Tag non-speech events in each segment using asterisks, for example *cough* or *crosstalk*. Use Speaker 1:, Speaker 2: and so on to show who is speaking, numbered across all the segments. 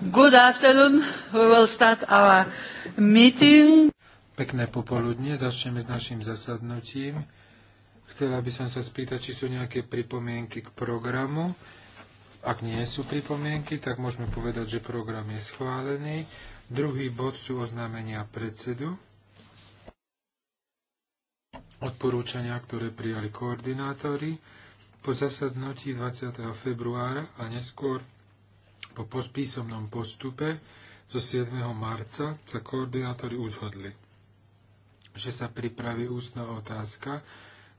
Speaker 1: Good afternoon. We will start our meeting.
Speaker 2: Pekné popoludne. Začneme s našim zasadnutím. Chcela by som sa spýtať, či sú nejaké pripomienky k programu. Ak nie sú pripomienky, tak môžeme povedať, že program je schválený. Druhý bod sú oznámenia predsedu. Odporúčania, ktoré prijali koordinátori po zasadnutí 20. februára a neskôr po písomnom postupe zo 7. marca sa koordinátori uzhodli, že sa pripraví ústna otázka,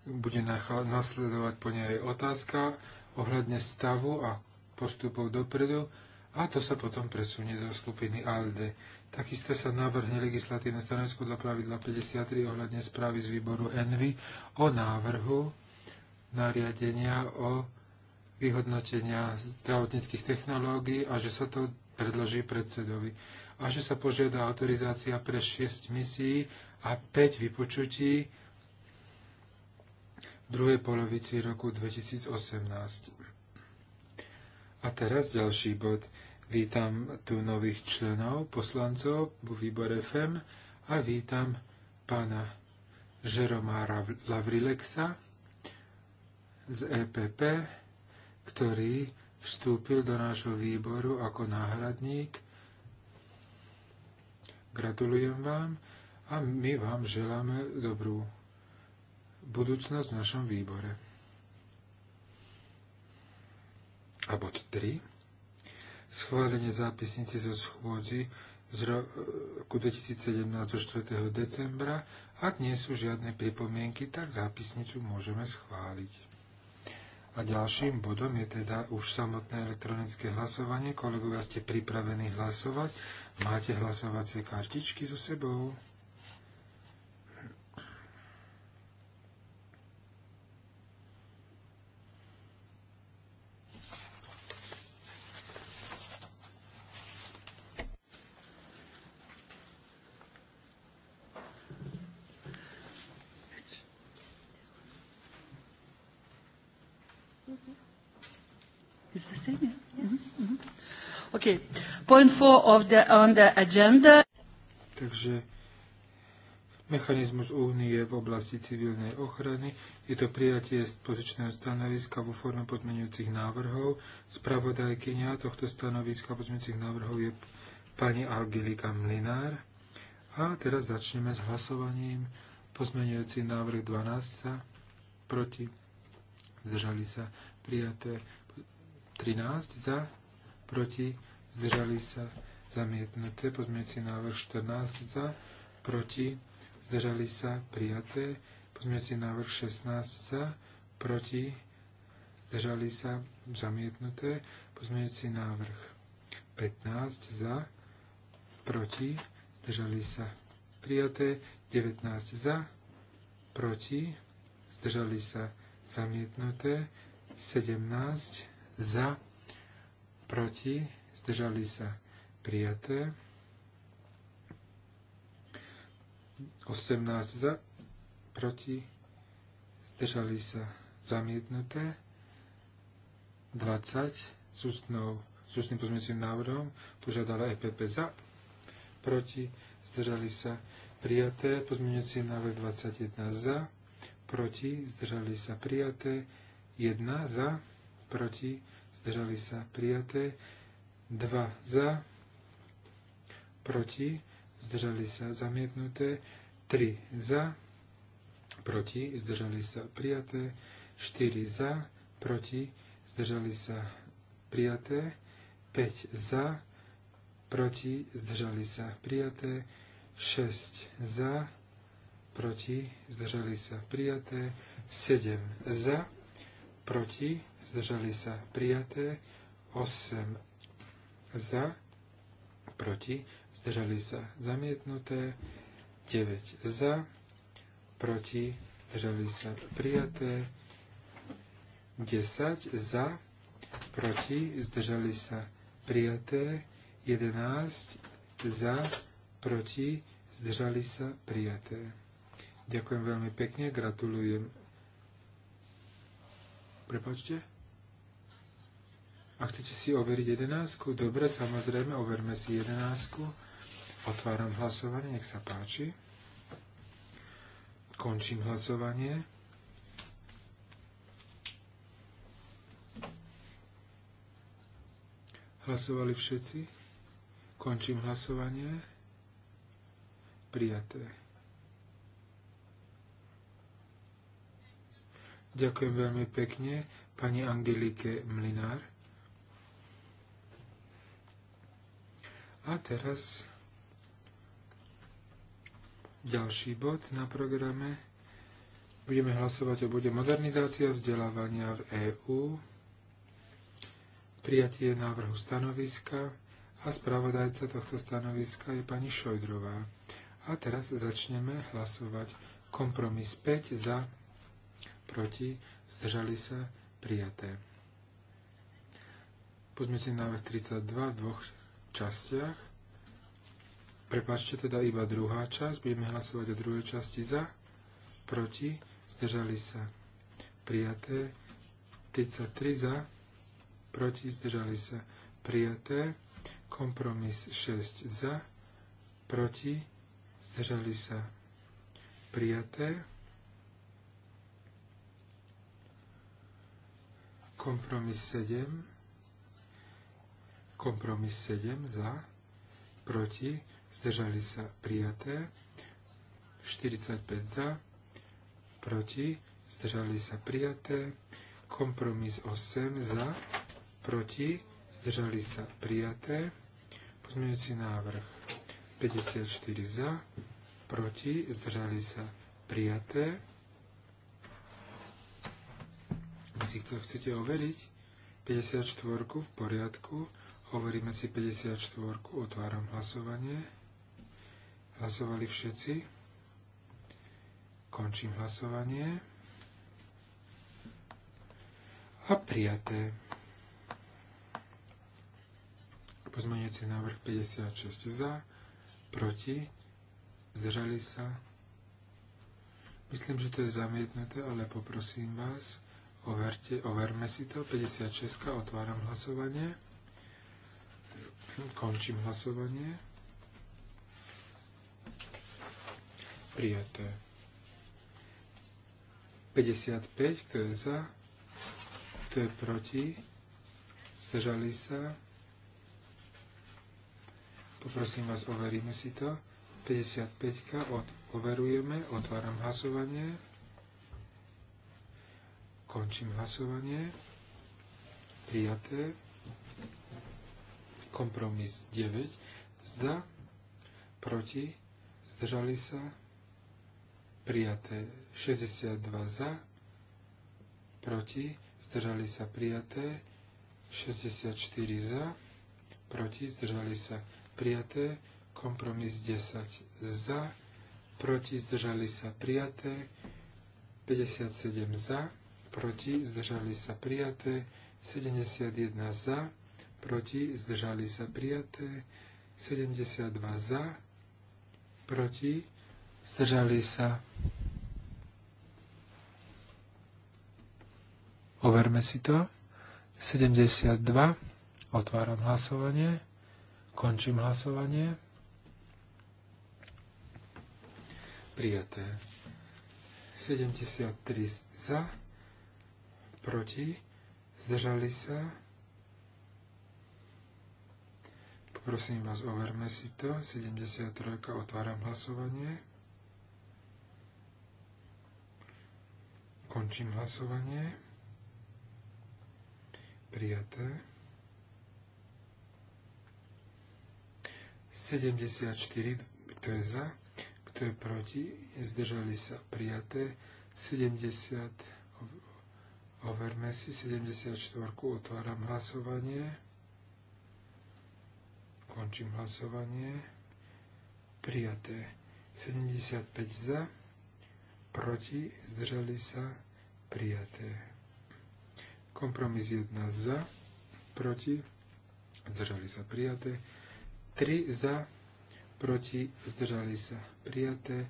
Speaker 2: bude nasledovať po nej otázka ohľadne stavu a postupov dopredu a to sa potom presunie zo skupiny ALDE. Takisto sa navrhne legislatívne stanovisko dla pravidla 53 ohľadne správy z výboru ENVY o návrhu nariadenia o vyhodnotenia zdravotníckých technológií a že sa to predloží predsedovi. A že sa požiada autorizácia pre 6 misií a 5 vypočutí v druhej polovici roku 2018. A teraz ďalší bod. Vítam tu nových členov, poslancov v výbore FEM a vítam pána Žeromára Lavrilexa z EPP, ktorý vstúpil do nášho výboru ako náhradník. Gratulujem vám a my vám želáme dobrú budúcnosť v našom výbore. A bod 3. Schválenie zápisnice zo schôdzi z roku 2017 zo 4. decembra. Ak nie sú žiadne pripomienky, tak zápisnicu môžeme schváliť. A ďalším bodom je teda už samotné elektronické hlasovanie. Kolegovia, ste pripravení hlasovať? Máte hlasovacie kartičky so sebou?
Speaker 1: Point four
Speaker 3: of the, on the agenda.
Speaker 2: Takže mechanizmus únie v oblasti civilnej ochrany je to prijatie pozičného stanoviska vo forme pozmeňujúcich návrhov. Spravodajkynia tohto stanoviska pozmeňujúcich návrhov je pani Angelika Mlinár. A teraz začneme s hlasovaním. Pozmeňujúci návrh 12 sa proti. Zdržali sa prijaté 13 za, proti zdržali sa, zamietnuté. Pozmeňujúci návrh 14 za, proti, zdržali sa, prijaté. Pozmeňujúci návrh 16 za, proti, zdržali sa, zamietnuté. Pozmeňujúci návrh 15 za, proti, zdržali sa, prijaté. 19 za, proti, zdržali sa, zamietnuté. 17 za, proti, zdržali sa prijaté. 18 za, proti, zdržali sa zamietnuté. 20 s, ústnou, s ústnym pozmeňujúcim návrhom požiadala EPP za, proti, zdržali sa prijaté. Pozmeňujúci návrh 21 za, proti, zdržali sa prijaté. 1 za, proti, zdržali sa prijaté. 2 za, proti, zdržali sa zamietnuté, 3 za, proti, zdržali sa prijaté, 4 za, proti, zdržali sa prijaté, 5 za, proti, zdržali sa prijaté, 6 za, proti, zdržali sa prijaté, 7 za, proti, zdržali sa prijaté, 8 za, proti, zdržali sa zamietnuté, 9 za, proti, zdržali sa prijaté, 10 za, proti, zdržali sa prijaté, 11 za, proti, zdržali sa prijaté. Ďakujem veľmi pekne, gratulujem. Prepačte. A chcete si overiť jedenáctku? Dobre, samozrejme, overme si jedenáctku. Otváram hlasovanie, nech sa páči. Končím hlasovanie. Hlasovali všetci? Končím hlasovanie. Prijaté. Ďakujem veľmi pekne pani Angelike Mlinár. A teraz ďalší bod na programe. Budeme hlasovať o bode modernizácia vzdelávania v EÚ, prijatie návrhu stanoviska a spravodajca tohto stanoviska je pani Šojdrová. A teraz začneme hlasovať kompromis 5 za, proti, zdržali sa, prijaté. Pozme si návrh 32 dvoch častiach. Prepačte, teda iba druhá časť. Budeme hlasovať o druhej časti za, proti, zdržali sa prijaté. 33 za, proti, zdržali sa prijaté. Kompromis 6 za, proti, zdržali sa prijaté. Kompromis 7 Kompromis 7 za, proti, zdržali sa prijaté. 45 za, proti, zdržali sa prijaté. Kompromis 8 za, proti, zdržali sa prijaté. Pozmeňujúci návrh 54 za, proti, zdržali sa prijaté. Ak si to chcete overiť, 54 v poriadku. Overíme si 54. Otváram hlasovanie. Hlasovali všetci. Končím hlasovanie. A prijaté. Pozmeňujúci návrh 56 za, proti, zdržali sa. Myslím, že to je zamietnuté, ale poprosím vás, overte, overme si to. 56. Otváram hlasovanie. Končím hlasovanie. Prijaté. 55, kto je za, kto je proti, zdržali sa. Poprosím vás, overíme si to. 55 od, overujeme, otváram hlasovanie. Končím hlasovanie. Prijaté. Kompromis 9 za, proti, zdržali sa, prijaté 62 za, proti, zdržali sa prijaté 64 za, proti, zdržali sa prijaté, kompromis 10 za, proti, zdržali sa prijaté 57 za, proti, zdržali sa prijaté 71 za, proti, zdržali sa prijaté, 72 za, proti, zdržali sa. Overme si to. 72, otváram hlasovanie, končím hlasovanie. Prijaté. 73 za, proti, zdržali sa Prosím vás, overme si to. 73. Otváram hlasovanie. Končím hlasovanie. Prijaté. 74. Kto je za? Kto je proti? Zdržali sa. Prijaté. 70. Overme si 74. Otváram hlasovanie. Končím hlasovanie. Prijaté. 75 za, proti, zdržali sa, prijaté. Kompromis 1 za, proti, zdržali sa, prijaté. 3 za, proti, zdržali sa, prijaté.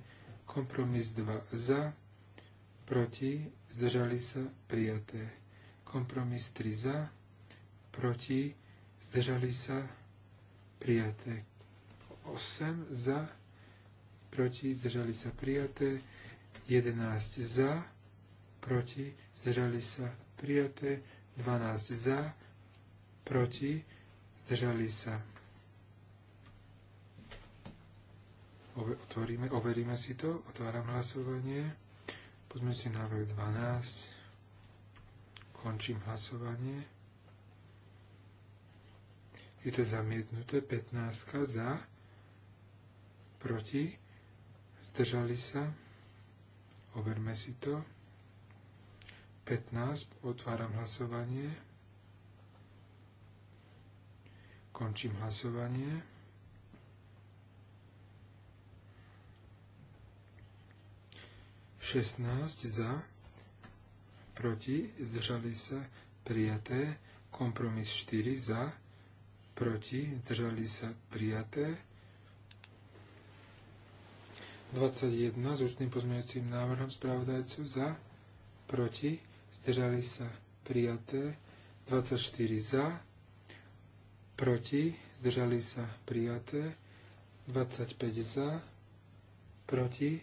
Speaker 2: Kompromis 2 za, proti, zdržali sa, prijaté. Kompromis 3 za, proti, zdržali sa, prijaté prijaté. 8 za, proti, zdržali sa prijaté. 11 za, proti, zdržali sa prijaté. 12 za, proti, zdržali sa. Otvoríme, overíme si to, otváram hlasovanie. Pozmeňte návrh 12. Končím hlasovanie je to zamietnuté, 15 za, proti, zdržali sa, overme si to, 15, otváram hlasovanie, končím hlasovanie, Šestnáct za, proti, zdržali sa, prijaté, kompromis 4 za, proti, zdržali sa prijaté. 21 s ústnym pozmeňujúcim návrhom spravodajcu za, proti, zdržali sa prijaté. 24 za, proti, zdržali sa prijaté. 25 za, proti,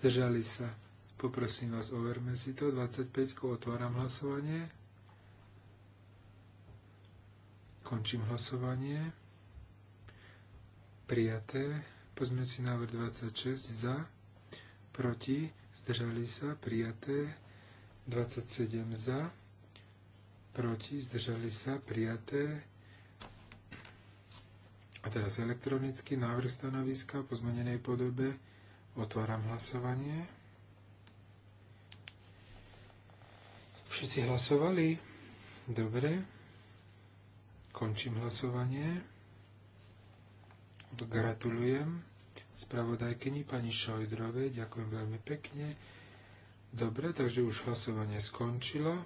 Speaker 2: zdržali sa. Poprosím vás, overme si to. 25 otváram hlasovanie. Končím hlasovanie. Prijaté. Pozmeňujúci návrh 26 za, proti, zdržali sa, prijaté. 27 za, proti, zdržali sa, prijaté. A teraz elektronický návrh stanoviska po zmenenej podobe. Otváram hlasovanie. Všetci hlasovali? Dobre. Končím hlasovanie. Gratulujem spravodajkyni pani Šojdrovej. Ďakujem veľmi pekne. Dobre, takže už hlasovanie skončilo.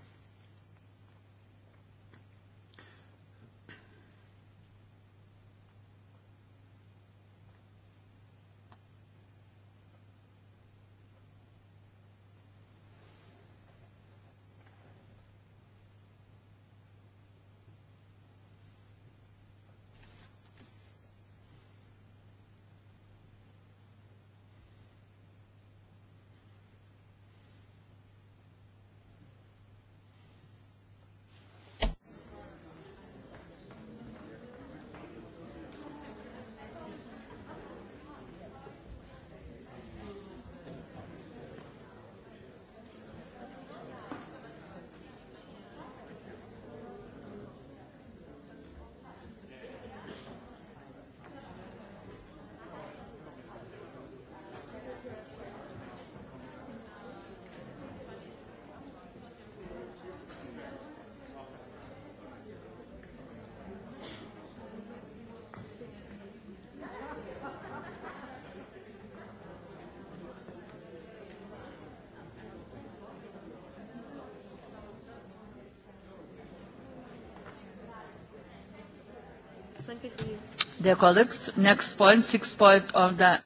Speaker 1: Dear colleagues, next
Speaker 3: point, point of the...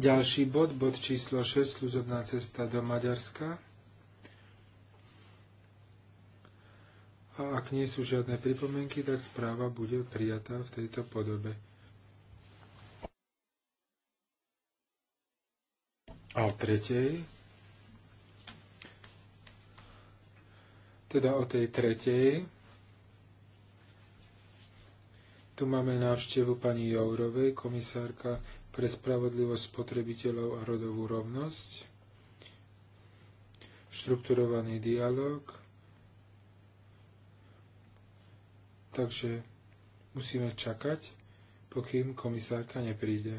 Speaker 2: Ďalší bod, bod číslo 6, služobná cesta do Maďarska. A ak nie sú žiadne pripomienky, tak správa bude prijatá v tejto podobe. A tretej, teda o tej tretej, tu máme návštevu pani Jourovej, komisárka pre spravodlivosť spotrebiteľov a rodovú rovnosť, štrukturovaný dialog. Takže musíme čakať, pokým komisárka nepríde.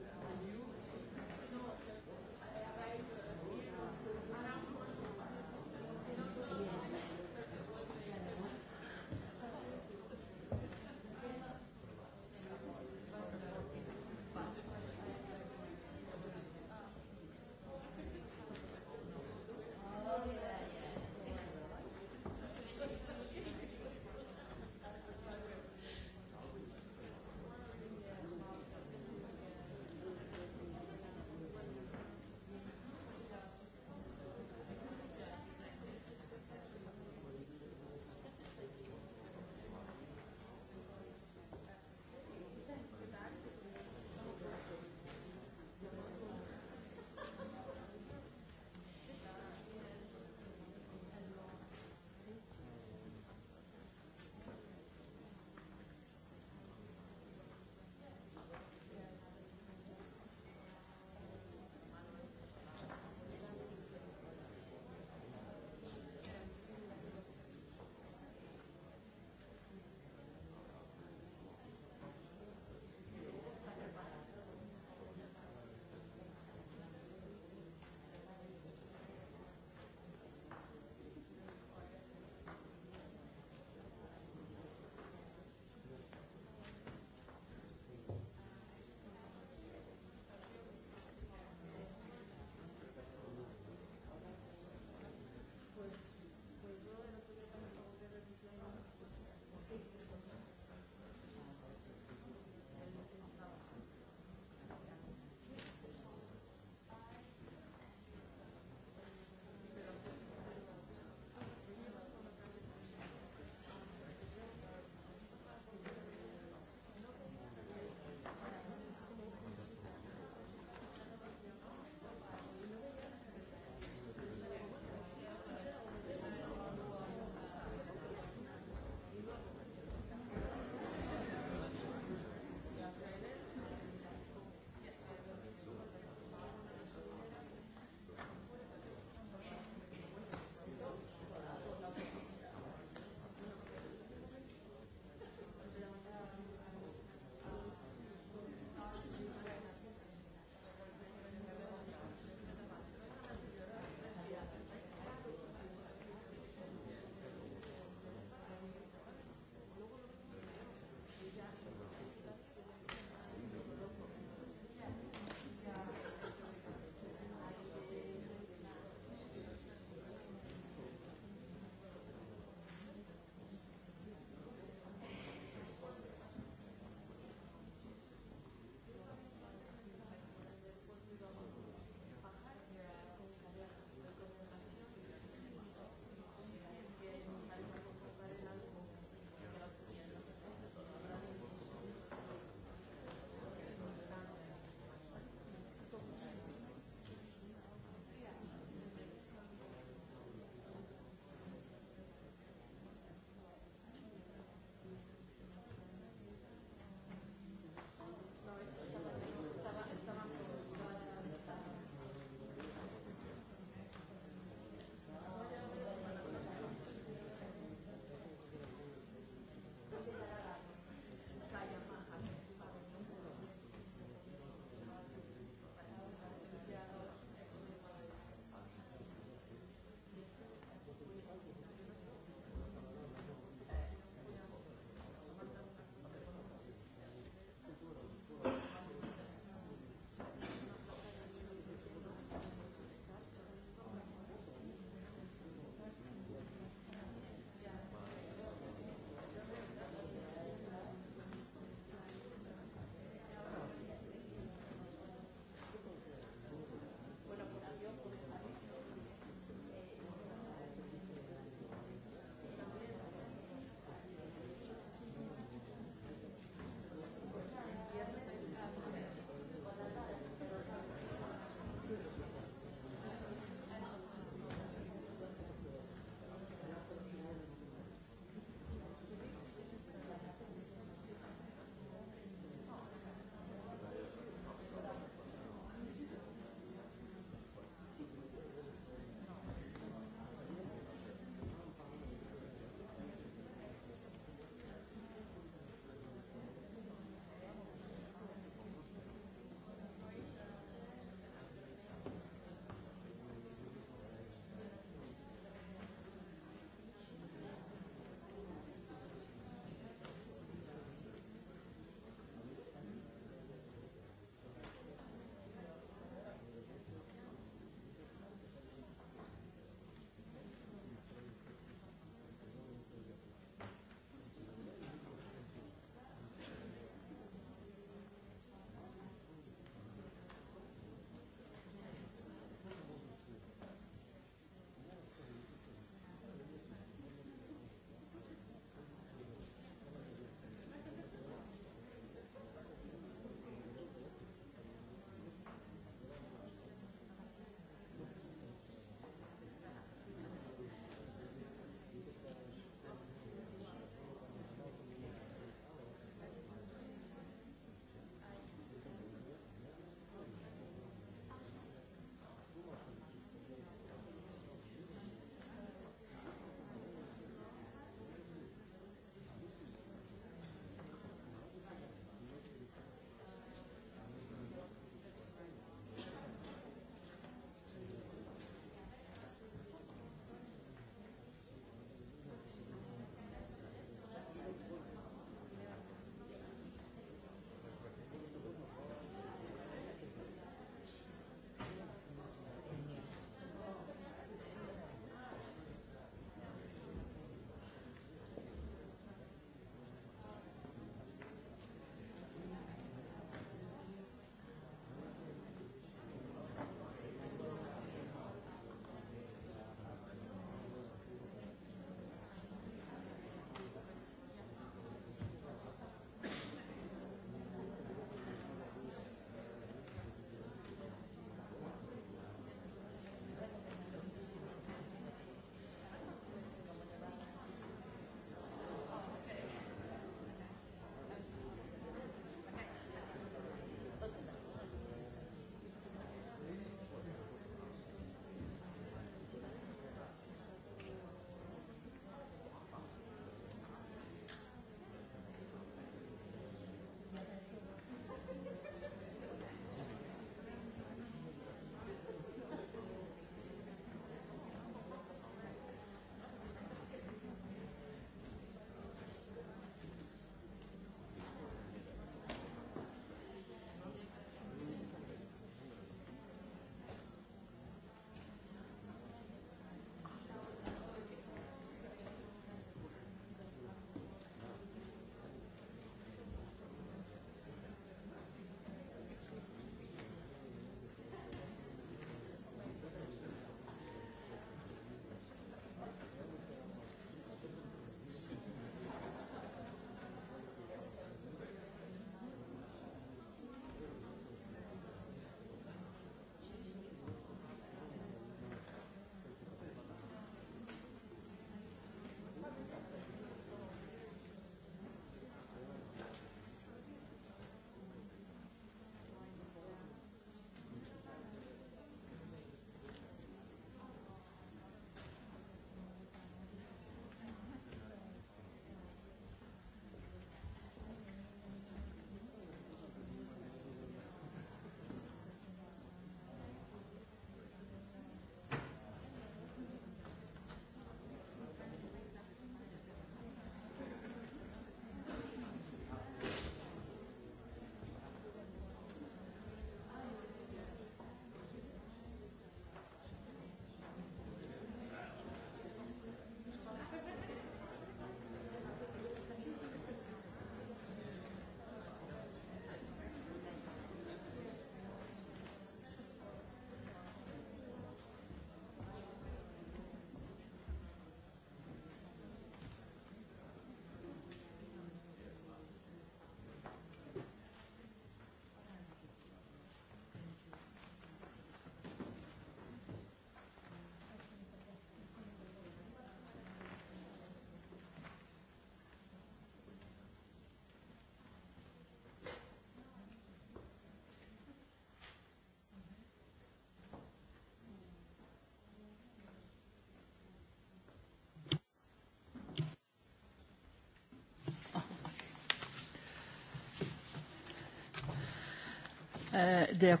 Speaker 3: Eh,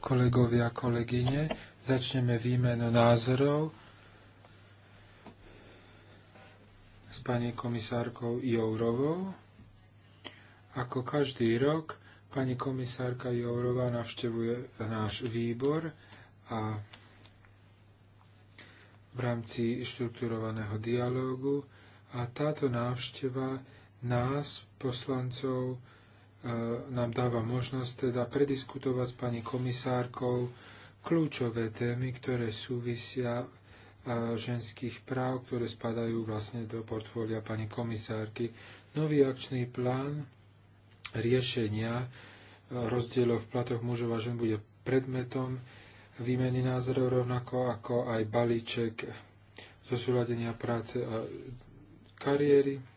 Speaker 2: Kolegovia, kolegyne, začneme výmenu názorov s pani komisárkou Jourovou. Ako každý rok, pani komisárka Jourová navštevuje náš výbor a v rámci štruktúrovaného dialógu a táto návšteva nás, poslancov, nám dáva možnosť teda prediskutovať s pani komisárkou kľúčové témy, ktoré súvisia ženských práv, ktoré spadajú vlastne do portfólia pani komisárky. Nový akčný plán riešenia rozdielov v platoch mužov a žen bude predmetom výmeny názorov, rovnako ako aj balíček zosúladenia práce a kariéry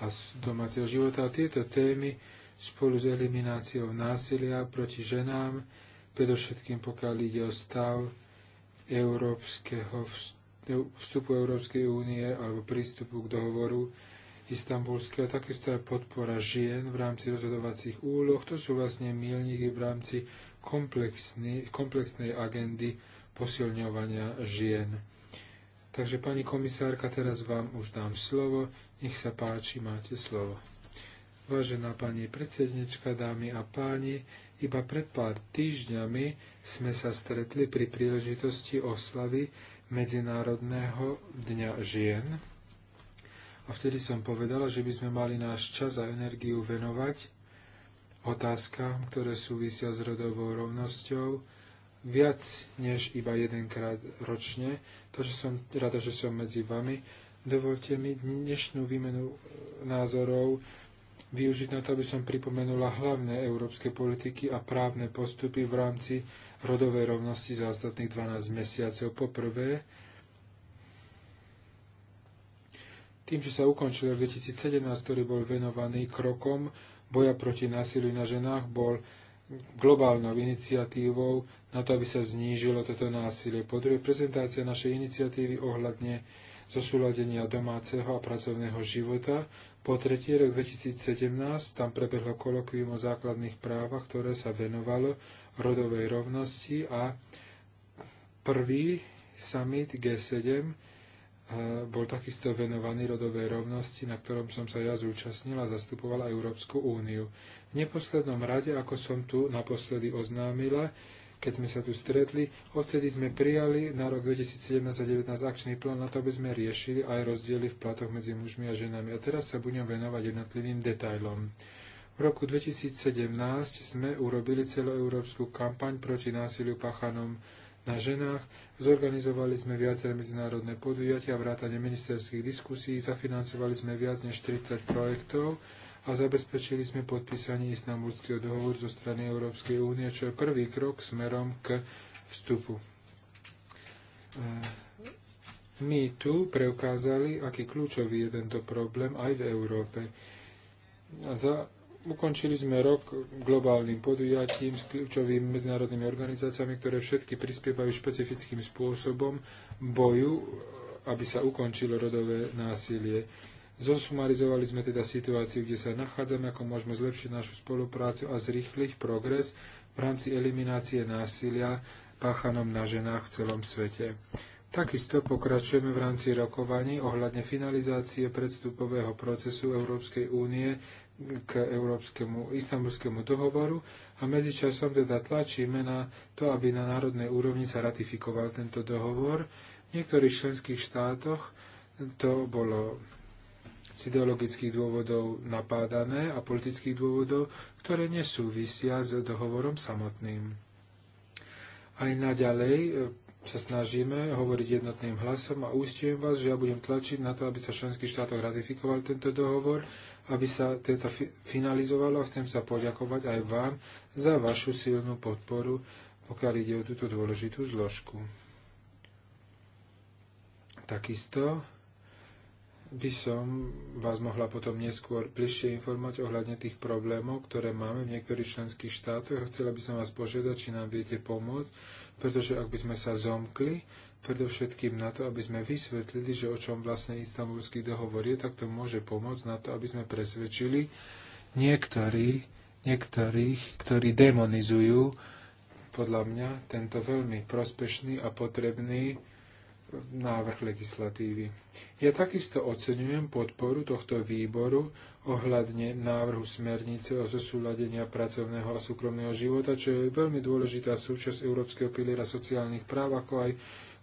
Speaker 2: a domáceho života. tieto témy spolu s elimináciou násilia proti ženám, predovšetkým pokiaľ ide o stav európskeho vstupu Európskej únie alebo prístupu k dohovoru istambulského, takisto aj podpora žien v rámci rozhodovacích úloh. To sú vlastne milníky v rámci komplexnej agendy posilňovania žien. Takže pani komisárka, teraz vám už dám slovo. Nech sa páči, máte slovo. Vážená pani predsednička, dámy a páni, iba pred pár týždňami sme sa stretli pri príležitosti oslavy Medzinárodného dňa žien. A vtedy som povedala, že by sme mali náš čas a energiu venovať otázkam, ktoré súvisia s rodovou rovnosťou, viac než iba jedenkrát ročne. Takže som rada, že som medzi vami Dovolte mi dnešnú výmenu e, názorov využiť na to, aby som pripomenula hlavné európske politiky a právne postupy v rámci rodovej rovnosti za ostatných 12 mesiacov. Poprvé, tým, že sa ukončil rok 2017, ktorý bol venovaný krokom boja proti násiliu na ženách, bol globálnou iniciatívou na to, aby sa znížilo toto násilie. Po druhej prezentácia našej iniciatívy ohľadne zosúladenia domáceho a pracovného života. Po tretí rok 2017 tam prebehlo kolokvium o základných právach, ktoré sa venovalo rodovej rovnosti a prvý summit G7 eh, bol takisto venovaný rodovej rovnosti, na ktorom som sa ja zúčastnila a zastupovala Európsku úniu. V neposlednom rade, ako som tu naposledy oznámila, keď sme sa tu stretli. Odtedy sme prijali na rok 2017 a 2019 akčný plán na to, aby sme riešili aj rozdiely v platoch medzi mužmi a ženami. A teraz sa budem venovať jednotlivým detailom. V roku 2017 sme urobili celoeurópsku kampaň proti násiliu pachanom na ženách, zorganizovali sme viaceré medzinárodné podujatia, vrátane ministerských diskusí, zafinancovali sme viac než 30 projektov a zabezpečili sme podpísanie istambulského dohovoru zo strany Európskej únie, čo je prvý krok smerom k vstupu. E, my tu preukázali, aký kľúčový je tento problém aj v Európe. A za, ukončili sme rok globálnym podujatím s kľúčovými medzinárodnými organizáciami, ktoré všetky prispievajú špecifickým spôsobom boju, aby sa ukončilo rodové násilie. Zosumarizovali sme teda situáciu, kde sa nachádzame, ako môžeme zlepšiť našu spoluprácu a zrýchliť progres v rámci eliminácie násilia páchanom na ženách v celom svete. Takisto pokračujeme v rámci rokovaní ohľadne finalizácie predstupového procesu Európskej únie k Európskemu istambulskému dohovoru a medzičasom teda tlačíme na to, aby na národnej úrovni sa ratifikoval tento dohovor. V niektorých členských štátoch to bolo z ideologických dôvodov napádané a politických dôvodov, ktoré nesúvisia s dohovorom samotným. Aj naďalej e, sa snažíme hovoriť jednotným hlasom a ústiem vás, že ja budem tlačiť na to, aby sa Členský štát ratifikoval tento dohovor, aby sa tento finalizovalo a chcem sa poďakovať aj vám za vašu silnú podporu, pokiaľ ide o túto dôležitú zložku. Takisto by som vás mohla potom neskôr bližšie informovať ohľadne tých problémov, ktoré máme v niektorých členských štátoch. Chcela by som vás požiadať, či nám viete pomôcť, pretože ak by sme sa zomkli, predovšetkým na to, aby sme vysvetlili, že o čom vlastne istambulský dohovor je, tak to môže pomôcť na to, aby sme presvedčili niektorí, niektorých, ktorí demonizujú podľa mňa tento veľmi prospešný a potrebný návrh legislatívy. Ja takisto oceňujem podporu tohto výboru ohľadne návrhu smernice o zosúladenia pracovného a súkromného života, čo je veľmi dôležitá súčasť Európskeho piliera sociálnych práv, ako aj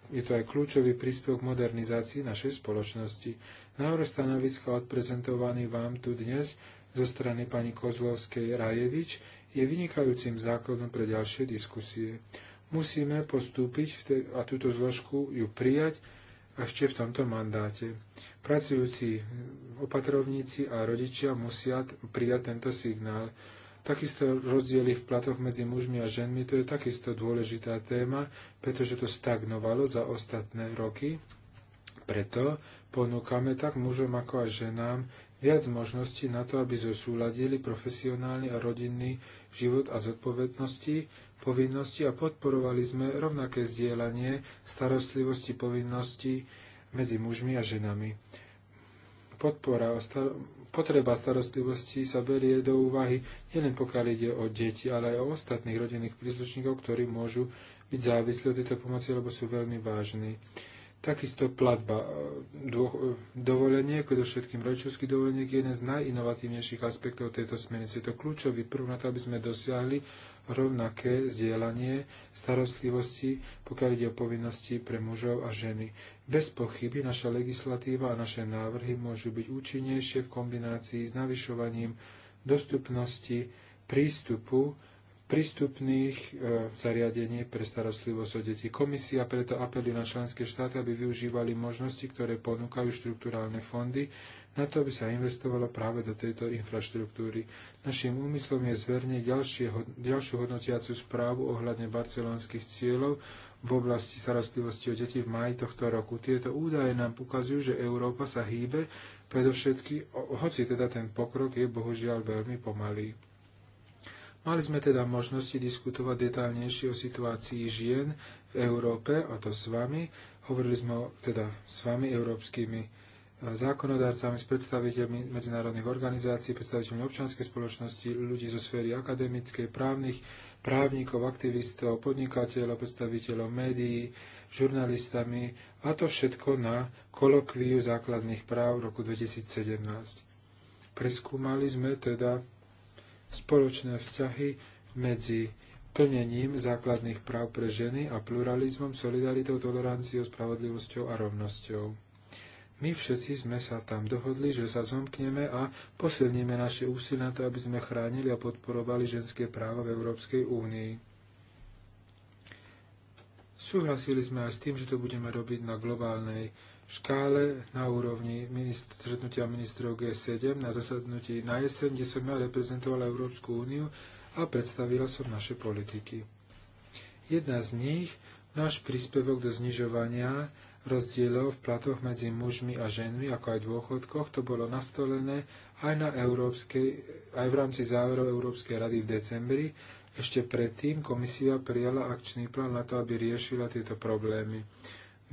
Speaker 2: je to aj kľúčový príspevok k modernizácii našej spoločnosti. Návrh stanoviska odprezentovaný vám tu dnes zo strany pani Kozlovskej Rajevič je vynikajúcim základom pre ďalšie diskusie musíme postúpiť v a túto zložku ju prijať a ešte v tomto mandáte. Pracujúci opatrovníci a rodičia musia prijať tento signál. Takisto rozdiely v platoch medzi mužmi a ženmi, to je takisto dôležitá téma, pretože to stagnovalo za ostatné roky. Preto ponúkame tak mužom ako aj ženám viac možností na to, aby zosúladili profesionálny a rodinný život a zodpovednosti, povinnosti a podporovali sme rovnaké zdieľanie starostlivosti povinností medzi mužmi a ženami. Podpora o star- potreba starostlivosti sa berie do úvahy nielen pokiaľ ide o deti, ale aj o ostatných rodinných príslušníkov, ktorí môžu byť závislí od tejto pomoci, lebo sú veľmi vážni. Takisto platba e, e, dovolenie, predovšetkým rodičovský dovolenie, je jeden z najinovatívnejších aspektov tejto smernice. Je to kľúčový prv na to, aby sme dosiahli rovnaké zdieľanie starostlivosti, pokiaľ ide o povinnosti pre mužov a ženy. Bez pochyby naša legislatíva a naše návrhy môžu byť účinnejšie v kombinácii s navyšovaním dostupnosti prístupu prístupných e, zariadení pre starostlivosť o deti. Komisia preto apeluje na členské štáty, aby využívali možnosti, ktoré ponúkajú štruktúrálne fondy na to, aby sa investovalo práve do tejto infraštruktúry. Našim úmyslom je zverniť ďalšiu hodnotiacu správu ohľadne barcelonských cieľov v oblasti starostlivosti o deti v maji tohto roku. Tieto údaje nám ukazujú, že Európa sa hýbe, predovšetky, hoci teda ten pokrok je bohužiaľ veľmi pomalý. Mali sme teda možnosti diskutovať detálnejšie o situácii žien v Európe, a to s vami. Hovorili sme o, teda s vami, európskymi zákonodárcami, s predstaviteľmi medzinárodných organizácií, predstaviteľmi občianskej spoločnosti, ľudí zo sféry akademickej, právnych, právnikov, aktivistov, podnikateľov, predstaviteľov médií, žurnalistami a to všetko na kolokviu základných práv v roku 2017. Preskúmali sme teda spoločné vzťahy medzi plnením základných práv pre ženy a pluralizmom, solidaritou, toleranciou, spravodlivosťou a rovnosťou. My všetci sme sa tam dohodli, že sa zomkneme a posilníme naše úsilie na to, aby sme chránili a podporovali ženské práva v Európskej únii. Súhlasili sme aj s tým, že to budeme robiť na globálnej škále na úrovni stretnutia ministrov G7 na zasadnutí na jeseň, kde som ja reprezentoval Európsku úniu a predstavila som naše politiky. Jedna z nich, náš príspevok do znižovania rozdielov v platoch medzi mužmi a ženmi, ako aj dôchodkoch. To bolo nastolené aj, na Európskej, aj v rámci záverov Európskej rady v decembri. Ešte predtým komisia prijala akčný plán na to, aby riešila tieto problémy.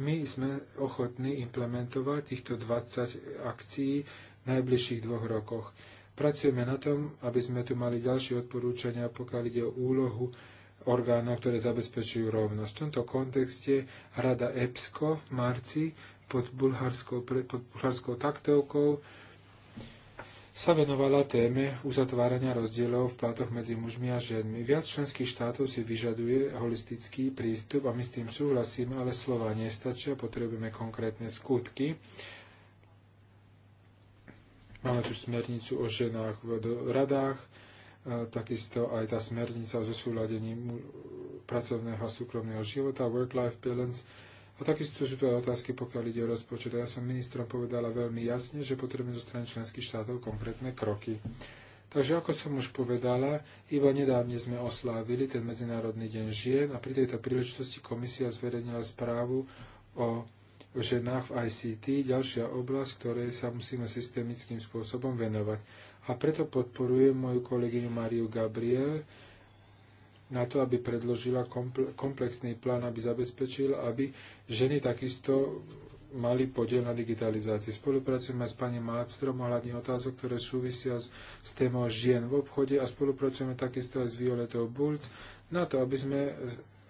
Speaker 2: My sme ochotní implementovať týchto 20 akcií v najbližších dvoch rokoch. Pracujeme na tom, aby sme tu mali ďalšie odporúčania, pokiaľ ide o úlohu orgánov, ktoré zabezpečujú rovnosť. V tomto kontexte Rada EPSCO v marci pod bulharskou, pod bulharskou taktovkou sa venovala téme uzatvárania rozdielov v platoch medzi mužmi a ženmi. Viac členských štátov si vyžaduje holistický prístup a my s tým súhlasíme, ale slova nestačia, potrebujeme konkrétne skutky. Máme tu smernicu o ženách v radách, takisto aj tá smernica o zosúladení pracovného a súkromného života, work-life balance. A takisto sú to aj otázky, pokiaľ ide o rozpočet. A ja som ministrom povedala veľmi jasne, že potrebujeme zo strany členských štátov konkrétne kroky. Takže ako som už povedala, iba nedávne sme oslávili ten Medzinárodný deň žien a pri tejto príležitosti komisia zverejnila správu o ženách v ICT, ďalšia oblasť, ktorej sa musíme systemickým spôsobom venovať a preto podporujem moju kolegyňu Mariu Gabriel na to, aby predložila komplexný plán, aby zabezpečil, aby ženy takisto mali podiel na digitalizácii. Spolupracujeme s pani Malmstrom ohľadne otázok, ktoré súvisia s, s témou žien v obchode a spolupracujeme takisto aj s Violetou Bulc na to, aby sme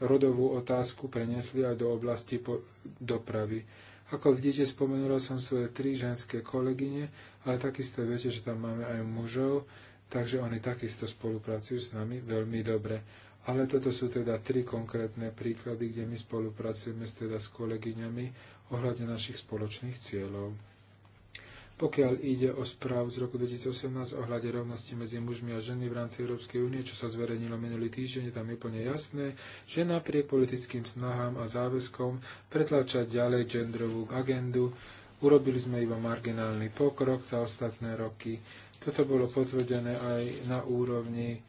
Speaker 2: rodovú otázku preniesli aj do oblasti dopravy. Ako vidíte, spomenula som svoje tri ženské kolegyne, ale takisto viete, že tam máme aj mužov, takže oni takisto spolupracujú s nami veľmi dobre. Ale toto sú teda tri konkrétne príklady, kde my spolupracujeme teda s kolegyňami ohľadne našich spoločných cieľov. Pokiaľ ide o správu z roku 2018 o hľade rovnosti medzi mužmi a ženy v rámci Európskej únie, čo sa zverejnilo minulý týždeň, je tam úplne jasné, že napriek politickým snahám a záväzkom pretláčať ďalej genderovú agendu, urobili sme iba marginálny pokrok za ostatné roky. Toto bolo potvrdené aj na úrovni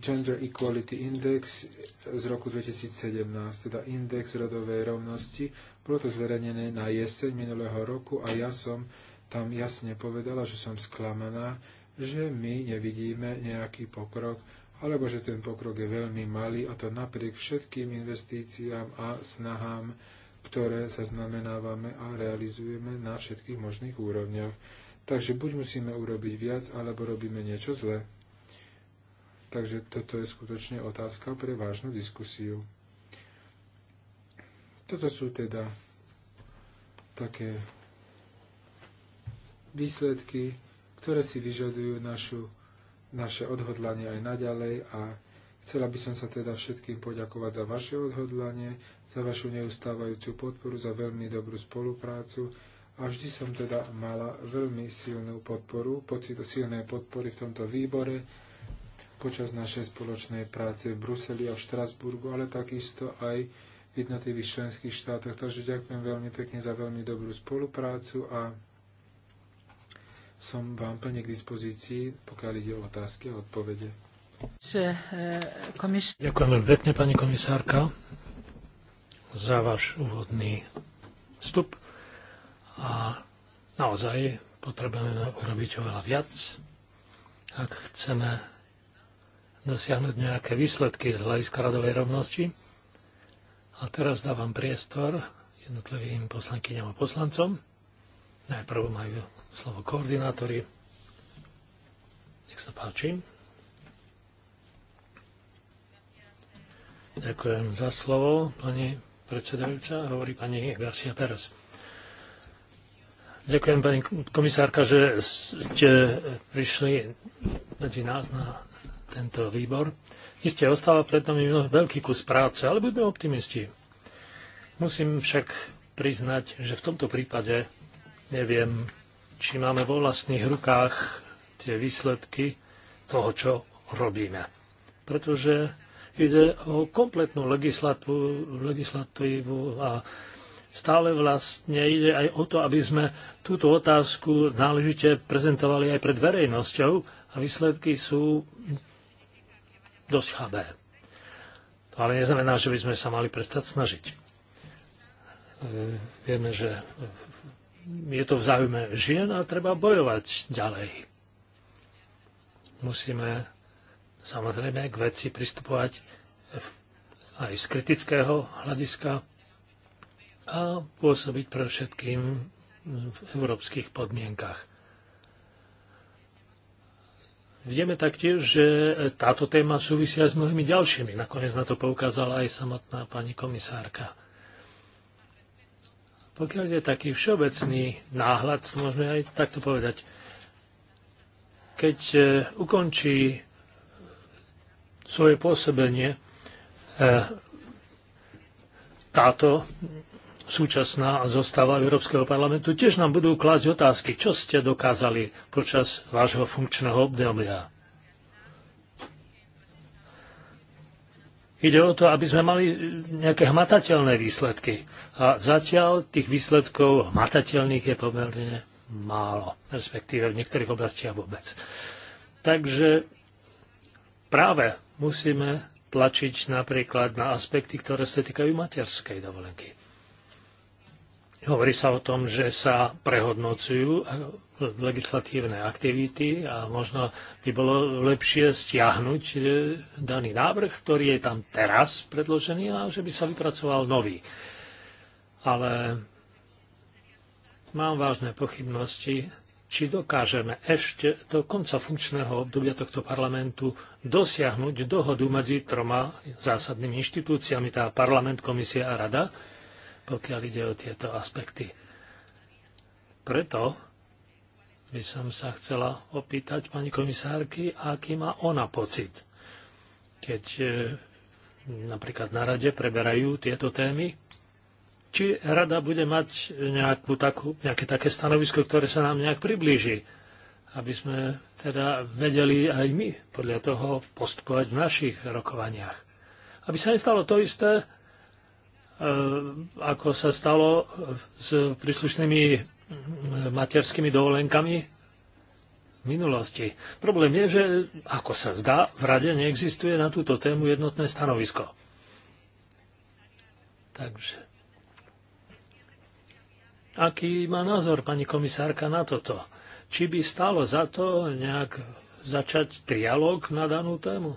Speaker 2: Gender Equality Index z roku 2017, teda index rodovej rovnosti. Bolo to zverejnené na jeseň minulého roku a ja som tam jasne povedala, že som sklamaná, že my nevidíme nejaký pokrok, alebo že ten pokrok je veľmi malý a to napriek všetkým investíciám a snahám, ktoré zaznamenávame a realizujeme na všetkých možných úrovniach. Takže buď musíme urobiť viac, alebo robíme niečo zlé. Takže toto je skutočne otázka pre vážnu diskusiu. Toto sú teda také výsledky, ktoré si vyžadujú našu, naše odhodlanie aj naďalej a Chcela by som sa teda všetkým poďakovať za vaše odhodlanie, za vašu neustávajúcu podporu, za veľmi dobrú spoluprácu a vždy som teda mala veľmi silnú podporu, pocit silnej podpory v tomto výbore počas našej spoločnej práce v Bruseli a v Štrasburgu, ale takisto aj v jednotlivých členských štátoch. Takže ďakujem veľmi pekne za veľmi dobrú spoluprácu a som vám plne k dispozícii, pokiaľ ide o otázky a odpovede.
Speaker 1: E,
Speaker 4: Ďakujem veľmi pekne, pani komisárka, za váš úvodný vstup. A naozaj potrebujeme urobiť oveľa viac, ak chceme dosiahnuť nejaké výsledky z hľadiska radovej rovnosti. A teraz dávam priestor jednotlivým poslankyňam a poslancom. Najprv majú slovo koordinátori. Nech sa páči. Ďakujem za slovo, pani predsedajúca, hovorí pani Garcia Perez. Ďakujem, pani komisárka, že ste prišli medzi nás na tento výbor. Isté ostáva pred nami veľký kus práce, ale buďme optimisti. Musím však priznať, že v tomto prípade neviem či máme vo vlastných rukách tie výsledky toho, čo robíme. Pretože ide o kompletnú legislatívu, a stále vlastne ide aj o to, aby sme túto otázku náležite prezentovali aj pred verejnosťou a výsledky sú dosť chabé. To ale neznamená, že by sme sa mali prestať snažiť. E, vieme, že v je to v záujme žien a treba bojovať ďalej. Musíme samozrejme k veci pristupovať aj z kritického hľadiska a pôsobiť pre všetkým v európskych podmienkach. Vieme taktiež, že táto téma súvisia s mnohými ďalšími. Nakoniec na to poukázala aj samotná pani komisárka. Pokiaľ je taký všeobecný náhľad, môžeme aj takto povedať, keď e, ukončí svoje pôsobenie e, táto súčasná zostava Európskeho parlamentu, tiež nám budú klásť otázky, čo ste dokázali počas vášho funkčného obdobia. Ide o to, aby sme mali e, nejaké hmatateľné výsledky. A zatiaľ tých výsledkov hmatateľných je pomerne málo, respektíve v niektorých oblastiach vôbec. Takže práve musíme tlačiť napríklad na aspekty, ktoré sa týkajú materskej dovolenky. Hovorí sa o tom, že sa prehodnocujú legislatívne aktivity a možno by bolo lepšie stiahnuť e, daný návrh, ktorý je tam teraz predložený a že by sa vypracoval nový. Ale mám vážne pochybnosti, či dokážeme ešte do konca funkčného obdobia tohto parlamentu dosiahnuť dohodu medzi troma zásadnými inštitúciami, tá parlament, komisia a rada, pokiaľ ide o tieto aspekty. Preto by som sa chcela opýtať pani komisárky, aký má ona pocit, keď e, napríklad na rade preberajú tieto témy. Či rada bude mať nejakú takú, nejaké také stanovisko, ktoré sa nám nejak priblíži, aby sme teda vedeli aj my podľa toho postupovať v našich rokovaniach. Aby sa nestalo to isté, e, ako sa stalo s príslušnými materskými dovolenkami v minulosti. Problém je, že ako sa zdá, v rade neexistuje na túto tému jednotné stanovisko. Takže. Aký má názor pani komisárka na toto? Či by stalo za to nejak začať trialóg na danú tému?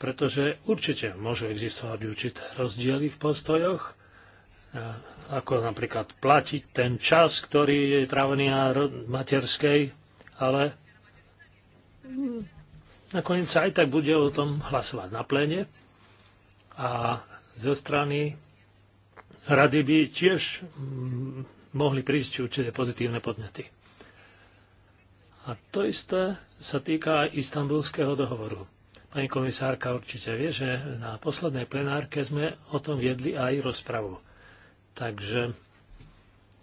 Speaker 4: Pretože určite môžu existovať určité rozdiely v postojoch, Eh, ako napríklad platiť ten čas, ktorý je trávený na materskej, ale nakoniec sa aj tak bude o tom hlasovať na plene a zo strany rady by tiež mm, mohli prísť určite pozitívne podnety. A to isté sa týka aj istambulského dohovoru. Pani komisárka určite vie, že na poslednej plenárke sme o tom viedli aj rozpravu. Takže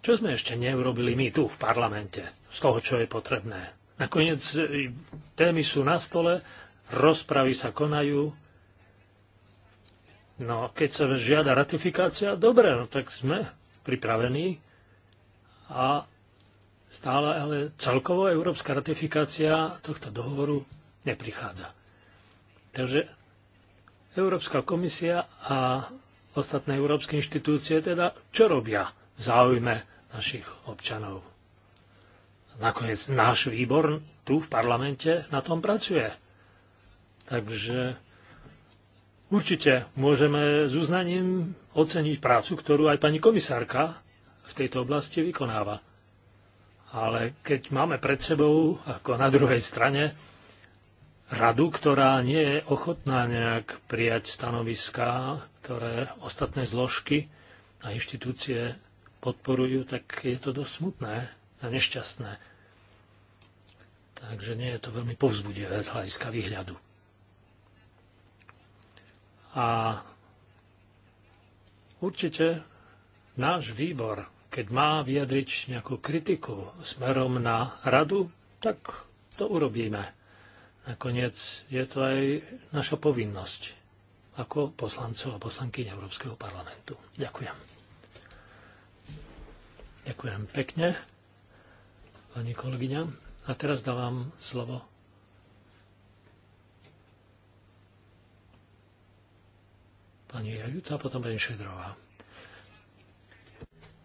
Speaker 4: čo sme ešte neurobili my tu v parlamente z toho, čo je potrebné? Nakoniec e, témy sú na stole, rozpravy sa konajú. No, keď sa žiada ratifikácia, dobre, no tak sme pripravení. A stále, ale celkovo európska ratifikácia tohto dohovoru neprichádza. Takže Európska komisia a ostatné európske inštitúcie teda čo robia v záujme našich občanov. Nakoniec náš výbor tu v parlamente na tom pracuje. Takže určite môžeme s uznaním oceniť prácu, ktorú aj pani komisárka v tejto oblasti vykonáva. Ale keď máme pred sebou, ako na druhej strane, radu, ktorá nie je ochotná nejak prijať stanoviská ktoré ostatné zložky a inštitúcie podporujú, tak je to dosť smutné a nešťastné. Takže nie je to veľmi povzbudivé z hľadiska výhľadu. A určite náš výbor, keď má vyjadriť nejakú kritiku smerom na radu, tak to urobíme. Nakoniec je to aj naša povinnosť ako poslancov a poslankyň Európskeho parlamentu. Ďakujem. Ďakujem pekne, pani kolegyňa. A teraz dávam slovo pani Jajuta, potom pani Šedrová.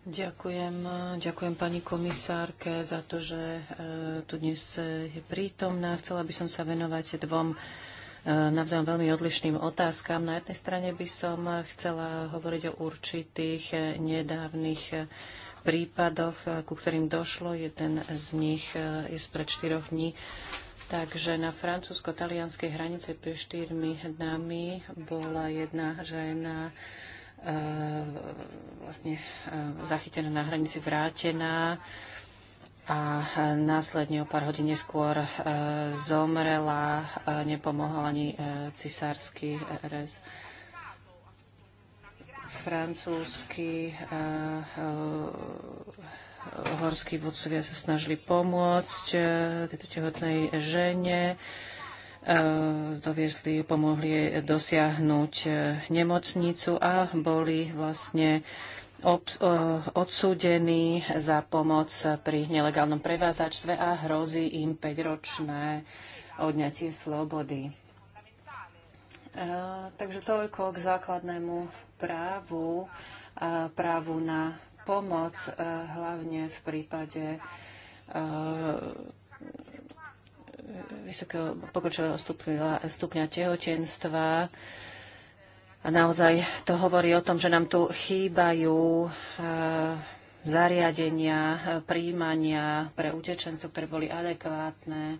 Speaker 3: Ďakujem, ďakujem pani komisárke za to, že e, tu dnes je prítomná. Chcela by som sa venovať dvom navzájom veľmi odlišným otázkam. Na jednej strane by som chcela hovoriť o určitých nedávnych prípadoch, ku ktorým došlo. Jeden z nich e, je spred 4 dní. Takže na francúzsko-talianskej hranice pri štyrmi dnami bola jedna žena e, vlastne e, zachytená na hranici, vrátená. E, a e, následne o pár hodín neskôr e, zomrela, e, nepomohol ani cisársky rez francúzsky horskí vodcovia sa snažili pomôcť tejto tehotnej žene. Doviezli, pomohli jej dosiahnuť nemocnicu a boli vlastne Eh, odsúdení za pomoc pri nelegálnom prevázačstve a hrozí im 5-ročné odňatie slobody. Eh, takže toľko k základnému právu, právu na pomoc, eh, hlavne v prípade vysokého pokročilého stupňa, stupňa tehotenstva a naozaj to hovorí o tom, že nám tu chýbajú eh, zariadenia, eh, príjmania pre utečencov, ktoré boli adekvátne.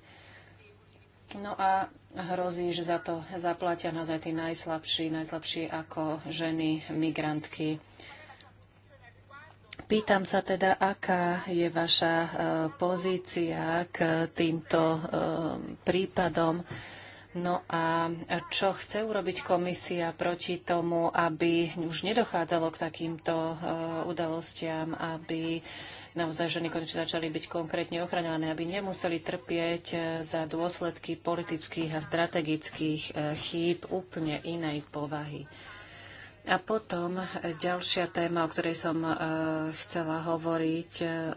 Speaker 3: No a hrozí, že za to zaplatia naozaj tí najslabší, najslabší ako ženy, migrantky. Pýtam sa teda, aká je vaša eh, pozícia k týmto prípadom. No a čo chce urobiť komisia proti tomu, aby už nedochádzalo k takýmto e, udalostiam, aby naozaj ženy konečne začali byť konkrétne ochraňované, aby nemuseli trpieť e, za dôsledky politických a strategických e, chýb úplne inej povahy. A potom ďalšia téma, o ktorej som e, chcela hovoriť,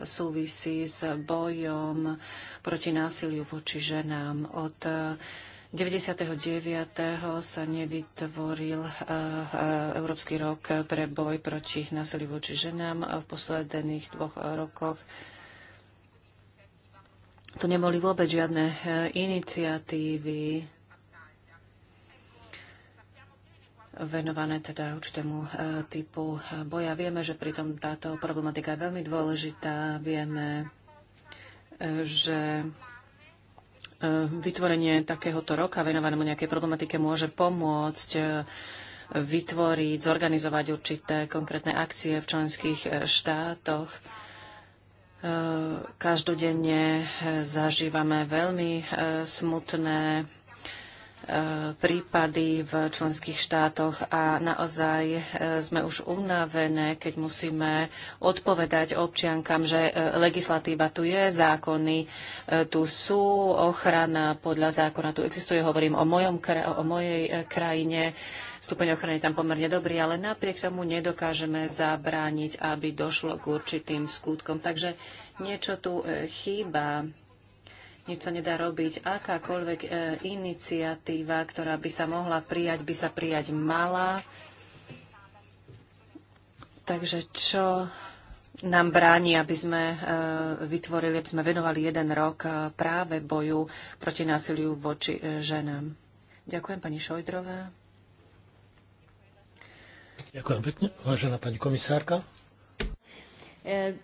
Speaker 3: súvisí s bojom proti násiliu voči ženám. Od e, 99. sa nevytvoril eh, eh, Európsky rok pre boj proti násiliu voči ženám. V posledných dvoch eh, rokoch tu neboli vôbec žiadne iniciatívy venované teda určitému typu boja. Vieme, že pritom táto problematika je veľmi dôležitá. Vieme, že Eh, vytvorenie takéhoto roka venovanému nejakej problematike môže pomôcť eh, vytvoriť, zorganizovať určité konkrétne akcie v členských eh, štátoch. Každodenne zažívame veľmi smutné prípady v členských štátoch a naozaj e, sme už unavené, keď musíme odpovedať občiankam, že e, legislatíva tu je, zákony e, tu sú, ochrana podľa zákona tu existuje. Hovorím o, mojom, o mojej krajine, stupeň ochrany je tam pomerne dobrý, ale napriek tomu nedokážeme zabrániť, aby došlo k určitým skutkom. Takže niečo tu chýba nič sa nedá robiť. Akákoľvek e, iniciatíva, ktorá by sa mohla prijať, by sa prijať mala. Takže čo nám bráni, aby sme e, vytvorili, aby sme venovali jeden rok e, práve boju proti násiliu voči e, ženám. Ďakujem pani Šojdrová.
Speaker 4: Ďakujem pekne, vážená pani komisárka.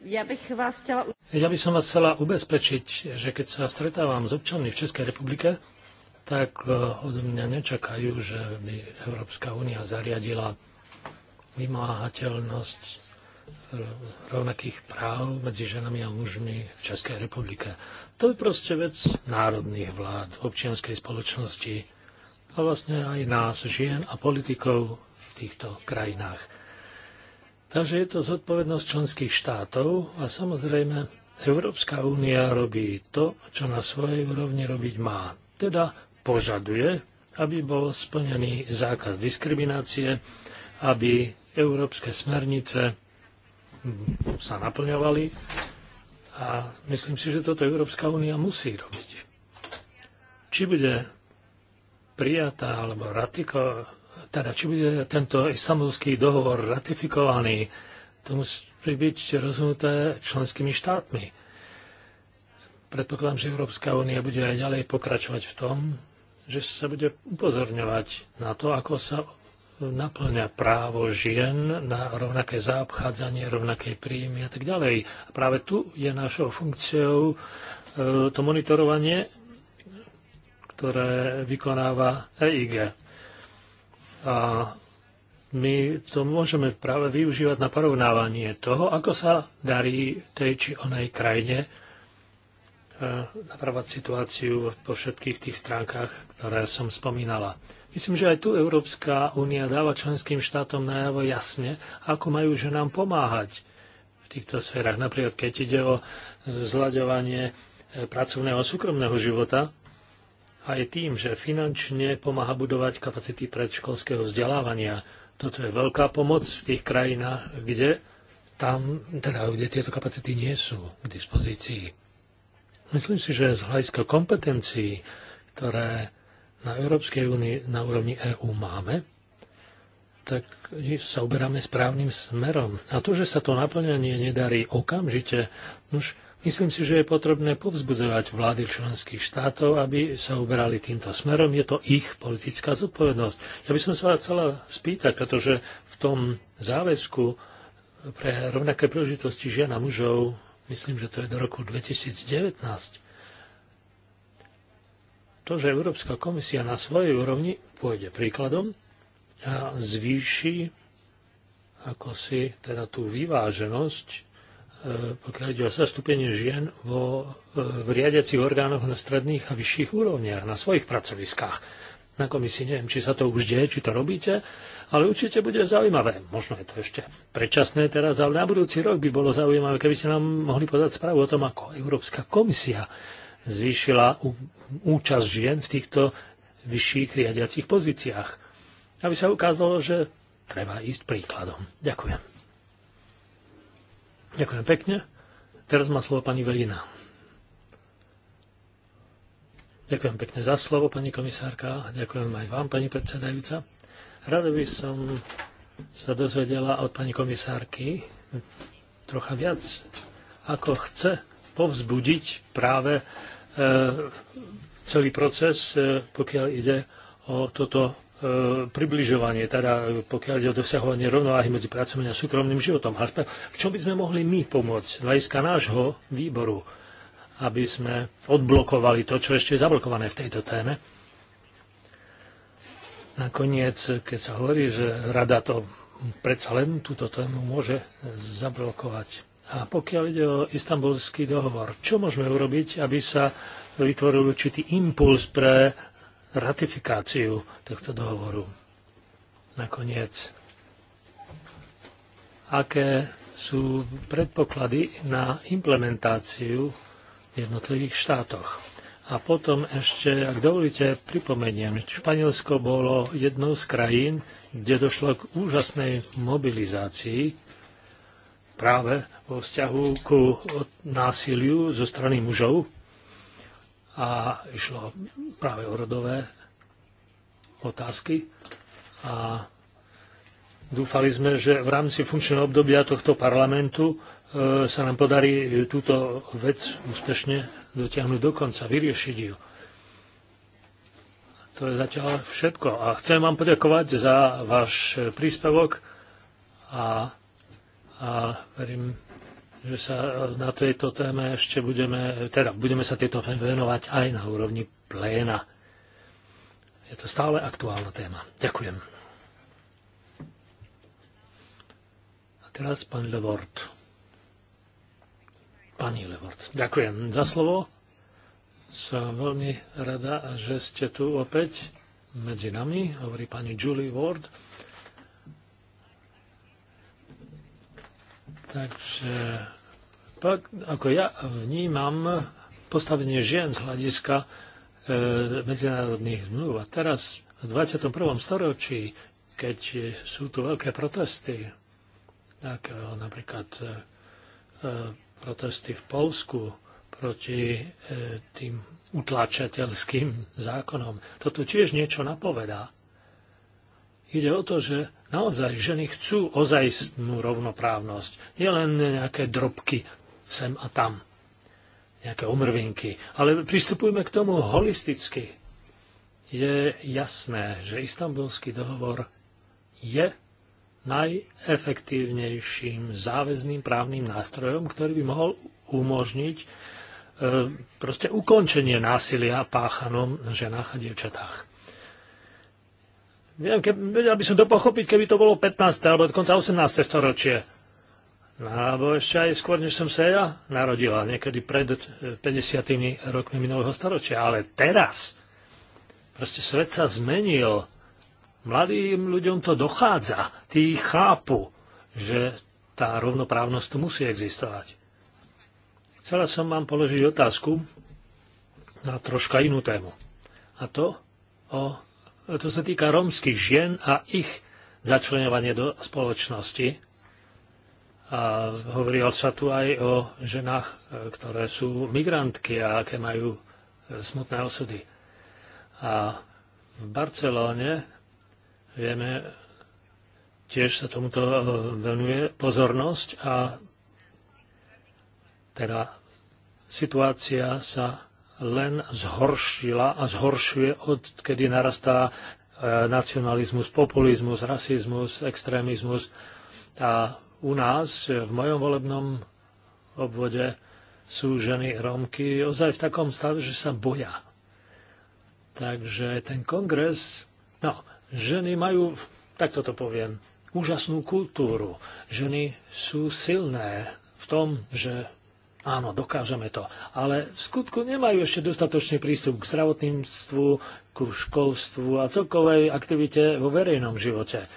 Speaker 3: Ja bych vás chcela...
Speaker 4: Ja by som vás chcela ubezpečiť, že keď sa stretávam s občanmi v Českej republike, tak eh, od mňa nečakajú, že by Európska únia zariadila vymáhateľnosť rovnakých práv medzi ženami a mužmi v Českej republike. To je proste vec národných vlád, občianskej spoločnosti a vlastne aj nás, žien a politikov v týchto krajinách. Takže je to zodpovednosť členských štátov a samozrejme Európska únia robí to, čo na svojej úrovni robiť má. Teda požaduje, aby bol splnený zákaz diskriminácie, aby európske smernice sa naplňovali a myslím si, že toto Európska únia musí robiť. Či bude prijatá alebo ratifiko, teda či bude tento istambulský dohovor ratifikovaný to musí byť rozhodnuté členskými štátmi. Predpokladám, že Európska únia bude aj ďalej pokračovať v tom, že sa bude upozorňovať na to, ako sa naplňa právo žien na rovnaké zaobchádzanie, rovnaké príjmy a tak ďalej. A práve tu je našou funkciou e, to monitorovanie, ktoré vykonáva EIG. A my to môžeme práve využívať na porovnávanie toho, ako sa darí tej či onej krajine e, napravať situáciu po všetkých tých stránkach, ktoré som spomínala. Myslím, že aj tu Európska únia dáva členským štátom najavo jasne, ako majú ženám pomáhať v týchto sférach. Napríklad, keď ide o zľaďovanie e, pracovného a súkromného života, aj tým, že finančne pomáha budovať kapacity predškolského vzdelávania, toto je veľká pomoc v tých krajinách, kde, tam, teda, kde tieto kapacity nie sú k dispozícii. Myslím si, že z hľadiska kompetencií, ktoré na Európskej únii na úrovni EÚ máme, tak sa uberáme správnym smerom. A to, že sa to naplňanie nedarí okamžite, už Myslím si, že je potrebné povzbudzovať vlády členských štátov, aby sa uberali týmto smerom. Je to ich politická zodpovednosť. Ja by som sa vás chcela spýtať, pretože v tom záväzku pre rovnaké príležitosti žien a mužov, myslím, že to je do roku 2019, to, že Európska komisia na svojej úrovni pôjde príkladom a zvýši ako si teda tú vyváženosť E, pokiaľ ide o zastúpenie žien vo, e, v riadiacich orgánoch na stredných a vyšších úrovniach, na svojich pracoviskách. Na komisii neviem, či sa to už deje, či to robíte, ale určite bude zaujímavé. Možno je to ešte predčasné teraz, ale na budúci rok by bolo zaujímavé, keby ste nám mohli podať správu o tom, ako Európska komisia zvýšila účasť žien v týchto vyšších riadiacich pozíciách. Aby sa ukázalo, že treba ísť príkladom. Ďakujem. Ďakujem pekne. Teraz má slovo pani Velina. Ďakujem pekne za slovo, pani komisárka. Ďakujem aj vám, pani predsedajúca. Rada by som sa dozvedela od pani komisárky trocha viac, ako chce povzbudiť práve e, celý proces, e, pokiaľ ide o toto E, približovanie, teda e, pokiaľ ide o dosahovanie rovnováhy medzi pracovným a súkromným životom. Ale v čom by sme mohli my pomôcť z hľadiska nášho výboru, aby sme odblokovali to, čo ešte je zablokované v tejto téme? Nakoniec, keď sa hovorí, že rada to predsa len túto tému môže zablokovať. A pokiaľ ide o istambulský dohovor, čo môžeme urobiť, aby sa vytvoril určitý impuls pre ratifikáciu tohto dohovoru. Nakoniec, aké sú predpoklady na implementáciu v jednotlivých štátoch. A potom ešte, ak dovolíte, pripomeniem, Španielsko bolo jednou z krajín, kde došlo k úžasnej mobilizácii práve vo vzťahu ku násiliu zo strany mužov a išlo práve o rodové otázky a dúfali sme, že v rámci funkčného obdobia tohto parlamentu e, sa nám podarí túto vec úspešne dotiahnuť do konca, vyriešiť ju. To je zatiaľ všetko. A chcem vám poďakovať za váš príspevok a, a verím, že sa na tejto téme ešte budeme, teda budeme sa tejto venovať aj na úrovni pléna. Je to stále aktuálna téma. Ďakujem. A teraz pán Levort. Pani Levort, ďakujem za slovo. Som veľmi rada, že ste tu opäť medzi nami, hovorí pani Julie Ward. Takže naopak, ako ja vnímam postavenie žien z hľadiska e, medzinárodných zmluv. A teraz v 21. storočí, keď sú tu veľké protesty, tak e, napríklad e, e, protesty v Polsku proti e, tým utlačateľským zákonom, toto tiež niečo napovedá. Ide o to, že naozaj ženy chcú ozajstnú rovnoprávnosť, len nejaké drobky sem a tam. Nejaké omrvinky. Ale pristupujme k tomu holisticky. Je jasné, že istambulský dohovor je najefektívnejším záväzným právnym nástrojom, ktorý by mohol umožniť e, proste ukončenie násilia páchanom na ženách a dievčatách. Neviem, keby, vedel by som to pochopiť, keby to bolo 15. alebo dokonca 18. storočie. No, alebo ešte aj skôr, než som sa ja narodila, niekedy pred 50. Eh, rokmi minulého storočia. Ale teraz proste svet sa zmenil. Mladým ľuďom to dochádza. Tí chápu, že tá rovnoprávnosť tu musí existovať. Chcela som vám položiť otázku na troška inú tému. A to, o, to sa týka rómskych žien a ich začlenovanie do spoločnosti a hovorilo sa tu aj o ženách, e, ktoré sú migrantky a aké majú e, smutné osudy. A v Barcelóne vieme, tiež sa tomuto e, venuje pozornosť a teda situácia sa len zhoršila a zhoršuje, odkedy narastá nacionalizmus, populizmus, rasizmus, extrémizmus a u nás, eh, v mojom volebnom obvode, sú ženy Rómky ozaj v takom stave, že sa boja. Takže ten kongres, no, ženy majú, tak toto poviem, úžasnú kultúru. Ženy sú silné v tom, že áno, dokážeme to. Ale v skutku nemajú ešte dostatočný prístup k zdravotníctvu, ku školstvu a celkovej aktivite vo verejnom živote.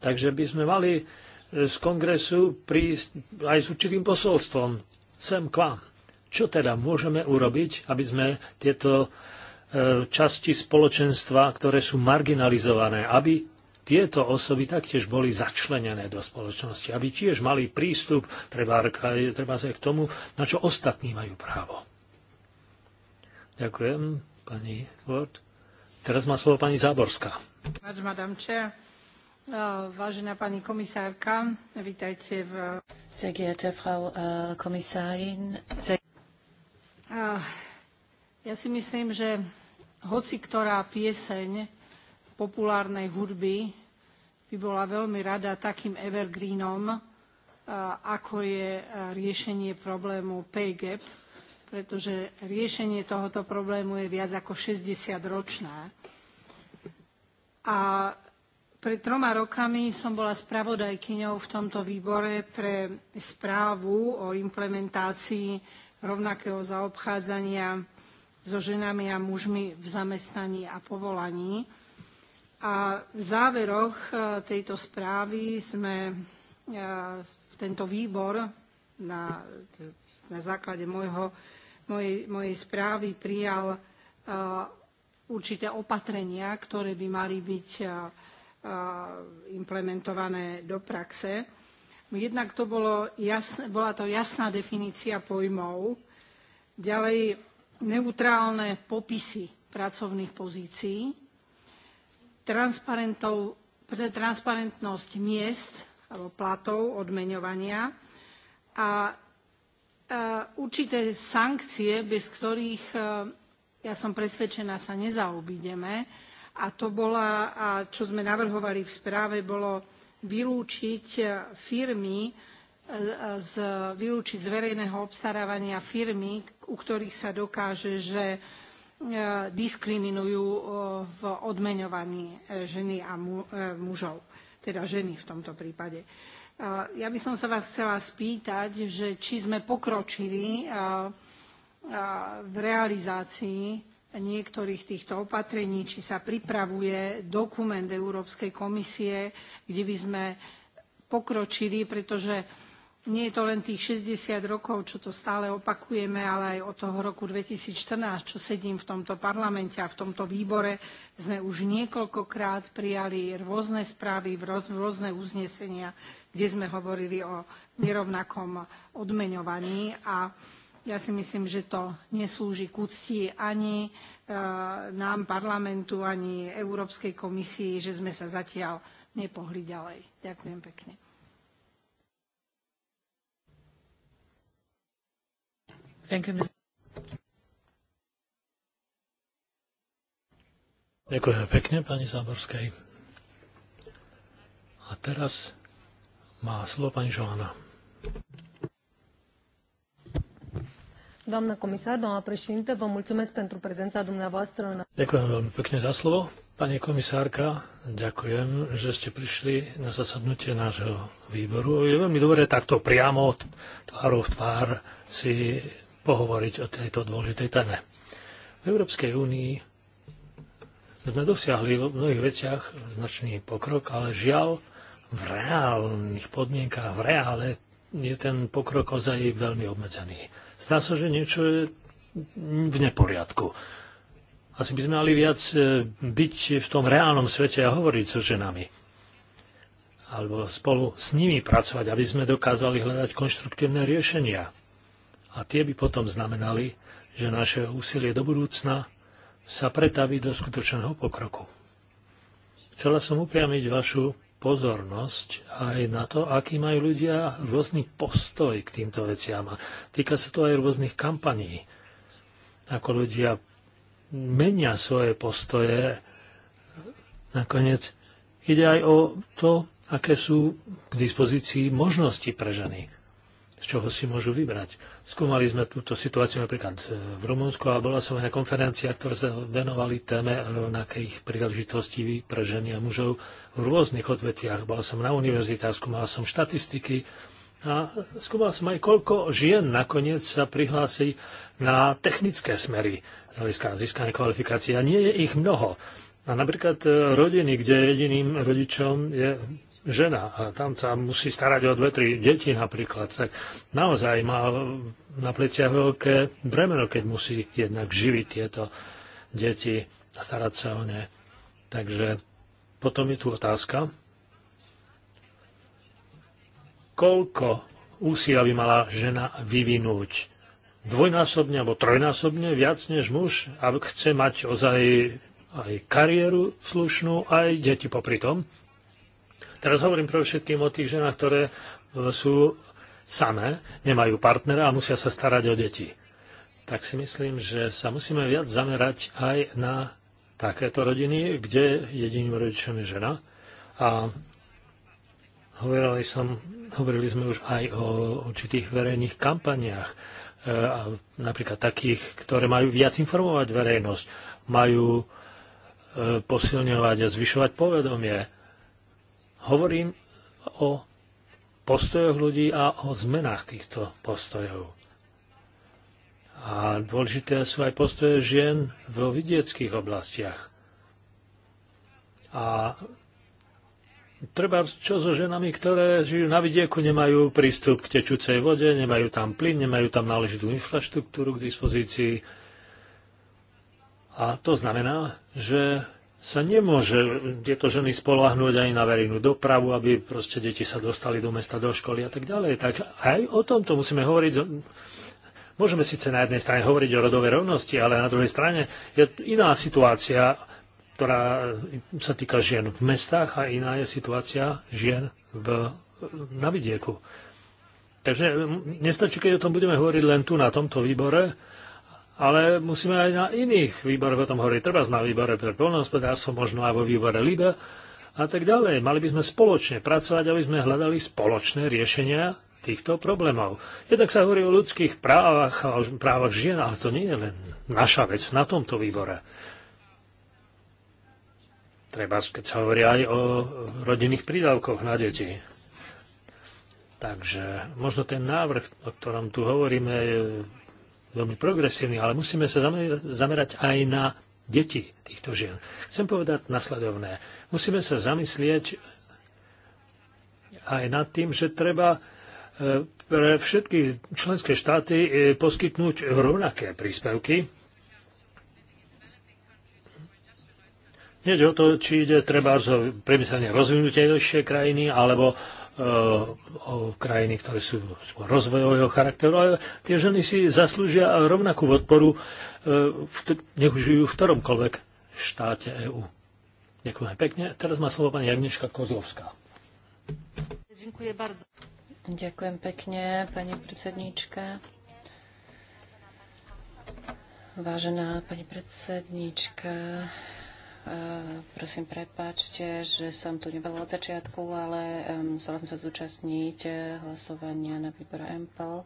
Speaker 4: Takže by sme mali z kongresu prísť aj s určitým posolstvom sem k vám. Čo teda môžeme urobiť, aby sme tieto e, časti spoločenstva, ktoré sú marginalizované, aby tieto osoby taktiež boli začlenené do spoločnosti, aby tiež mali prístup, treba, treba sa k tomu, na čo ostatní majú právo. Ďakujem, pani Ward. Teraz má slovo pani Záborská.
Speaker 1: Vážená pani komisárka, vítajte v... Sehr geehrte Frau Kommissarin. Ja si myslím, že hoci ktorá pieseň populárnej hudby by bola veľmi rada takým evergreenom, ako je riešenie problému pay gap, pretože riešenie tohoto problému je viac ako 60 ročné. A pred troma rokami som bola spravodajkyňou v tomto výbore pre správu o implementácii rovnakého zaobchádzania so ženami a mužmi v zamestnaní a povolaní. A v záveroch e, tejto správy sme e, tento výbor na, na základe môjho, mojej, mojej správy prijal e, určité opatrenia, ktoré by mali byť Eh, implementované do praxe. Jednak to bolo jasné, bola to jasná definícia pojmov, ďalej neutrálne popisy pracovných pozícií, transparentnosť miest alebo platov, odmeňovania a eh, určité sankcie, bez ktorých, eh, ja som presvedčená, sa nezaobídeme a to bola, a čo sme navrhovali v správe, bolo vylúčiť firmy, e, z, vylúčiť z verejného obstarávania firmy, u ktorých sa dokáže, že e, diskriminujú e, v odmeňovaní ženy a mužov, teda ženy v tomto prípade. Ja by som sa vás chcela spýtať, že či sme pokročili v realizácii niektorých týchto opatrení, či sa pripravuje dokument Európskej komisie, kde by sme pokročili, pretože nie je to len tých 60 rokov, čo to stále opakujeme, ale aj od toho roku 2014, čo sedím v tomto parlamente a v tomto výbore, sme už niekoľkokrát prijali rôzne správy, rôzne uznesenia, kde sme hovorili o nerovnakom odmeňovaní. A ja si myslím, že to neslúži k úcti ani e, nám, parlamentu, ani Európskej komisii, že sme sa zatiaľ nepohli ďalej. Ďakujem pekne.
Speaker 4: Ďakujeme pekne, pani Záborskej. A teraz má slovo pani Joana
Speaker 1: doamnă comisar, doamna președintă, vă mulțumesc pentru prezența dumneavoastră.
Speaker 4: Ďakujem veľmi pekne za slovo. Pani komisárka, ďakujem, že ste prišli na zasadnutie nášho výboru. Je veľmi dobré takto priamo od tváru v tvár si pohovoriť o tejto dôležitej téme. V Európskej únii sme dosiahli v mnohých veciach značný pokrok, ale žiaľ v reálnych podmienkách, v reále je ten pokrok ozaj veľmi obmedzený. Zdá sa, že niečo je v neporiadku. Asi by sme mali viac e, byť v tom reálnom svete a hovoriť so ženami. Alebo spolu s nimi pracovať, aby sme dokázali hľadať konštruktívne riešenia. A tie by potom znamenali, že naše úsilie do budúcna sa pretaví do skutočného pokroku. Chcela som upriamiť vašu pozornosť aj na to, aký majú ľudia rôzny postoj k týmto veciam. A týka sa to aj rôznych kampaní. Ako ľudia menia svoje postoje. Nakoniec ide aj o to, aké sú k dispozícii možnosti pre ženy, z čoho si môžu vybrať. Skúmali sme túto situáciu napríklad v Rumunsku a bola som aj na konferenciách, ktoré sa venovali téme rovnakých príležitostí pre ženy a mužov v rôznych odvetiach. Bola som na univerzitách, skúmal som štatistiky a skúmal som aj, koľko žien nakoniec sa prihlási na technické smery z hľadiska získania kvalifikácie. A nie je ich mnoho. A napríklad eh, rodiny, kde jediným rodičom je žena a tam sa musí starať o dve, tri deti napríklad, tak naozaj má na pleciach veľké bremeno, keď musí jednak živiť tieto deti a starať sa o ne. Takže potom je tu otázka, koľko úsilia by mala žena vyvinúť dvojnásobne alebo trojnásobne viac než muž, ak chce mať ozaj aj kariéru slušnú, aj deti popri tom. Teraz hovorím pre všetkým o tých ženách, ktoré e, sú samé, nemajú partnera a musia sa starať o deti. Tak si myslím, že sa musíme viac zamerať aj na takéto rodiny, kde jediným rodičom je žena. A hovorili, som, hovorili sme už aj o určitých verejných kampaniách, e, a napríklad takých, ktoré majú viac informovať verejnosť, majú e, posilňovať a zvyšovať povedomie Hovorím o postojoch ľudí a o zmenách týchto postojov. A dôležité sú aj postoje žien v vidieckých oblastiach. A treba čo so ženami, ktoré žijú na vidieku, nemajú prístup k tečúcej vode, nemajú tam plyn, nemajú tam náležitú infraštruktúru k dispozícii. A to znamená, že sa nemôže tieto ženy spolahnúť ani na verejnú dopravu, aby proste deti sa dostali do mesta, do školy a tak ďalej. Tak aj o tomto musíme hovoriť. Môžeme síce na jednej strane hovoriť o rodovej rovnosti, ale na druhej strane je iná situácia, ktorá sa týka žien v mestách a iná je situácia žien v, na vidieku. Takže nestačí, keď o tom budeme hovoriť len tu na tomto výbore, ale musíme aj na iných výboroch o tom hovoriť. Treba na výbore pre poľnohospodárstvo, možno aj vo výbore LIBE a tak ďalej. Mali by sme spoločne pracovať, aby sme hľadali spoločné riešenia týchto problémov. Jednak sa hovorí o ľudských právach a o právach žien, ale to nie je len naša vec na tomto výbore. Treba, keď sa hovorí aj o rodinných prídavkoch na deti. Takže možno ten návrh, o ktorom tu hovoríme, veľmi progresívny, ale musíme sa zamerať aj na deti týchto žien. Chcem povedať nasledovné. Musíme sa zamyslieť aj nad tým, že treba e, pre všetky členské štáty e, poskytnúť rovnaké príspevky. Nede o to, či ide treba o priemyselne rozvinutejšie krajiny alebo Eh, o krajiny, ktoré sú skôr rozvojového charakteru. ale tie ženy si zaslúžia rovnakú podporu, eh, nech už žijú v ktoromkoľvek štáte EÚ. Ďakujem pekne. Teraz má slovo pani Agnieszka Kozlovská.
Speaker 3: Ďakujem bardzo. Ďakujem pekne, pani predsedníčka. Vážená pani predsedníčka, Eh, prosím, prepáčte, že som tu nebola od začiatku, ale musela som sa zúčastniť eh, hlasovania na výbor EMPL.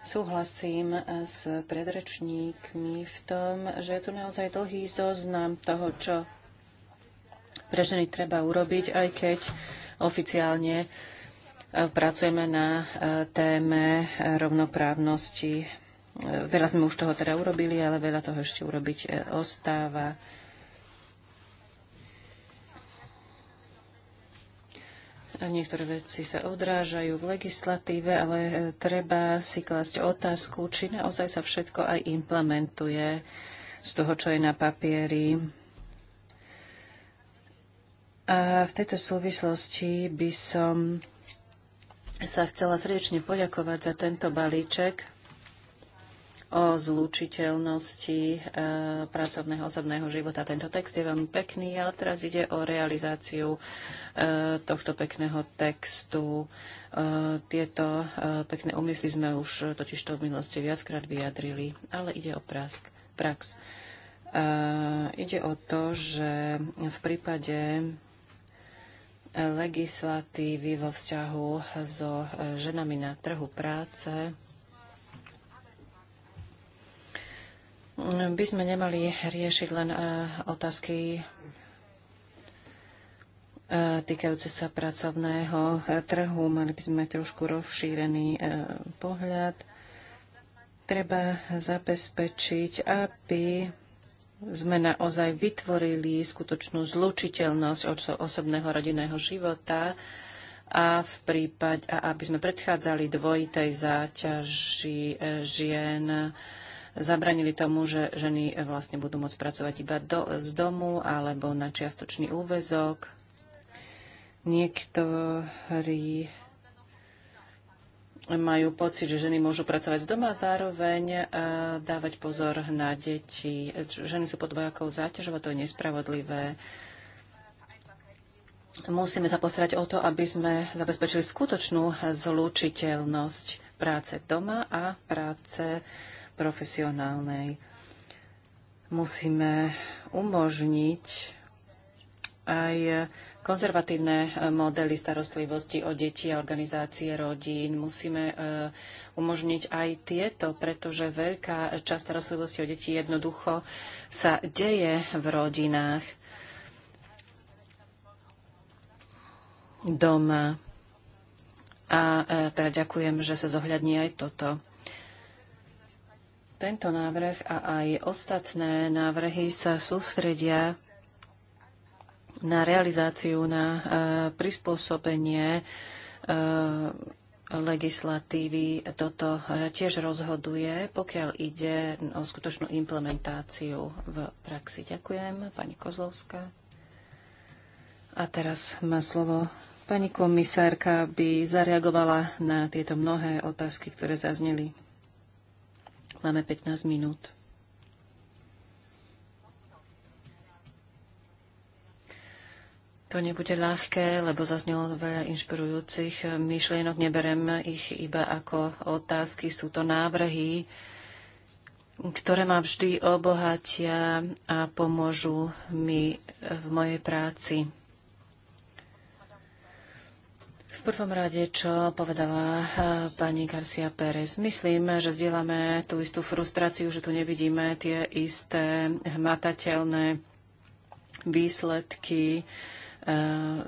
Speaker 3: Súhlasím eh, s predrečníkmi v tom, že je tu naozaj dlhý zoznam toho, čo pre ženy treba urobiť, aj keď oficiálne pracujeme na téme rovnoprávnosti. Veľa sme už toho teda urobili, ale veľa toho ešte urobiť ostáva. Niektoré veci sa odrážajú v legislatíve, ale e, treba si klásť otázku, či naozaj sa všetko aj implementuje z toho, čo je na papieri. A v tejto súvislosti by som sa chcela srdečne poďakovať za tento balíček o zlučiteľnosti e, pracovného osobného života. Tento text je veľmi pekný, ale teraz ide o realizáciu e, tohto pekného textu. E, tieto pekné úmysly sme už totiž to v minulosti viackrát vyjadrili, ale ide o prask, prax. Ide o to, že v prípade legislatívy vo vzťahu so ženami na trhu práce by sme nemali riešiť len e, otázky e, týkajúce sa pracovného e, trhu. Mali by sme trošku rozšírený pohľad. Treba zabezpečiť, aby sme naozaj vytvorili skutočnú zlučiteľnosť od osobného rodinného života a, v prípade, aby sme predchádzali dvojitej záťaži žien zabranili tomu, že ženy vlastne budú môcť pracovať iba do, z domu alebo na čiastočný úvezok. Niektorí majú pocit, že ženy môžu pracovať z doma a zároveň eh, dávať pozor na deti. Ženy sú pod dvojakou záťažou to je nespravodlivé. Musíme sa postarať o to, aby sme zabezpečili skutočnú zlúčiteľnosť práce doma a práce profesionálnej. Musíme umožniť aj konzervatívne modely starostlivosti o deti a organizácie rodín. Musíme e, umožniť aj tieto, pretože veľká časť starostlivosti o deti jednoducho sa deje v rodinách, doma. A e, teda ďakujem, že sa zohľadní aj toto. Tento návrh a aj ostatné návrhy sa sústredia na realizáciu, na e, prispôsobenie e, legislatívy. Toto e, tiež rozhoduje, pokiaľ ide o skutočnú implementáciu v praxi. Ďakujem, pani Kozlovská. A teraz má slovo pani komisárka, aby zareagovala na tieto mnohé otázky, ktoré zazneli. Máme 15 minút. To nebude ľahké, lebo zaznelo veľa inšpirujúcich myšlienok. Neberem ich iba ako otázky. Sú to návrhy, ktoré ma vždy obohatia a pomôžu mi v mojej práci. V prvom rade, čo povedala eh, pani Garcia Pérez, myslím, že zdieľame tú istú frustráciu, že tu nevidíme tie isté hmatateľné výsledky. Eh,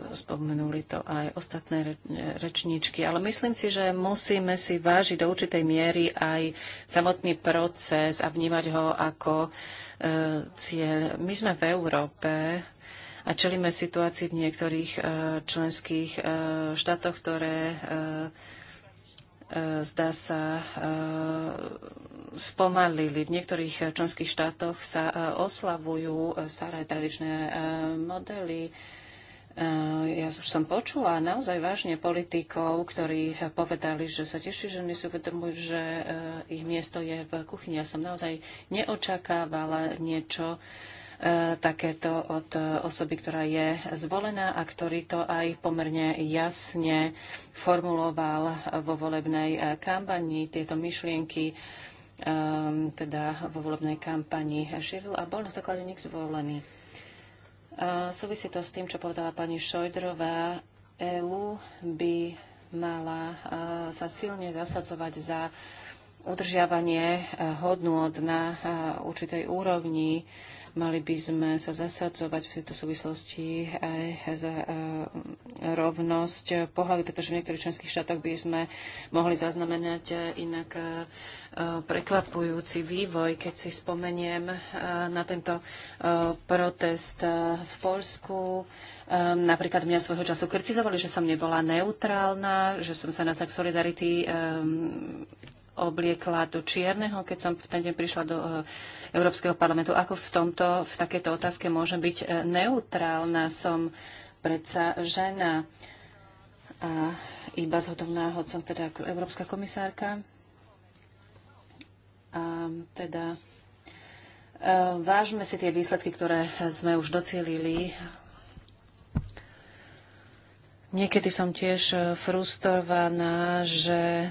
Speaker 3: spomenuli to aj ostatné rečníčky, ale myslím si, že musíme si vážiť do určitej miery aj samotný proces a vnímať ho ako eh, cieľ. My sme v Európe, a čelíme situácii v niektorých eh, členských eh, štátoch, ktoré eh, zdá sa spomalili. V niektorých členských štátoch sa oslavujú staré tradičné modely. Ja už som počula naozaj vážne politikov, ktorí povedali, že sa teší, že oni si uvedomujú, že ich miesto je v kuchyni. Ja som naozaj neočakávala niečo takéto od osoby, ktorá je zvolená a ktorý to aj pomerne jasne formuloval vo volebnej eh, kampani tieto myšlienky ehm, teda vo volebnej kampani živil a bol na základe nich zvolený. Eh, súvisí to s tým, čo povedala pani Šojdrová. EÚ by mala eh, sa silne zasadzovať za udržiavanie od na určitej úrovni Mali by sme sa zasadzovať v tejto súvislosti aj za e, rovnosť pohľadu, pretože v niektorých členských štátoch by sme mohli zaznamenať inak e, prekvapujúci vývoj, keď si spomeniem e, na tento protest v Polsku. Napríklad mňa svojho času kritizovali, že som nebola neutrálna, že som sa na znak solidarity obliekla do čierneho, keď som v ten deň prišla do eh, Európskeho parlamentu. Ako v tomto, v takejto otázke môžem byť eh, neutrálna? Som predsa žena a iba zhodom náhod som teda ako európska komisárka. A teda eh, vážme si tie výsledky, ktoré sme už docielili. Niekedy som tiež frustrovaná, že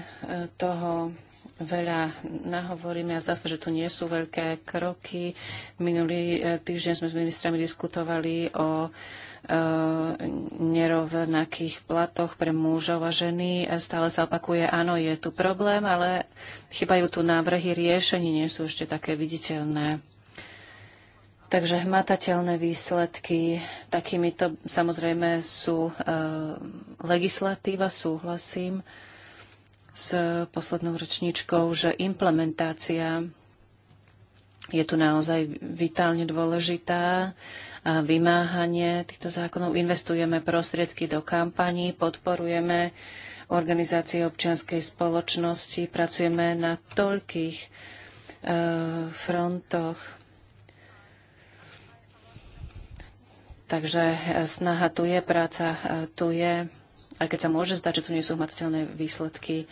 Speaker 3: toho veľa nahovoríme a zdá sa, že tu nie sú veľké kroky. Minulý e, týždeň sme s ministrami diskutovali o e, nerovnakých platoch pre mužov a ženy. E, stále sa opakuje, áno, je tu problém, ale chýbajú tu návrhy riešení, nie sú ešte také viditeľné. Takže hmatateľné výsledky, takými to samozrejme sú e, legislatíva, súhlasím. E, s poslednou ročníčkou, že implementácia je tu naozaj vitálne dôležitá. A vymáhanie týchto zákonov. Investujeme prostriedky do kampaní, podporujeme organizácie občianskej spoločnosti, pracujeme na toľkých e, frontoch. Takže e, snaha tu je, práca e, tu je aj keď sa môže zdať, že tu nie sú hmatateľné výsledky.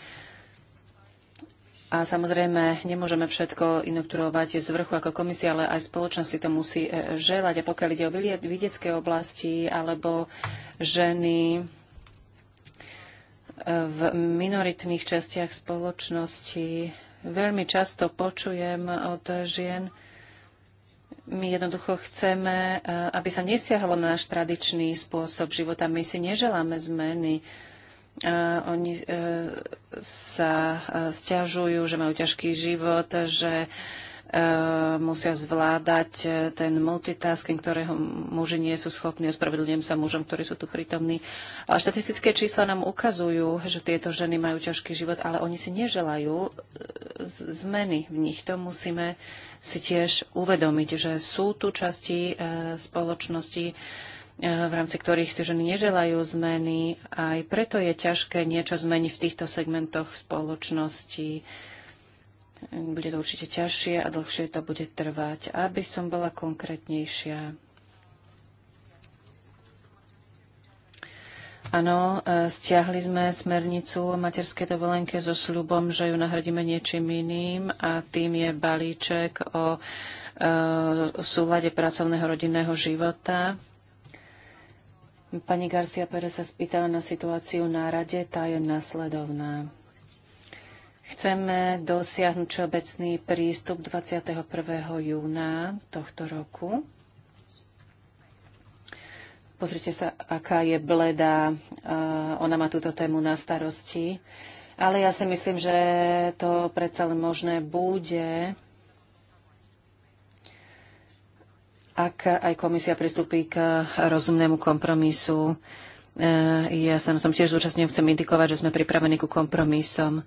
Speaker 3: A samozrejme, nemôžeme všetko inokturovať z vrchu ako komisia, ale aj spoločnosť si to musí e, želať. A pokiaľ ide o vidiecké oblasti alebo ženy e, v minoritných častiach spoločnosti, veľmi často počujem od žien, my jednoducho chceme, eh, aby sa nesiahlo na náš tradičný spôsob života. My si neželáme zmeny. Eh, oni eh, sa stiažujú, že majú ťažký život, že Eh, musia zvládať eh, ten multitasking, ktorého muži nie sú schopní. Ospravedlňujem sa mužom, ktorí sú tu prítomní. A štatistické čísla nám ukazujú, že tieto ženy majú ťažký život, ale oni si neželajú eh, zmeny v nich. To musíme si tiež uvedomiť, že sú tu časti spoločnosti, v rámci ktorých si ženy neželajú zmeny. Aj preto je ťažké niečo zmeniť v týchto segmentoch spoločnosti bude to určite ťažšie a dlhšie to bude trvať. Aby som bola konkrétnejšia, Áno, e, stiahli sme smernicu o materskej dovolenke so sľubom, že ju nahradíme niečím iným a tým je balíček o e, súlade pracovného rodinného života. Pani Garcia Pérez sa spýtala na situáciu na rade, tá je nasledovná. Chceme dosiahnuť všeobecný prístup 21. júna tohto roku. Pozrite sa, aká je bledá. Ona má túto tému na starosti. Ale ja si myslím, že to predsa len možné bude. ak aj komisia pristúpi k rozumnému kompromisu. E, ja sa na tom tiež zúčastňujem, chcem indikovať, že sme pripravení ku kompromisom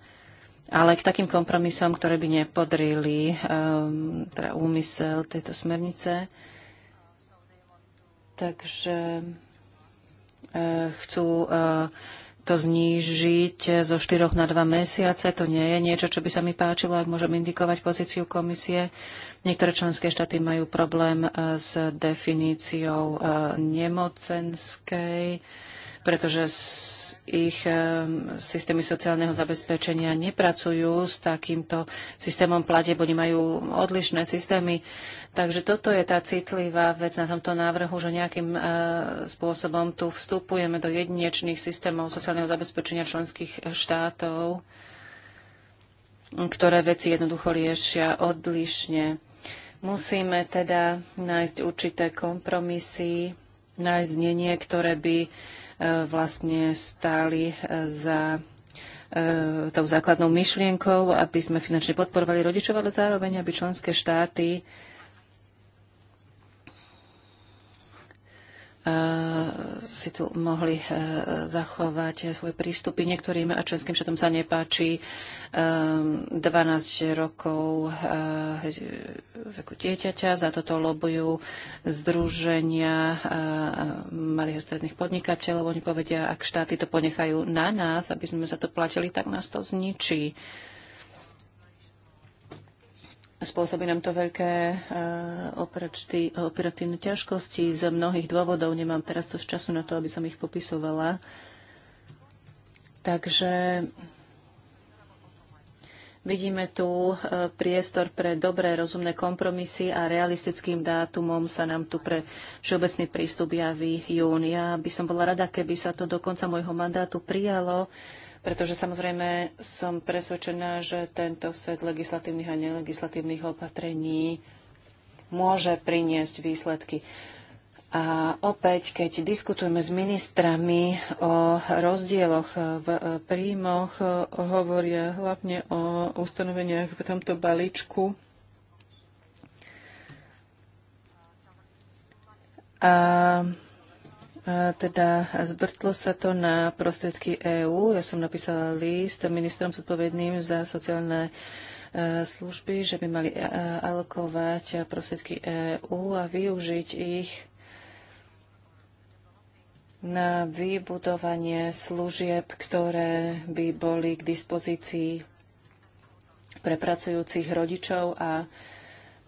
Speaker 3: ale k takým kompromisom, ktoré by nepodrili um, teda úmysel tejto smernice. Takže uh, chcú uh, to znížiť zo 4 na 2 mesiace. To nie je niečo, čo by sa mi páčilo, ak môžem indikovať pozíciu komisie. Niektoré členské štáty majú problém eh, s definíciou nemocenskej pretože ich eh, systémy sociálneho zabezpečenia nepracujú s takýmto systémom platieb, oni majú odlišné systémy. Takže toto je tá citlivá vec na tomto návrhu, že nejakým eh, spôsobom tu vstupujeme do jedinečných systémov sociálneho zabezpečenia členských štátov, ktoré veci jednoducho riešia odlišne. Musíme teda nájsť určité kompromisy, nájsť znenie, ktoré by E, vlastne stáli e, za e, tou základnou myšlienkou, aby sme finančne podporovali rodičov, ale zároveň, aby členské štáty Eh, si tu mohli eh, zachovať svoje prístupy. Niektorým a členským všetom sa nepáči 12 ehm, rokov eh, veku dieťaťa. Za toto lobujú združenia malých a stredných podnikateľov. Oni povedia, ak štáty to ponechajú na nás, aby sme za to platili, tak nás to zničí. Spôsobí nám to veľké eh, operatívne ťažkosti z mnohých dôvodov. Nemám teraz to času na to, aby som ich popisovala. Takže vidíme tu eh, priestor pre dobré, rozumné kompromisy a realistickým dátumom sa nám tu pre všeobecný prístup javí jún. Ja by som bola rada, keby sa to do konca môjho mandátu prijalo pretože samozrejme som presvedčená, že tento set legislatívnych a nelegislatívnych opatrení môže priniesť výsledky. A opäť, keď diskutujeme s ministrami o rozdieloch v e, príjmoch, hovoria hlavne o ustanoveniach v tomto balíčku. A teda zbrtlo sa to na prostriedky EÚ. Ja som napísala list ministrom zodpovedným za sociálne e, služby, že by mali e, alokovať prostriedky EÚ a využiť ich na vybudovanie služieb, ktoré by boli k dispozícii pre pracujúcich rodičov a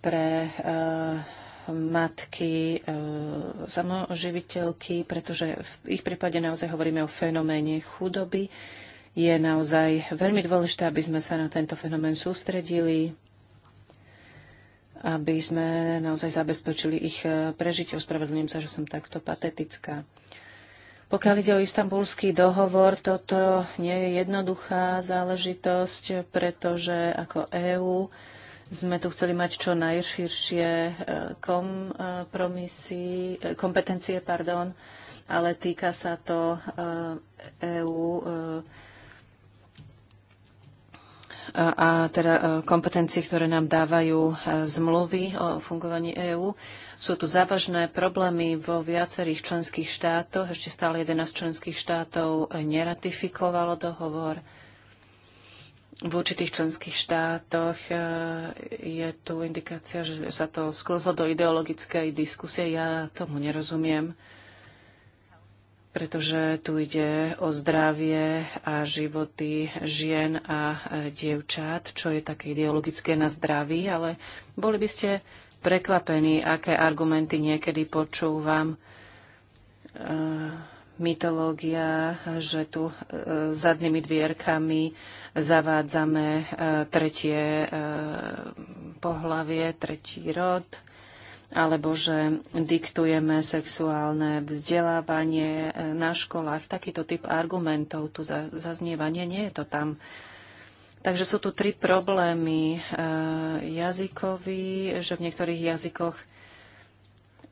Speaker 3: pre e, matky, e, samoživiteľky, pretože v ich prípade naozaj hovoríme o fenoméne chudoby. Je naozaj veľmi dôležité, aby sme sa na tento fenomén sústredili, aby sme naozaj zabezpečili ich e, prežitie. Ospravedlňujem sa, že som takto patetická. Pokiaľ ide o istambulský dohovor, toto nie je jednoduchá záležitosť, pretože ako EÚ sme tu chceli mať čo najširšie e, kompromisy, e, kompetencie, pardon, ale týka sa to EÚ e a teda kompetencií, ktoré nám dávajú zmluvy o fungovaní EÚ. Sú tu závažné problémy vo viacerých členských štátoch. Ešte stále 11 členských štátov neratifikovalo dohovor v určitých členských štátoch e, je tu indikácia, že sa to sklzlo do ideologickej diskusie. Ja tomu nerozumiem, pretože tu ide o zdravie a životy žien a e, dievčat, čo je také ideologické na zdraví, ale boli by ste prekvapení, aké argumenty niekedy počúvam. E, mytológia, že tu zadnými dvierkami zavádzame e, tretie e, pohlavie, tretí rod, alebo že diktujeme sexuálne vzdelávanie e, na školách. Takýto typ argumentov tu zaznievanie nie je to tam. Takže sú tu tri problémy. Jazykový, že v niektorých jazykoch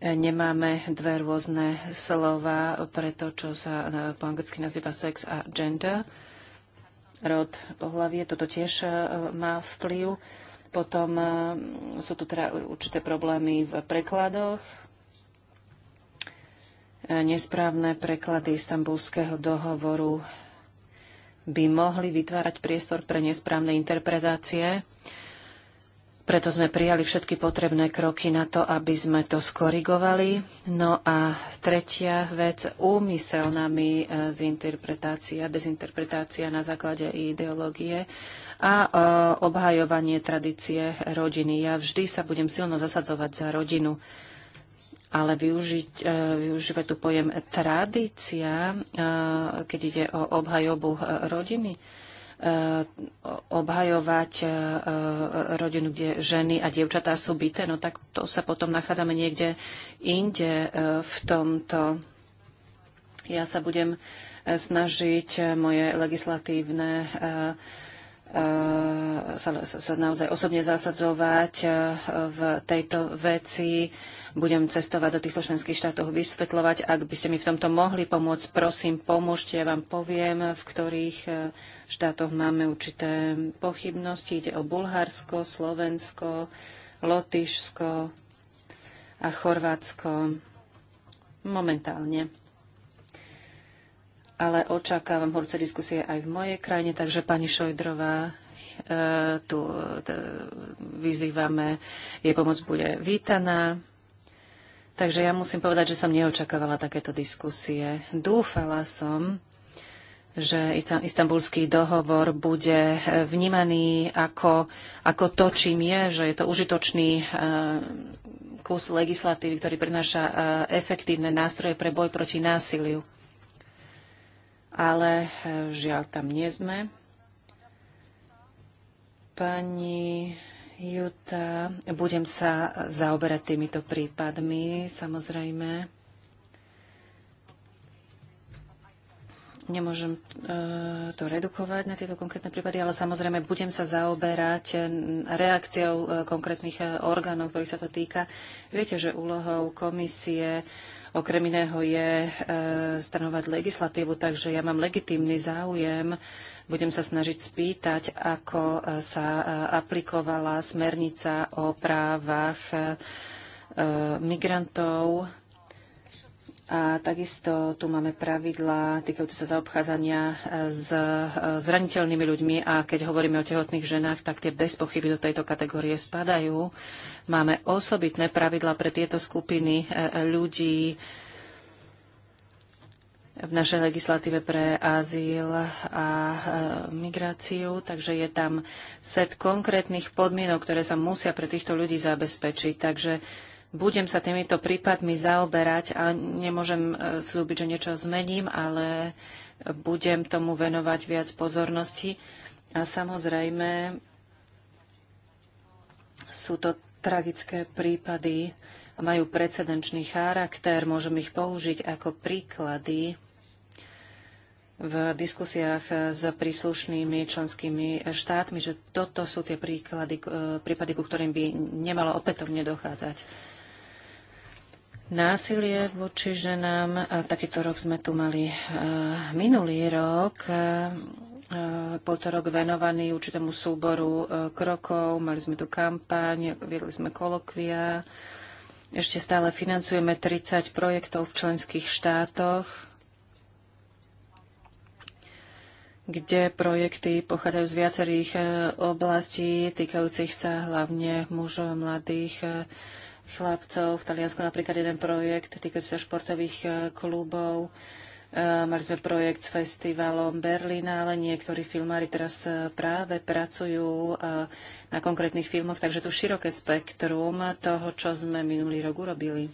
Speaker 3: nemáme dve rôzne slova pre to, čo sa po anglicky nazýva sex a gender rod, pohlavie, toto tiež e, má vplyv. Potom e, sú tu teda určité problémy v prekladoch. E, nesprávne preklady istambulského dohovoru by mohli vytvárať priestor pre nesprávne interpretácie. Preto sme prijali všetky potrebné kroky na to, aby sme to skorigovali. No a tretia vec, úmysel nami e, zinterpretácia, dezinterpretácia na základe ideológie a e, obhajovanie tradície rodiny. Ja vždy sa budem silno zasadzovať za rodinu, ale využiť, e, využívať tu pojem tradícia, keď ide o obhajobu rodiny, Eh, obhajovať eh, eh, rodinu, kde ženy a dievčatá sú byté, no tak to sa potom nachádzame niekde inde v tomto. Ja sa budem snažiť moje legislatívne sa, sa naozaj osobne zasadzovať e, v tejto veci. Budem cestovať do týchto členských štátov vysvetľovať. Ak by ste mi v tomto mohli pomôcť, prosím, pomôžte. Ja vám poviem, v ktorých e, štátoch máme určité pochybnosti. Ide o Bulharsko, Slovensko, Lotyšsko a Chorvátsko momentálne ale očakávam horúce diskusie aj v mojej krajine, takže pani Šojdrová, eh, tu eh, vyzývame, jej pomoc bude vítaná. Takže ja musím povedať, že som neočakávala takéto diskusie. Dúfala som, že istambulský dohovor bude eh, vnímaný ako, ako to, čím je, že je to užitočný kus legislatívy, ktorý prináša efektívne nástroje pre boj proti násiliu ale eh, žiaľ tam nie sme. Pani Juta, budem sa zaoberať týmito prípadmi, samozrejme. Nemôžem eh, to redukovať na tieto konkrétne prípady, ale samozrejme budem sa zaoberať eh, reakciou konkrétnych orgánov, ktorých sa to týka. Viete, že úlohou komisie okrem iného je e, stanovať legislatívu, takže ja mám legitímny záujem. Budem sa snažiť spýtať, ako e, sa e, aplikovala smernica o právach migrantov a takisto tu máme pravidlá týkajúce sa zaobchádzania e, s e, zraniteľnými ľuďmi a keď hovoríme o tehotných ženách, tak tie bez pochyby do tejto kategórie spadajú. Máme osobitné pravidlá pre tieto skupiny e, ľudí v našej legislatíve pre azyl a migráciu, takže je tam set konkrétnych podmienok, ktoré sa musia pre týchto ľudí zabezpečiť. Takže budem sa týmito prípadmi zaoberať a nemôžem e, slúbiť, že niečo zmením, ale budem tomu venovať viac pozornosti. A samozrejme sú to tragické prípady, majú precedenčný charakter, môžem ich použiť ako príklady v diskusiách s príslušnými členskými štátmi, že toto sú tie príklady, e, prípady, ku ktorým by nemalo opätovne dochádzať. Násilie voči ženám, takýto rok sme tu mali minulý rok, rok venovaný určitému súboru krokov, mali sme tu kampaň, viedli sme kolokvia, ešte stále financujeme 30 projektov v členských štátoch, kde projekty pochádzajú z viacerých e, oblastí, týkajúcich sa hlavne mužov, mladých, e, chlapcov. V Taliansku napríklad jeden projekt týkajúci sa športových e, klubov. E, mali sme projekt s festivalom Berlína, ale niektorí filmári teraz e, práve pracujú na konkrétnych filmoch, takže tu široké spektrum toho, čo sme minulý rok urobili.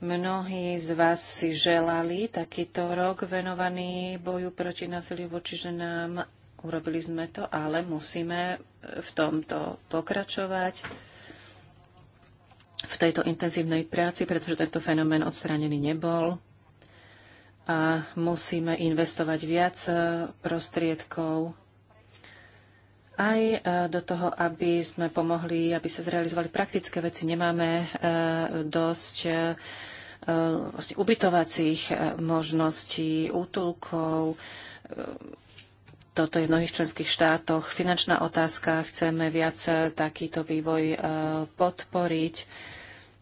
Speaker 3: Mnohí z vás si želali takýto rok venovaný boju proti násiliu voči ženám. Urobili sme to, ale musíme v tomto pokračovať v tejto intenzívnej práci, pretože tento fenomén odstranený nebol a musíme investovať viac e, prostriedkov aj e, do toho, aby sme pomohli, aby sa zrealizovali praktické veci. Nemáme e, dosť vlastne ubytovacích možností, útulkov. Toto je v mnohých členských štátoch. Finančná otázka, chceme viac takýto vývoj podporiť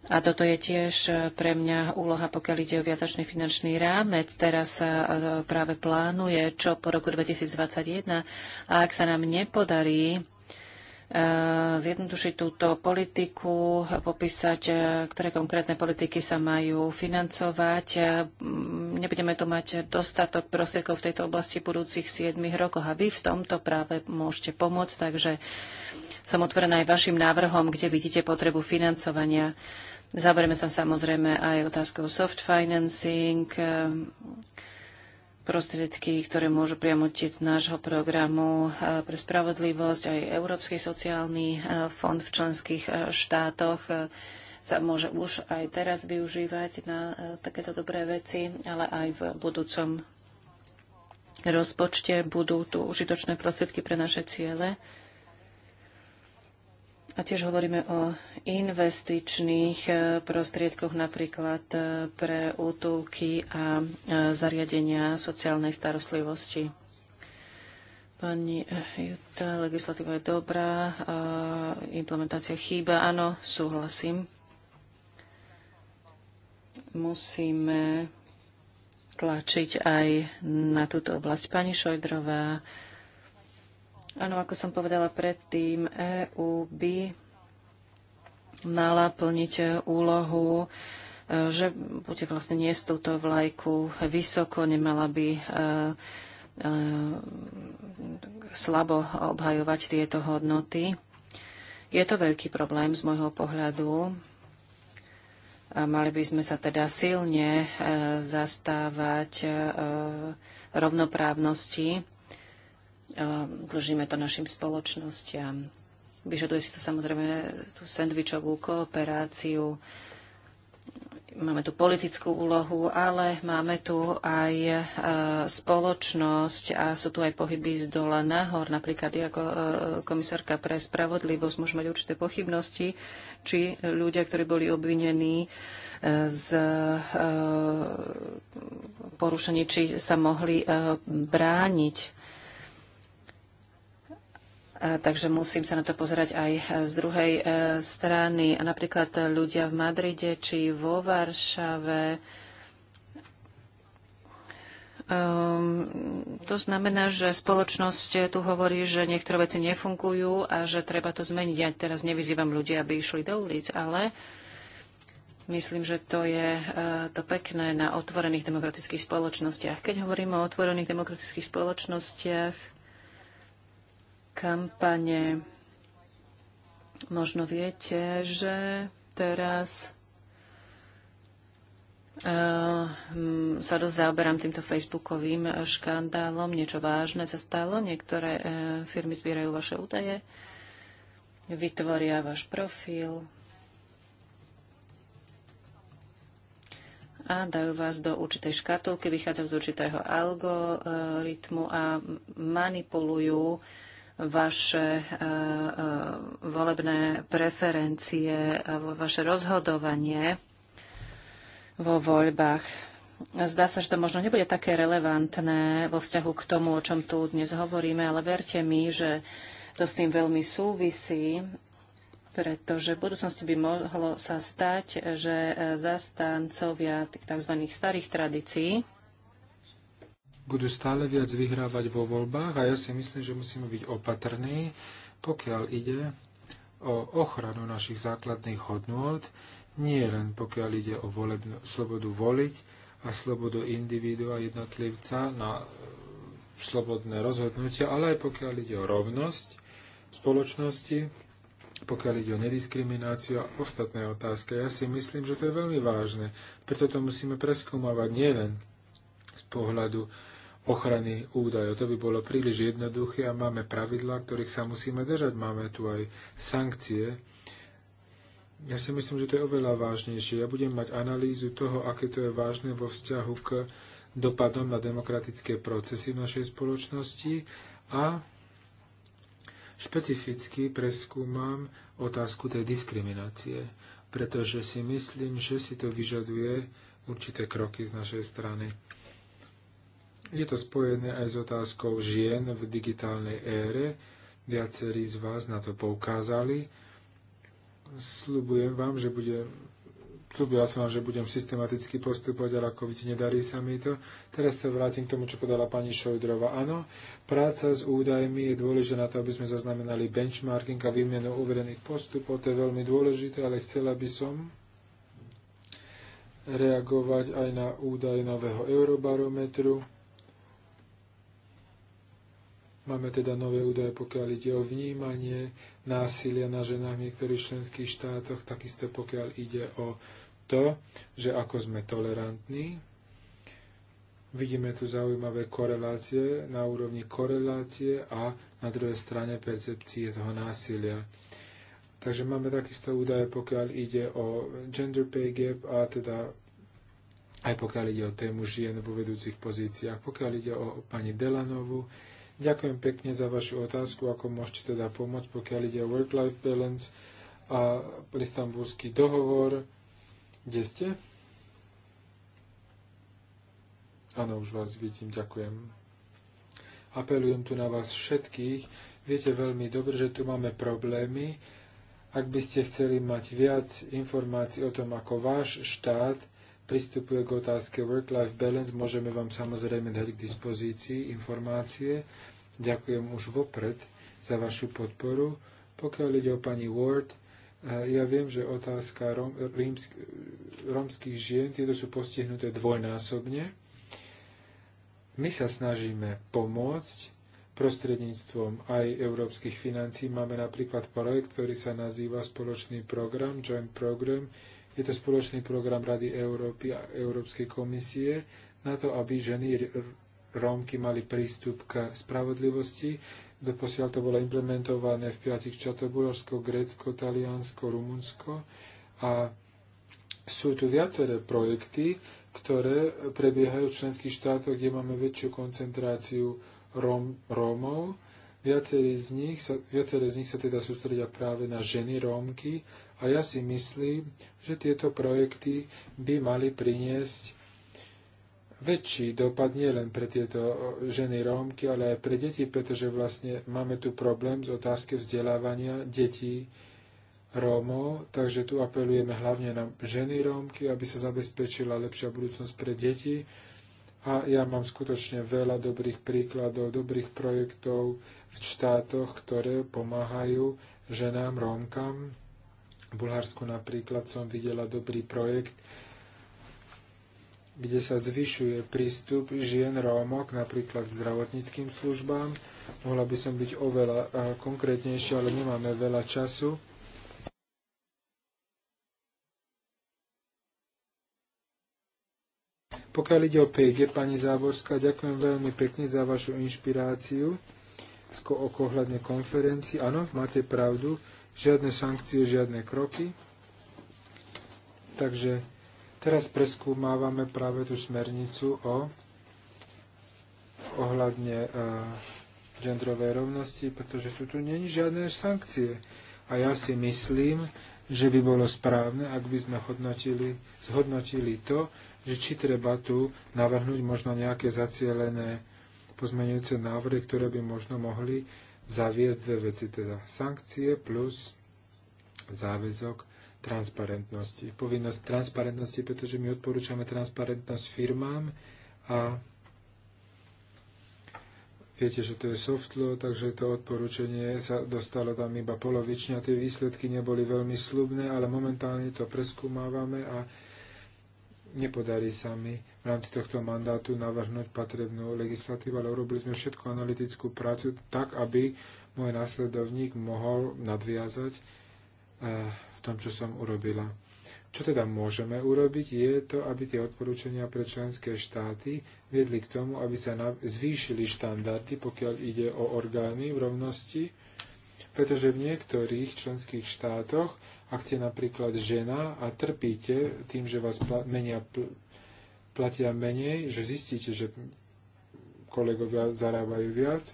Speaker 3: a toto je tiež e, pre mňa úloha, pokiaľ ide o viazačný finančný rámec. Teraz sa e, práve plánuje, čo po roku 2021. A ak sa nám nepodarí e, zjednodušiť túto politiku, popísať, ktoré konkrétne politiky sa majú financovať. Nebudeme tu mať dostatok prostriedkov v tejto oblasti v budúcich 7 rokoch a vy v tomto práve môžete pomôcť, takže som otvorená aj vašim návrhom, kde vidíte potrebu financovania. Zaberieme sa samozrejme aj otázkou soft financing, eh, prostriedky, ktoré môžu priamo tiec nášho programu eh, pre spravodlivosť, aj Európsky sociálny eh, fond v členských štátoch sa môže už aj teraz využívať na takéto dobré veci, ale aj v budúcom rozpočte budú tu užitočné prostriedky pre naše ciele. A tiež hovoríme o investičných e, prostriedkoch napríklad e, pre útulky a e, zariadenia sociálnej starostlivosti. Pani Juta, legislatíva je dobrá, implementácia chýba. Áno, súhlasím. Musíme tlačiť aj na túto oblasť. Pani Šojdrová, Áno, ako som povedala predtým, EU by mala plniť úlohu, že bude vlastne niesť túto vlajku vysoko, nemala by e, e, slabo obhajovať tieto hodnoty. Je to veľký problém z môjho pohľadu. Mali by sme sa teda silne e, zastávať rovnoprávnosti Ehm, dlžíme to našim spoločnostiam. Vyžaduje si to samozrejme tú sendvičovú kooperáciu. Máme tu politickú úlohu, ale máme tu aj e, spoločnosť a sú tu aj pohyby z dola nahor. Napríklad ako e, komisárka pre spravodlivosť môžu mať určité pochybnosti, či ľudia, ktorí boli obvinení e, z porušení, či sa mohli brániť takže musím sa na to pozerať aj e, z druhej e, strany. a Napríklad ľudia v Madride či vo Varšave. Um, to znamená, že spoločnosť tu hovorí, že niektoré veci nefungujú a že treba to zmeniť. Ja teraz nevyzývam ľudí, aby išli do ulic, ale myslím, že to je uh, to pekné na otvorených demokratických spoločnostiach. Keď hovoríme o otvorených demokratických spoločnostiach, kampane. Možno viete, že teraz eh, hm, sa dosť zaoberám týmto facebookovým škandálom. Niečo vážne sa stalo. Niektoré eh, firmy zbierajú vaše údaje, vytvoria váš profil a dajú vás do určitej škatulky, vychádzajú z určitého algoritmu a manipulujú uh, vaše e, e, volebné preferencie, e, vaše rozhodovanie vo voľbách. Zdá sa, že to možno nebude také relevantné vo vzťahu k tomu, o čom tu dnes hovoríme, ale verte mi, že to s tým veľmi súvisí, pretože v budúcnosti by mohlo sa stať, že zastancovia tzv. starých tradícií
Speaker 2: budú stále viac vyhrávať vo voľbách a ja si myslím, že musíme byť opatrní, pokiaľ ide o ochranu našich základných hodnôt, nie len pokiaľ ide o volebnú, slobodu voliť a slobodu individua jednotlivca na slobodné rozhodnutia, ale aj pokiaľ ide o rovnosť spoločnosti, pokiaľ ide o nediskrimináciu a ostatné otázky. Ja si myslím, že to je veľmi vážne. Preto to musíme preskúmavať nielen z pohľadu ochrany údajov. To by bolo príliš jednoduché a máme pravidlá, ktorých sa musíme držať. Máme tu aj sankcie. Ja si myslím, že to je oveľa vážnejšie. Ja budem mať analýzu toho, aké to je vážne vo vzťahu k dopadom na demokratické procesy v našej spoločnosti a špecificky preskúmam otázku tej diskriminácie, pretože si myslím, že si to vyžaduje určité kroky z našej strany. Je to spojené aj s otázkou žien v digitálnej ére. Viacerí z vás na to poukázali. Sľubujem vám, že bude Sľubila som vám, že budem systematicky postupovať, ale ako vidíte, nedarí sa mi to. Teraz sa vrátim k tomu, čo podala pani Šojdrova. Áno, práca s údajmi je dôležitá na to, aby sme zaznamenali benchmarking a výmenu overených postupov. To je veľmi dôležité, ale chcela by som reagovať aj na údaj nového eurobarometru. Máme teda nové údaje, pokiaľ ide o vnímanie násilia na ženách v niektorých členských štátoch, takisto pokiaľ ide o to, že ako sme tolerantní. Vidíme tu zaujímavé korelácie na úrovni korelácie a na druhej strane percepcie toho násilia. Takže máme takisto údaje, pokiaľ ide o gender pay gap a teda aj pokiaľ ide o tému žien vo vedúcich pozíciách. Pokiaľ ide o pani Delanovu, Ďakujem pekne za vašu otázku, ako môžete teda pomôcť, pokiaľ ide o work-life balance a pristambulský dohovor. Kde ste? Áno, už vás vidím, ďakujem. Apelujem tu na vás všetkých. Viete veľmi dobre, že tu máme problémy. Ak by ste chceli mať viac informácií o tom, ako váš štát pristupuje k otázke work-life balance, môžeme vám samozrejme dať k dispozícii informácie. Ďakujem už vopred za vašu podporu. Pokiaľ ide o pani Ward, eh, ja viem, že otázka rom, rímsk, rómskych žien, tieto sú postihnuté dvojnásobne. My sa snažíme pomôcť prostredníctvom aj európskych financí. Máme napríklad projekt, ktorý sa nazýva Spoločný program, Joint Program je to spoločný program Rady Európy a Európskej komisie na to, aby ženy Rómky mali prístup k spravodlivosti. Doposiaľ to bolo implementované v piatich Čatoburovsko, Grécko, Taliansko, Rumunsko a sú tu viaceré projekty, ktoré prebiehajú v členských štátoch, kde máme väčšiu koncentráciu Róm, Rómov. Viacerí z, nich sa, viaceré z nich sa teda sústredia práve na ženy Rómky a ja si myslím, že tieto projekty by mali priniesť väčší dopad nie len pre tieto eh, ženy Rómky, ale aj pre deti, pretože vlastne máme tu problém z otázky vzdelávania detí Rómov, takže tu apelujeme hlavne na ženy Rómky, aby sa zabezpečila lepšia budúcnosť pre deti. A ja mám skutočne veľa dobrých príkladov, dobrých projektov v štátoch, ktoré pomáhajú ženám Rómkam v Bulharsku napríklad som videla dobrý projekt, kde sa zvyšuje prístup žien Rómok napríklad k zdravotníckým službám. Mohla by som byť oveľa eh, konkrétnejšia, ale nemáme veľa času. Pokiaľ ide o PG, pani Záborská, ďakujem veľmi pekne za vašu inšpiráciu ohľadne konferencii. Áno, máte pravdu žiadne sankcie, žiadne kroky. Takže teraz preskúmávame práve tú smernicu o ohľadne e, genderovej rovnosti, pretože sú tu není žiadne sankcie. A ja si myslím, že by bolo správne, ak by sme hodnotili, zhodnotili to, že či treba tu navrhnúť možno nejaké zacielené pozmenujúce návrhy, ktoré by možno mohli zaviesť dve veci, teda sankcie plus záväzok transparentnosti. Povinnosť transparentnosti, pretože my odporúčame transparentnosť firmám a viete, že to je soft law, takže to odporúčanie sa dostalo tam iba polovične a tie výsledky neboli veľmi slubné, ale momentálne to preskúmávame a nepodarí sa mi v rámci tohto mandátu navrhnúť potrebnú legislatívu, ale urobili sme všetku analytickú prácu tak, aby môj následovník mohol nadviazať eh, v tom, čo som urobila. Čo teda môžeme urobiť, je to, aby tie odporúčania pre členské štáty viedli k tomu, aby sa zvýšili štandardy, pokiaľ ide o orgány v rovnosti, pretože v niektorých členských štátoch, ak ste napríklad žena a trpíte tým, že vás pl- menia, pl- platia menej, že zistíte, že kolegovia zarábajú viac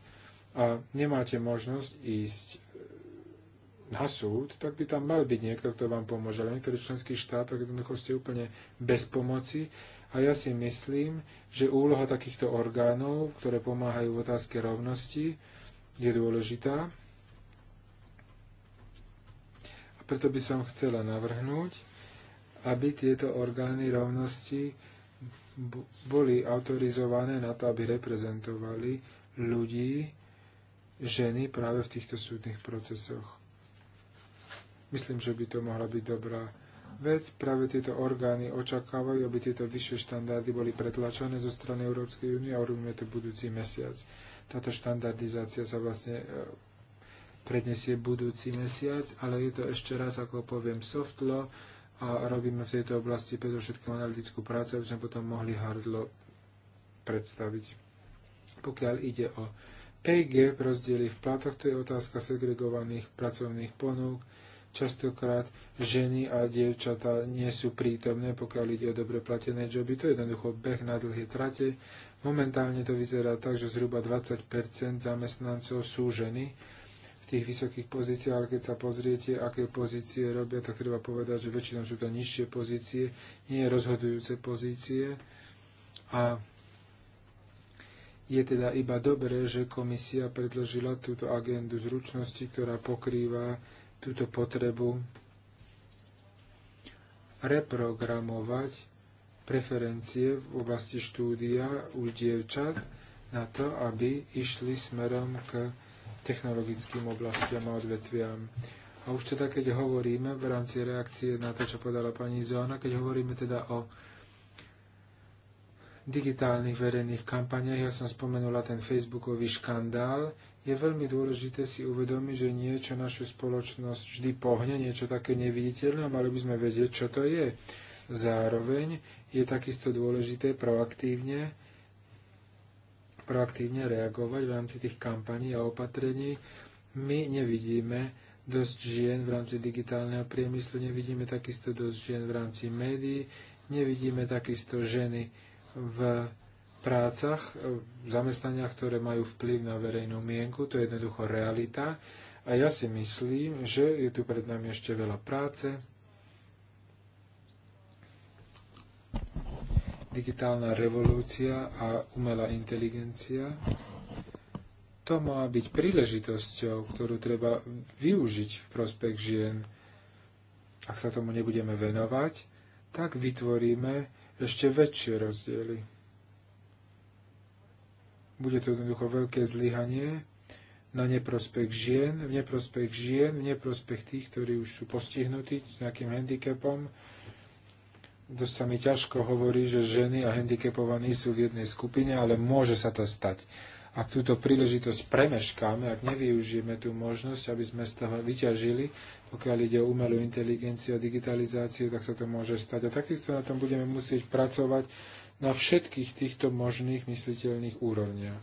Speaker 2: a nemáte možnosť ísť eh, na súd, tak by tam mal byť niekto, kto vám pomôže. Ale v niektorých členských štátoch jednoducho ste úplne bez pomoci. A ja si myslím, že úloha takýchto orgánov, ktoré pomáhajú v otázke rovnosti, je dôležitá. Preto by som chcela navrhnúť, aby tieto orgány rovnosti boli autorizované na to, aby reprezentovali ľudí, ženy práve v týchto súdnych procesoch. Myslím, že by to mohla byť dobrá vec. Práve tieto orgány očakávajú, aby tieto vyššie štandardy boli pretlačené zo strany Európskej únie a urobíme to budúci mesiac. Táto štandardizácia sa vlastne e, predniesie budúci mesiac, ale je to ešte raz, ako poviem, soft law a robíme v tejto oblasti predovšetkým analytickú prácu, aby sme potom mohli hard law predstaviť. Pokiaľ ide o PG rozdiely v platoch, to je otázka segregovaných pracovných ponúk, častokrát ženy a dievčatá nie sú prítomné, pokiaľ ide o dobre platené joby. To je jednoducho beh na dlhé trate. Momentálne to vyzerá tak, že zhruba 20 zamestnancov sú ženy tých vysokých pozíciách, ale keď sa pozriete, aké pozície robia, tak treba povedať, že väčšinou sú to nižšie pozície, nie rozhodujúce pozície. A je teda iba dobré, že komisia predložila túto agendu zručnosti, ktorá pokrýva túto potrebu reprogramovať preferencie v oblasti štúdia u dievčat na to, aby išli smerom k technologickým oblastiam a odvetviam. A už teda, keď hovoríme v rámci reakcie na to, čo povedala pani Zóna, keď hovoríme teda o digitálnych verejných kampaniach, ja som spomenula ten facebookový škandál, je veľmi dôležité si uvedomiť, že niečo našu spoločnosť vždy pohne, niečo také neviditeľné, mali by sme vedieť, čo to je. Zároveň je takisto dôležité proaktívne proaktívne reagovať v rámci tých kampaní a opatrení. My nevidíme dosť žien v rámci digitálneho priemyslu, nevidíme takisto dosť žien v rámci médií, nevidíme takisto ženy v prácach, v zamestnaniach, ktoré majú vplyv na verejnú mienku. To je jednoducho realita. A ja si myslím, že je tu pred nami ešte veľa práce. digitálna revolúcia a umelá inteligencia, to má byť príležitosťou, ktorú treba využiť v prospech žien. Ak sa tomu nebudeme venovať, tak vytvoríme ešte väčšie rozdiely. Bude to jednoducho veľké zlyhanie na neprospech žien, v neprospech žien, v neprospech tých, ktorí už sú postihnutí nejakým handicapom, dosť sa mi ťažko hovorí, že ženy a handicapovaní sú v jednej skupine, ale môže sa to stať. Ak túto príležitosť premeškáme, ak nevyužijeme tú možnosť, aby sme z toho vyťažili, pokiaľ ide o umelú inteligenciu a digitalizáciu, tak sa to môže stať. A takisto na tom budeme musieť pracovať na všetkých týchto možných mysliteľných úrovniach.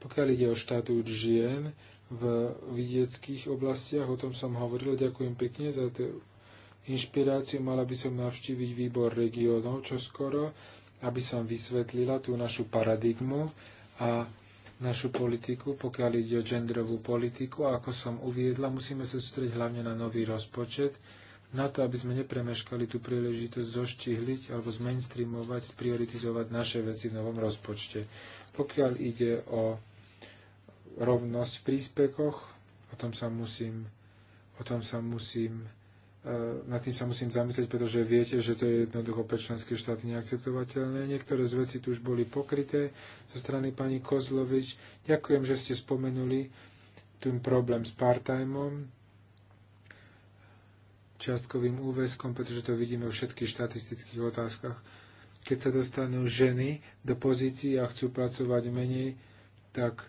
Speaker 2: Pokiaľ ide o štatút žien v vidieckých oblastiach, o tom som hovoril, ďakujem pekne za to inšpiráciu. Mala by som navštíviť výbor regiónov čoskoro, aby som vysvetlila tú našu paradigmu a našu politiku, pokiaľ ide o genderovú politiku. A ako som uviedla, musíme sa sústrediť hlavne na nový rozpočet, na to, aby sme nepremeškali tú príležitosť zoštihliť alebo zmainstreamovať, sprioritizovať naše veci v novom rozpočte. Pokiaľ ide o rovnosť v príspekoch, o tom sa musím, o tom sa musím E, nad tým sa musím zamyslieť, pretože viete, že to je jednoducho pre členské štáty neakceptovateľné. Niektoré z vecí tu už boli pokryté zo strany pani Kozlovič. Ďakujem, že ste spomenuli ten problém s part-timeom, čiastkovým úväzkom, pretože to vidíme vo všetkých štatistických otázkach. Keď sa dostanú ženy do pozícií a chcú pracovať menej, tak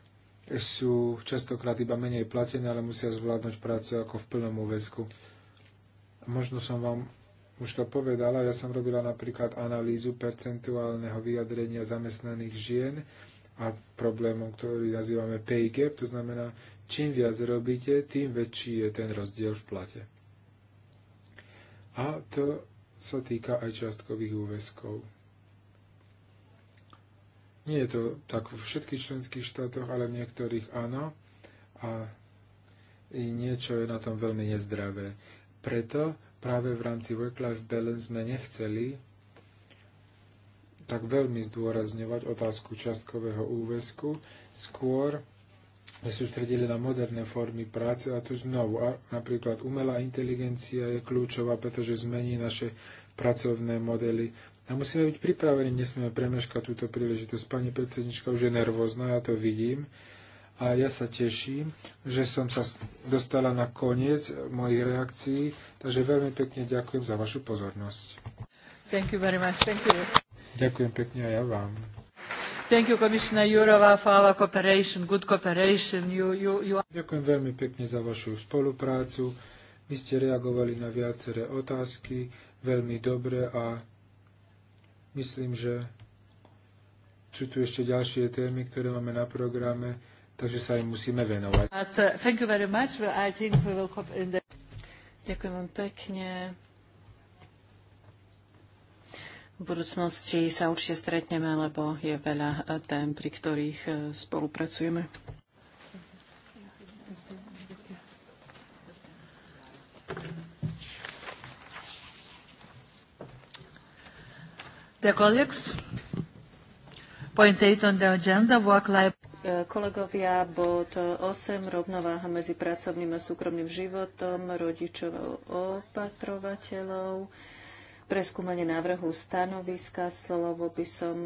Speaker 2: sú častokrát iba menej platené, ale musia zvládnuť prácu ako v plnom úväzku Možno som vám už to povedala, ja som robila napríklad analýzu percentuálneho vyjadrenia zamestnaných žien a problémom, ktorý nazývame pay gap, to znamená, čím viac robíte, tým väčší je ten rozdiel v plate. A to sa týka aj čiastkových úväzkov. Nie je to tak vo všetkých členských štátoch, ale v niektorých áno. A niečo je na tom veľmi nezdravé preto práve v rámci work-life balance sme nechceli tak veľmi zdôrazňovať otázku častkového úväzku, skôr sme sústredili na moderné formy práce a tu znovu a napríklad umelá inteligencia je kľúčová, pretože zmení naše pracovné modely. A musíme byť pripravení, nesmieme premeškať túto príležitosť. Pani predsednička už je nervózna, ja to vidím. A ja sa teším, že som sa dostala na koniec mojich reakcií, takže veľmi pekne ďakujem za vašu pozornosť.
Speaker 1: Thank you very much. Thank you.
Speaker 2: Ďakujem pekne a ja vám.
Speaker 1: Thank you, Commissioner Jurova, for our cooperation, good cooperation.
Speaker 2: You, you, you... Ďakujem veľmi pekne za vašu spoluprácu. Vy ste reagovali na viaceré otázky veľmi dobre a myslím, že sú tu ešte ďalšie témy, ktoré máme na programe takže sa im musíme venovať.
Speaker 1: Uh,
Speaker 3: Ďakujem vám pekne. V budúcnosti sa určite stretneme, lebo je veľa eh, tém, pri ktorých eh, spolupracujeme. Dear colleagues, point eight on the agenda, work-life Kolegovia, bod 8, rovnováha medzi pracovným a súkromným životom rodičov a opatrovateľov. Preskúmanie návrhu stanoviska. Slovo by som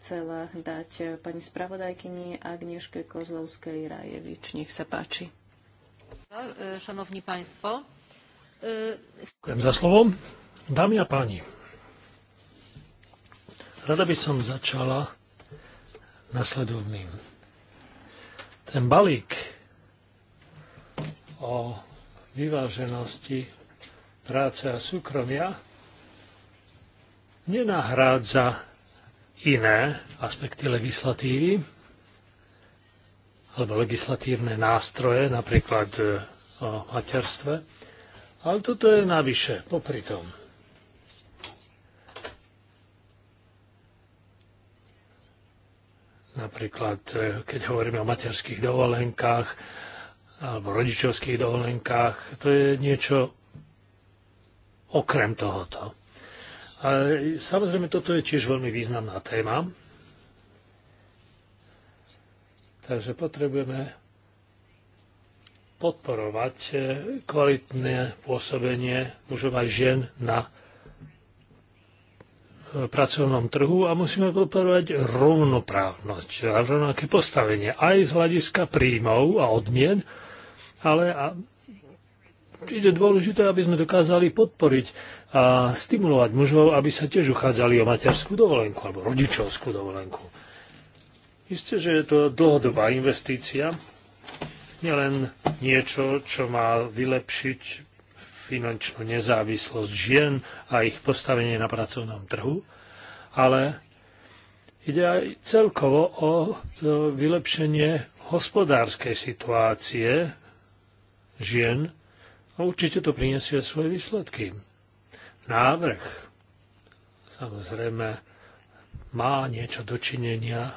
Speaker 3: chcela dať pani spravodajkyni Agnieške Kozlovskej-Rajevič. Nech sa páči. Šanovní pánstvo. E,
Speaker 4: Ďakujem za slovo. Dámy a páni, rada by som začala nasledovným. Ten balík o vyváženosti práce a súkromia nenahrádza iné aspekty legislatívy alebo legislatívne nástroje, napríklad e, o materstve, ale toto je navyše popri tom. Napríklad, e, keď hovoríme o materských dovolenkách alebo rodičovských dovolenkách, to je niečo okrem tohoto. A samozrejme, toto je tiež veľmi významná téma. Takže potrebujeme podporovať e, kvalitné pôsobenie mužov aj žien na pracovnom trhu a musíme podporovať rovnoprávnosť a rovnaké postavenie aj z hľadiska príjmov a odmien, ale a, je dôležité, aby sme dokázali podporiť a stimulovať mužov, aby sa tiež uchádzali o materskú dovolenku alebo rodičovskú dovolenku. Isté, že je to dlhodobá investícia, nielen niečo, čo má vylepšiť finančnú nezávislosť žien a ich postavenie na pracovnom trhu, ale ide aj celkovo o vylepšenie hospodárskej situácie žien a určite to prinesie svoje výsledky. Návrh samozrejme má niečo dočinenia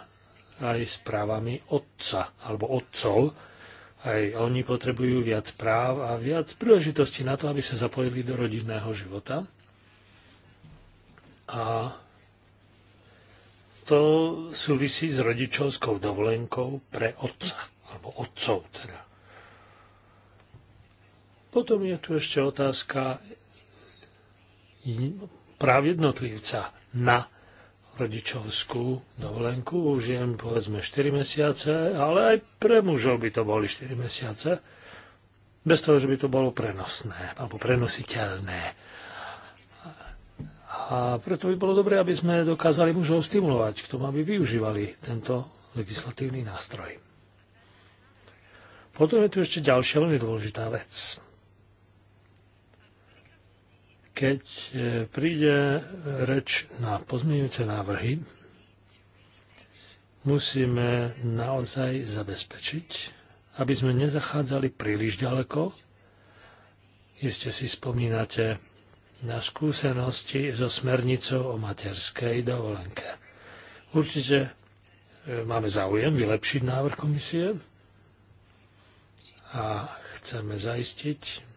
Speaker 4: aj s právami otca alebo otcov, aj oni potrebujú viac práv a viac príležitostí na to, aby sa zapojili do rodinného života. A to súvisí s rodičovskou dovolenkou pre otca, alebo otcov teda. Potom je tu ešte otázka práv jednotlivca na rodičovskú dovolenku, už jem povedzme 4 mesiace, ale aj pre mužov by to boli 4 mesiace, bez toho, že by to bolo prenosné alebo prenositeľné. A preto by bolo dobré, aby sme dokázali mužov stimulovať k tomu, aby využívali tento legislatívny nástroj. Potom je tu ešte ďalšia veľmi dôležitá vec keď e, príde reč na pozmeňujúce návrhy, musíme naozaj zabezpečiť, aby sme nezachádzali príliš ďaleko. Iste si spomínate na skúsenosti so smernicou o materskej dovolenke. Určite e, máme záujem vylepšiť návrh komisie a chceme zaistiť,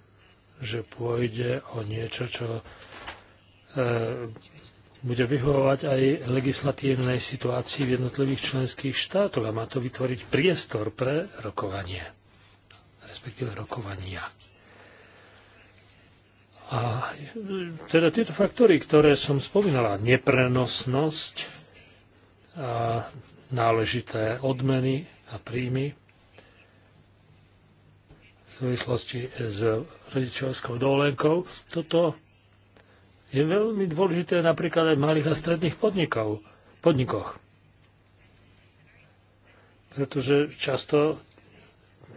Speaker 4: že pôjde o niečo, čo e, bude vyhovovať aj legislatívnej situácii v jednotlivých členských štátoch a má to vytvoriť priestor pre rokovanie, respektíve rokovania. A teda tieto faktory, ktoré som spomínala, neprenosnosť a náležité odmeny a príjmy, súvislosti s rodičovskou dovolenkou. Toto je veľmi dôležité napríklad aj v malých a stredných podnikov, podnikoch. Pretože často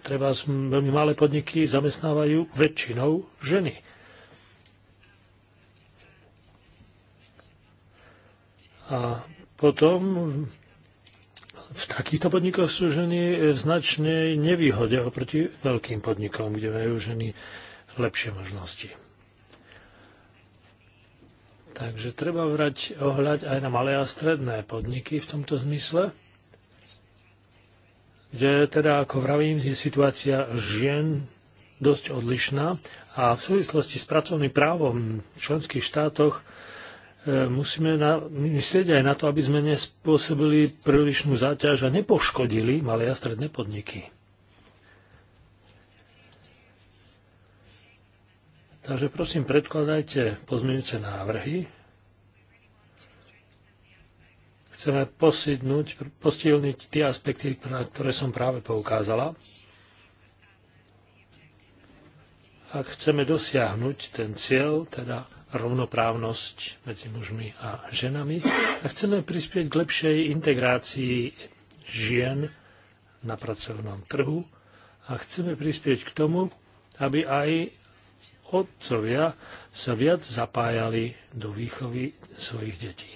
Speaker 4: treba veľmi malé podniky zamestnávajú väčšinou ženy. A potom v takýchto podnikoch sú ženy v značnej nevýhode oproti veľkým podnikom, kde majú ženy lepšie možnosti. Takže treba vrať ohľad aj na malé a stredné podniky v tomto zmysle, kde teda, ako vravím, je situácia žien dosť odlišná a v súvislosti s pracovným právom v členských štátoch E, musíme na, myslieť aj na to, aby sme nespôsobili prílišnú záťaž a nepoškodili malé a stredné podniky. Takže prosím, predkladajte pozmeňujúce návrhy. Chceme posilniť, posilniť tie aspekty, na ktoré som práve poukázala. Ak chceme dosiahnuť ten cieľ, teda rovnoprávnosť medzi mužmi a ženami a chceme prispieť k lepšej integrácii žien na pracovnom trhu a chceme prispieť k tomu, aby aj otcovia sa viac zapájali do výchovy svojich detí.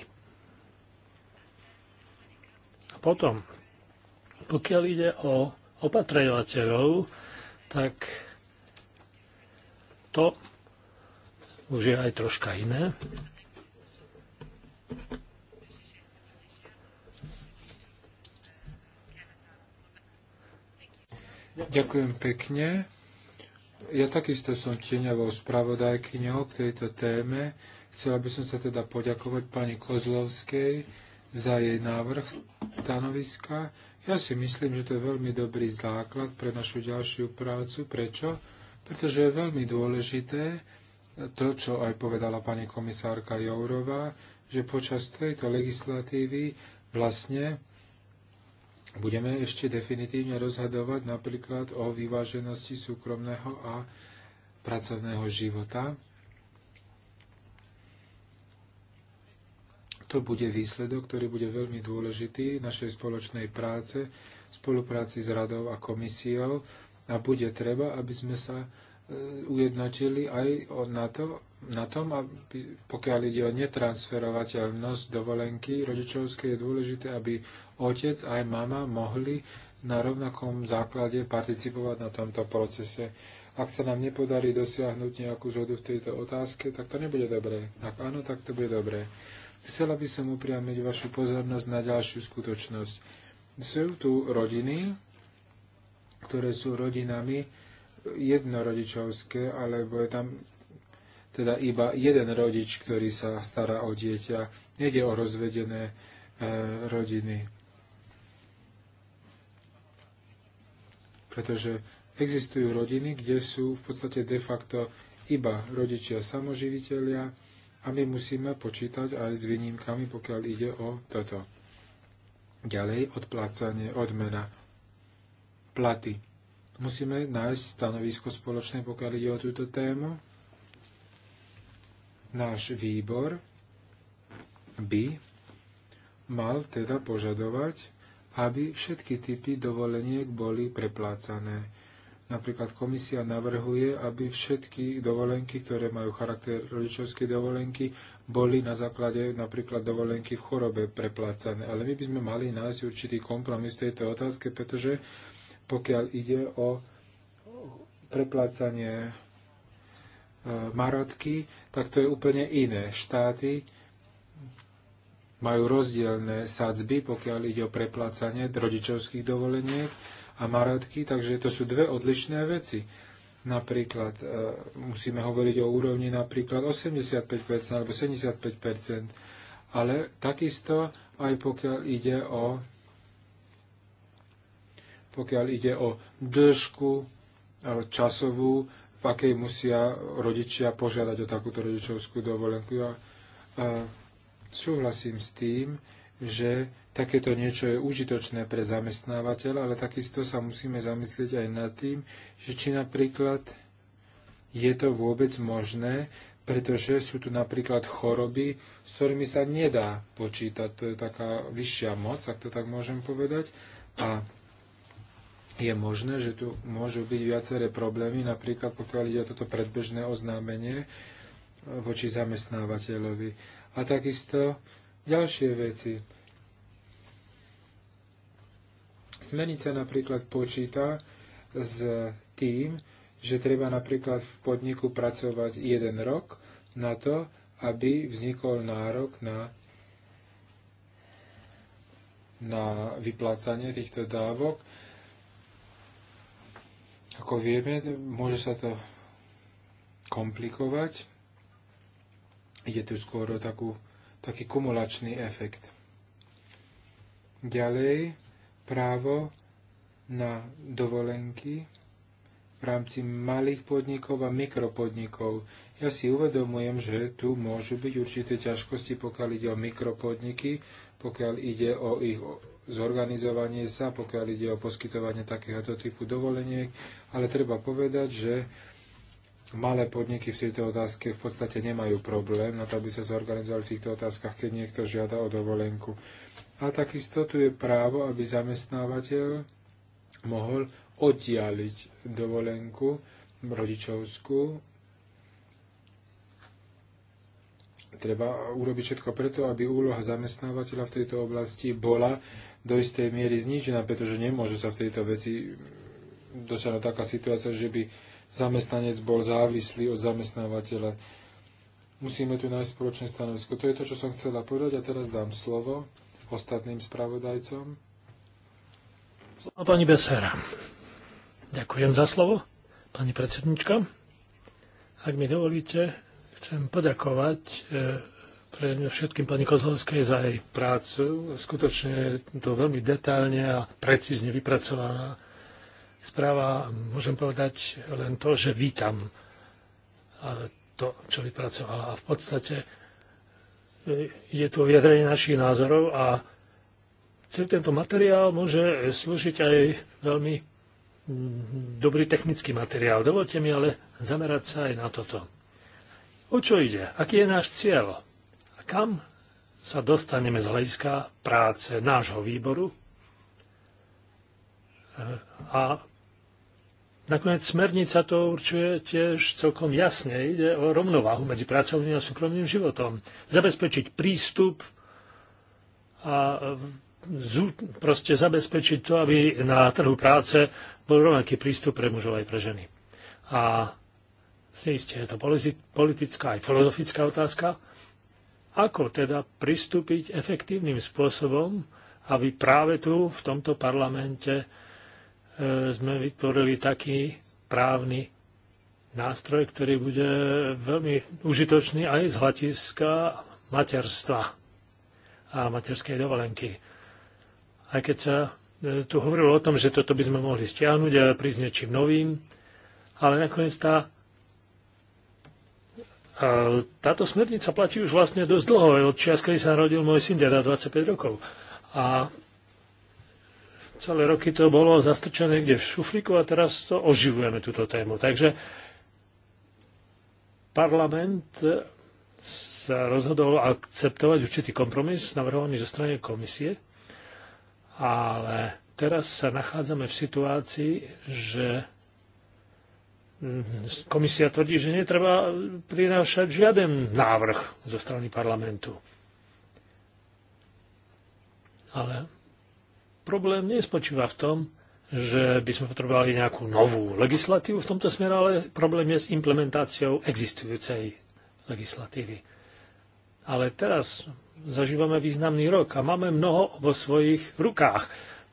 Speaker 4: A potom, pokiaľ ide o opatrovateľov, tak to už je aj troška iné.
Speaker 2: Ďakujem pekne. Ja takisto som tieňavou spravodajkyňou k tejto téme. Chcela by som sa teda poďakovať pani Kozlovskej za jej návrh stanoviska. Ja si myslím, že to je veľmi dobrý základ pre našu ďalšiu prácu. Prečo? Pretože je veľmi dôležité, to, čo aj povedala pani komisárka Jourová, že počas tejto legislatívy vlastne budeme ešte definitívne rozhadovať napríklad o vyváženosti súkromného a pracovného života. To bude výsledok, ktorý bude veľmi dôležitý našej spoločnej práce, spolupráci s radou a komisiou a bude treba, aby sme sa E, ujednotili aj na, to, na tom, aby, pokiaľ ide o netransferovateľnosť dovolenky rodičovskej, je dôležité, aby otec aj mama mohli na rovnakom základe participovať na tomto procese. Ak sa nám nepodarí dosiahnuť nejakú zhodu v tejto otázke, tak to nebude dobré. Ak áno, tak to bude dobré. Chcela by som upriamiť vašu pozornosť na ďalšiu skutočnosť. Sú tu rodiny, ktoré sú rodinami, jednorodičovské, alebo je tam teda iba jeden rodič, ktorý sa stará o dieťa. Nejde o rozvedené e, rodiny. Pretože existujú rodiny, kde sú v podstate de facto iba rodičia samoživiteľia, a my musíme počítať aj s výnimkami, pokiaľ ide o toto. Ďalej odplácanie odmena. Platy. Musíme nájsť stanovisko spoločné, pokiaľ ide o túto tému. Náš výbor by mal teda požadovať, aby všetky typy dovoleniek boli preplácané. Napríklad komisia navrhuje, aby všetky dovolenky, ktoré majú charakter rodičovskej dovolenky, boli na základe napríklad dovolenky v chorobe preplácané. Ale my by sme mali nájsť určitý kompromis v tejto otázke, pretože pokiaľ ide o preplácanie e, marotky, tak to je úplne iné. Štáty majú rozdielne sadzby, pokiaľ ide o preplácanie rodičovských dovoleniek a marotky, takže to sú dve odlišné veci. Napríklad e, musíme hovoriť o úrovni napríklad 85% alebo 75%, ale takisto aj pokiaľ ide o pokiaľ ide o dĺžku e, časovú, v akej musia rodičia požiadať o takúto rodičovskú dovolenku. Ja e, súhlasím s tým, že takéto niečo je užitočné pre zamestnávateľa, ale takisto sa musíme zamyslieť aj nad tým, že či napríklad je to vôbec možné, pretože sú tu napríklad choroby, s ktorými sa nedá počítať. To je taká vyššia moc, ak to tak môžem povedať. A je možné, že tu môžu byť viaceré problémy, napríklad pokiaľ ide o toto predbežné oznámenie eh, voči zamestnávateľovi. A takisto ďalšie veci. Smernica napríklad počíta s tým, že treba napríklad v podniku pracovať jeden rok na to, aby vznikol nárok na, na vyplácanie týchto dávok ako vieme, môže sa to komplikovať. Ide tu skôr o takú, taký kumulačný efekt. Ďalej, právo na dovolenky v rámci malých podnikov a mikropodnikov. Ja si uvedomujem, že tu môžu byť určité ťažkosti, pokiaľ ide o mikropodniky, pokiaľ ide o ich zorganizovanie sa, pokiaľ ide o poskytovanie takéhoto typu dovoleniek, ale treba povedať, že malé podniky v tejto otázke v podstate nemajú problém na to, aby sa zorganizovali v týchto otázkach, keď niekto žiada o dovolenku. A takisto tu je právo, aby zamestnávateľ mohol oddialiť dovolenku rodičovskú. Treba urobiť všetko preto, aby úloha zamestnávateľa v tejto oblasti bola do istej miery znižená, pretože nemôže sa v tejto veci dosiahnuť taká situácia, že by zamestnanec bol závislý od zamestnávateľa. Musíme tu nájsť spoločné stanovisko. To je to, čo som chcela povedať a teraz dám slovo ostatným spravodajcom.
Speaker 4: Slovo pani Besera. Ďakujem za slovo, pani predsednička. Ak mi dovolíte, chcem poďakovať e, pre všetkým pani Kozlovskej za jej prácu. Skutočne je to veľmi detálne a precízne vypracovaná správa. Môžem povedať len to, že vítam to, čo vypracovala. A v podstate e, je tu vyjadrenie našich názorov a celý tento materiál môže slúžiť aj veľmi mm, dobrý technický materiál. Dovolte mi ale zamerať sa aj na toto. O čo ide? Aký je náš cieľ? kam sa dostaneme z hľadiska práce nášho výboru a nakoniec smernica to určuje tiež celkom jasne. Ide o rovnováhu medzi pracovným a súkromným životom. Zabezpečiť prístup a proste zabezpečiť to, aby na trhu práce bol rovnaký prístup pre mužov aj pre ženy. A si je to politická aj filozofická otázka, ako teda pristúpiť efektívnym spôsobom, aby práve tu, v tomto parlamente, e, sme vytvorili taký právny nástroj, ktorý bude veľmi užitočný aj z hľadiska materstva a materskej dovolenky. Aj keď sa e, tu hovorilo o tom, že toto by sme mohli stiahnuť a prísť niečím novým, ale nakoniec tá a táto smernica platí už vlastne dosť dlho, od čias, kedy sa narodil môj syn, teda 25 rokov. A celé roky to bolo zastrčené kde v šuflíku a teraz to oživujeme túto tému. Takže parlament sa rozhodol akceptovať určitý kompromis navrhovaný zo strany komisie, ale teraz sa nachádzame v situácii, že Mm, komisia tvrdí, že netreba prinášať žiaden návrh zo strany parlamentu. Ale problém nespočíva v tom, že by sme potrebovali nejakú novú legislatívu v tomto smere, ale problém je s implementáciou existujúcej legislatívy. Ale teraz zažívame významný rok a máme mnoho vo svojich rukách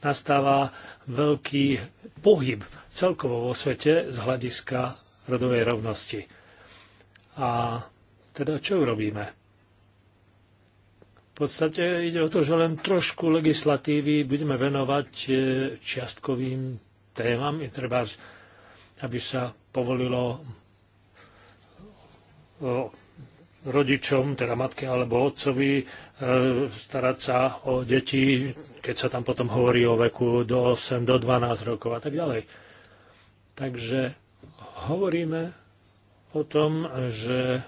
Speaker 4: nastáva veľký pohyb celkovo vo svete z hľadiska rodovej rovnosti. A teda čo urobíme? V podstate ide o to, že len trošku legislatívy budeme venovať e, čiastkovým témam, je treba, aby sa povolilo rodičom, teda matke alebo otcovi, e, starať sa o deti, keď sa tam potom hovorí o veku do 8, do 12 rokov a tak ďalej. Takže hovoríme o tom, že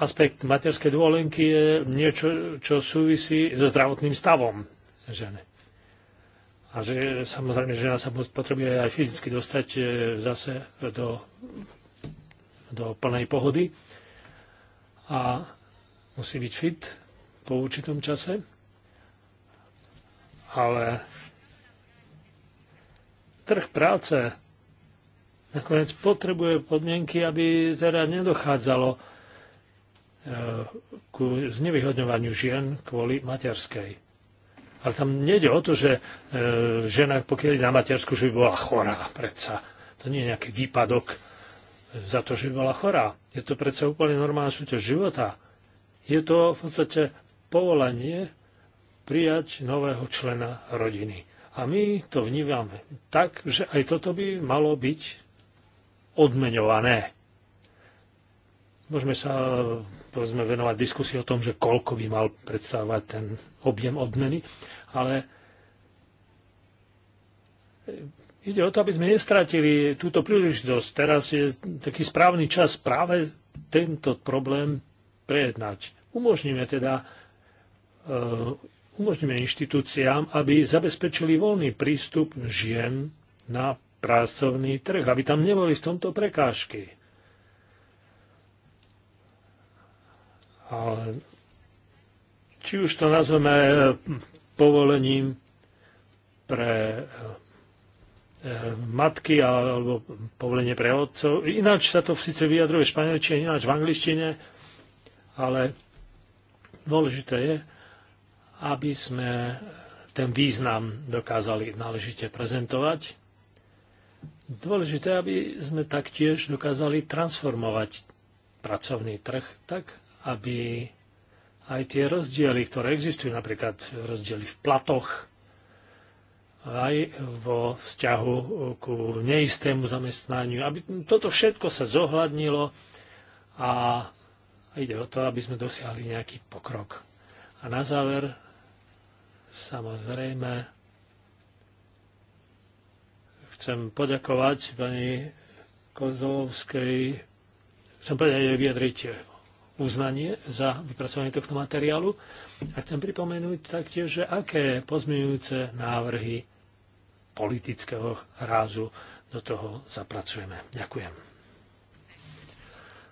Speaker 4: aspekt materskej dôlenky je niečo, čo súvisí so zdravotným stavom ženy. A že samozrejme žena sa potrebuje aj fyzicky dostať e, zase do, do plnej pohody a musí byť fit po určitom čase, ale trh práce nakoniec potrebuje podmienky, aby teda nedochádzalo e, ku znevýhodňovaniu žien kvôli materskej. Ale tam nejde o to, že e, žena, pokiaľ je na matersku, že by bola chorá, predsa. To nie je nejaký výpadok za to, že by bola chorá. Je to predsa úplne normálna súťaž života. Je to v podstate povolanie prijať nového člena rodiny. A my to vnímame tak, že aj toto by malo byť odmeňované. Môžeme sa povedzme, venovať diskusii o tom, že koľko by mal predstavovať ten objem odmeny, ale Ide o to, aby sme nestratili túto príležitosť. Teraz je taký správny čas práve tento problém prejednať. Umožníme teda eh, umožníme inštitúciám, aby zabezpečili voľný prístup žien na pracovný trh, aby tam neboli v tomto prekážky. Ale či už to nazveme povolením pre eh, Eh, matky alebo povolenie pre otcov. Ináč sa to síce vyjadruje v španielčine, ináč v angličtine, ale dôležité je, aby sme ten význam dokázali náležite prezentovať. Dôležité, aby sme taktiež dokázali transformovať pracovný trh tak, aby aj tie rozdiely, ktoré existujú, napríklad rozdiely v platoch, aj vo vzťahu eh, ku neistému zamestnaniu. Aby toto všetko sa zohľadnilo a ide o to, aby sme dosiahli nejaký pokrok. A na záver, samozrejme, chcem poďakovať pani Kozovskej, chcem povedať aj vyjadriť uznanie za vypracovanie tohto materiálu a chcem pripomenúť taktiež, že aké pozmeňujúce návrhy politického rázu do toho zapracujeme. Ďakujem.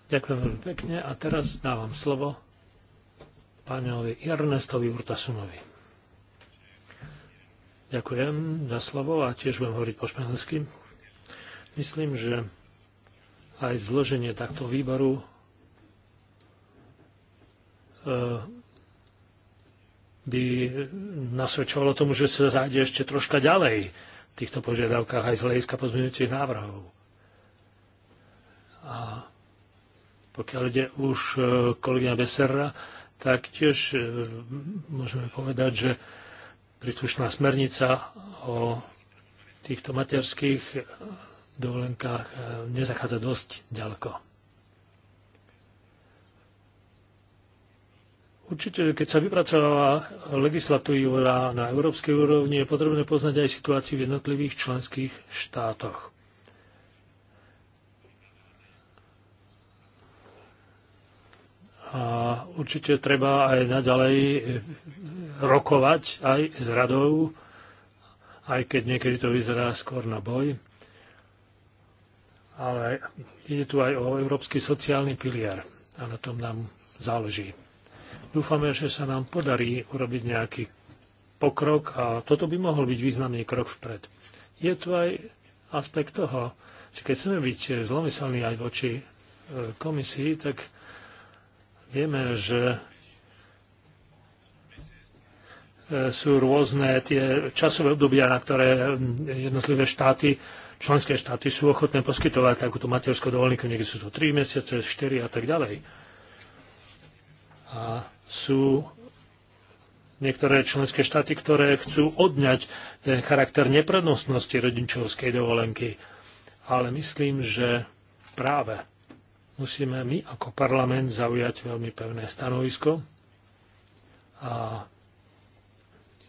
Speaker 4: Ďakujem veľmi pekne a teraz dávam slovo pánovi Ernestovi Urtasunovi. Ďakujem za slovo a tiež budem hovoriť po španielsky. Myslím, že aj zloženie takto výboru e, by nasvedčovalo tomu, že sa zájde ešte troška ďalej týchto požiadavkách aj z hľadiska pozmeňujúcich návrhov. A pokiaľ ide už e, kolegyňa Beserra, tak tiež e, môžeme povedať, že príslušná smernica o týchto materských dovolenkách e, nezachádza dosť ďaleko. Určite, keď sa vypracováva legislatúra na európskej úrovni, je potrebné poznať aj situáciu v jednotlivých členských štátoch. A určite treba aj naďalej rokovať aj s radou, aj keď niekedy to vyzerá skôr na boj. Ale ide tu aj o európsky sociálny pilier a na tom nám záleží. Dúfame, že sa nám podarí urobiť nejaký pokrok a toto by mohol byť významný krok vpred. Je tu aj aspekt toho, že keď chceme byť zlomyselní aj voči e, komisii, tak vieme, že e, sú rôzne tie časové obdobia, na ktoré jednotlivé štáty, členské štáty sú ochotné poskytovať takúto materskú dovolenku, niekde sú to 3 mesiace, 4 a tak ďalej. A sú niektoré členské štáty, ktoré chcú odňať ten charakter neprednostnosti rodičovskej dovolenky. Ale myslím, že práve musíme my ako parlament zaujať veľmi pevné stanovisko a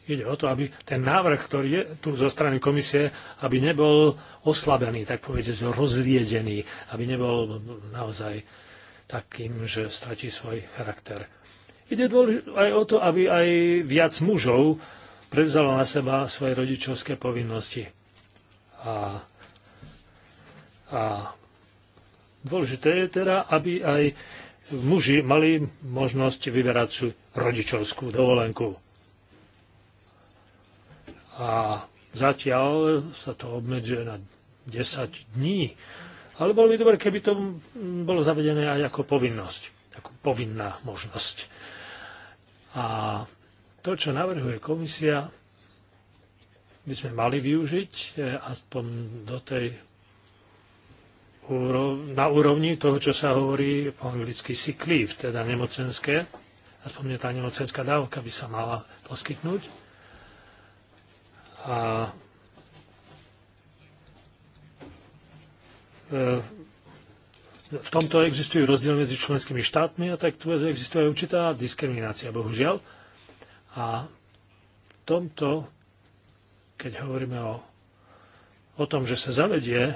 Speaker 4: ide o to, aby ten návrh, ktorý je tu zo strany komisie, aby nebol oslabený, tak povedzte, rozriedený, aby nebol naozaj takým, že stratí svoj charakter. Ide aj o to, aby aj viac mužov prevzalo na seba svoje rodičovské povinnosti. A, a dôležité je teda, aby aj muži mali možnosť vyberať si rodičovskú dovolenku. A zatiaľ sa to obmedzuje na 10 dní. Ale bolo by dobre, keby to bolo zavedené aj ako povinnosť, ako povinná možnosť. A to, čo navrhuje komisia, by sme mali využiť e, aspoň do tej na úrovni toho, čo sa hovorí po anglicky sick leave, teda nemocenské. Aspoň tá nemocenská dávka by sa mala poskytnúť. A e, v tomto existujú rozdiel medzi členskými štátmi a tak tu existuje určitá diskriminácia, bohužiaľ. A v tomto, keď hovoríme o, o tom, že sa zavedie e,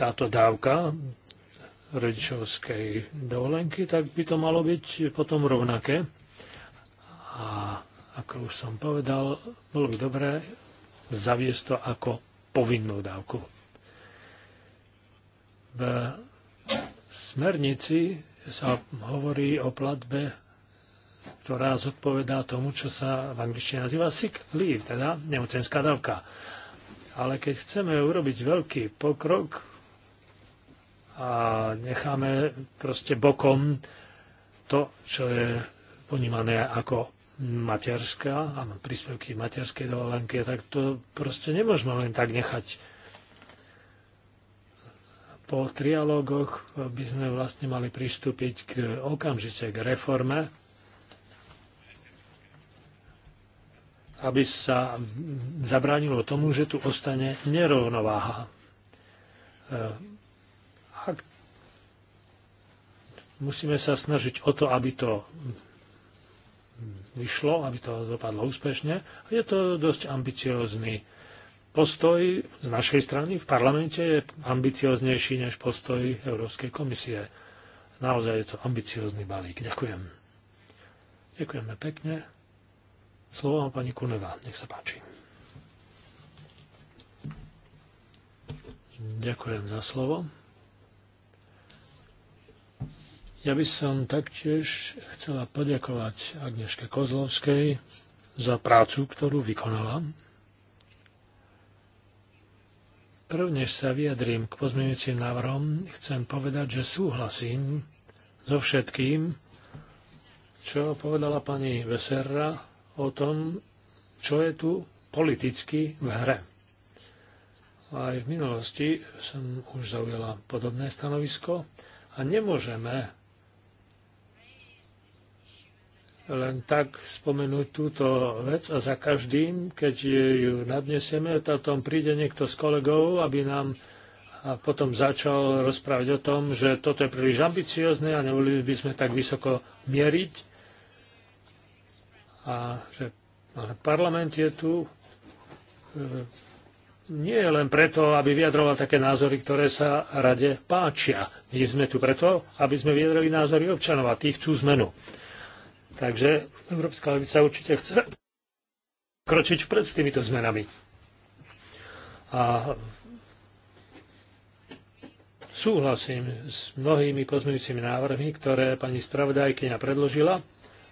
Speaker 4: táto dávka rodičovskej dovolenky, tak by to malo byť potom rovnaké. A ako už som povedal, bolo by dobré zaviesť to ako povinnú dávku v smernici sa hovorí o platbe, ktorá zodpovedá tomu, čo sa v angličtine nazýva sick leave, teda nemocenská dávka. Ale keď chceme urobiť veľký pokrok a necháme proste bokom to, čo je ponímané ako materská a príspevky materskej dovolenky, tak to proste nemôžeme len tak nechať po trialógoch by sme vlastne mali pristúpiť k okamžite k reforme, aby sa zabránilo tomu, že tu ostane nerovnováha. E, ak musíme sa snažiť o to, aby to vyšlo, aby to dopadlo úspešne. Je to dosť ambiciózny postoj z našej strany v parlamente je ambicioznejší než postoj Európskej komisie. Naozaj je to ambiciózny balík. Ďakujem. Ďakujeme pekne. Slovo má pani Kuneva. Nech sa páči. Ďakujem za slovo. Ja by som taktiež chcela poďakovať Agneške Kozlovskej za prácu, ktorú vykonala Prvnež sa vyjadrím k pozmeňujúcim návrhom. Chcem povedať, že súhlasím so všetkým, čo povedala pani Veserra o tom, čo je tu politicky v hre. Aj v minulosti som už zaujala podobné stanovisko a nemôžeme len tak spomenúť túto vec a za každým, keď ju nadnesieme, to tom príde niekto z kolegov, aby nám a potom začal rozprávať o tom, že toto je príliš ambiciozne a nevolili by sme tak vysoko mieriť. A že parlament je tu e, nie je len preto, aby vyjadroval také názory, ktoré sa rade páčia. My sme tu preto, aby sme vyjadrali názory občanov a tých chcú zmenu. Takže Európska levica určite chce kročiť vpred s týmito zmenami. A súhlasím s mnohými pozmeňujúcimi návrhmi, ktoré pani spravodajkyňa predložila.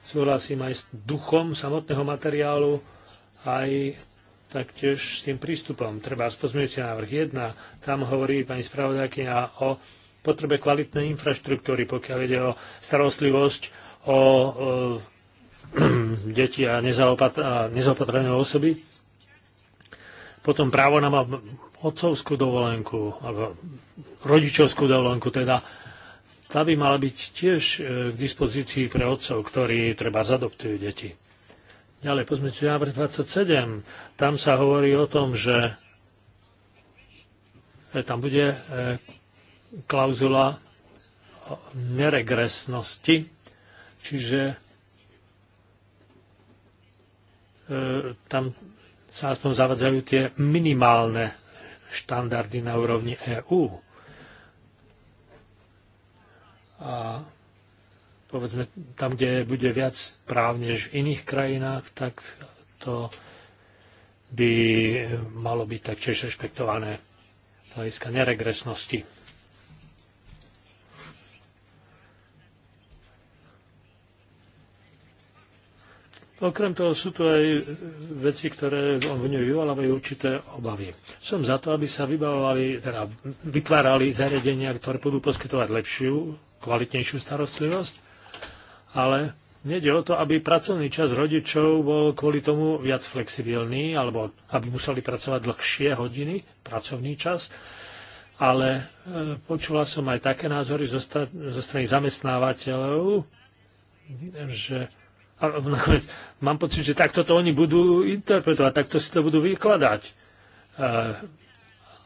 Speaker 4: Súhlasím aj s duchom samotného materiálu, aj taktiež s tým prístupom. Treba z pozmeňujúci návrh 1, tam hovorí pani spravodajkyňa o potrebe kvalitnej infraštruktúry, pokiaľ ide o starostlivosť o e, *clears throat* deti a nezaopatrené osoby. Potom právo na otcovskú dovolenku, alebo rodičovskú dovolenku, teda tá by mala byť tiež e, k dispozícii pre otcov, ktorí treba zadoptujú deti. Ďalej, pozme si návrh 27. Tam sa hovorí o tom, že e, tam bude klauzula neregresnosti Čiže e, tam sa aspoň zavadzajú tie minimálne štandardy na úrovni EÚ. A povedzme, tam, kde bude viac práv než v iných krajinách, tak to by malo byť taktiež rešpektované z hľadiska neregresnosti. Okrem toho sú tu aj e, veci, ktoré v ňu vyvolávajú určité obavy. Som za to, aby sa vybavovali, teda vytvárali zariadenia, ktoré budú poskytovať lepšiu, kvalitnejšiu starostlivosť, ale nejde o to, aby pracovný čas rodičov bol kvôli tomu viac flexibilný, alebo aby museli pracovať dlhšie hodiny, pracovný čas, ale e, počula som aj také názory zo strany zamestnávateľov, že a nakoniec mám pocit, že takto to oni budú interpretovať, takto si to budú vykladať. E,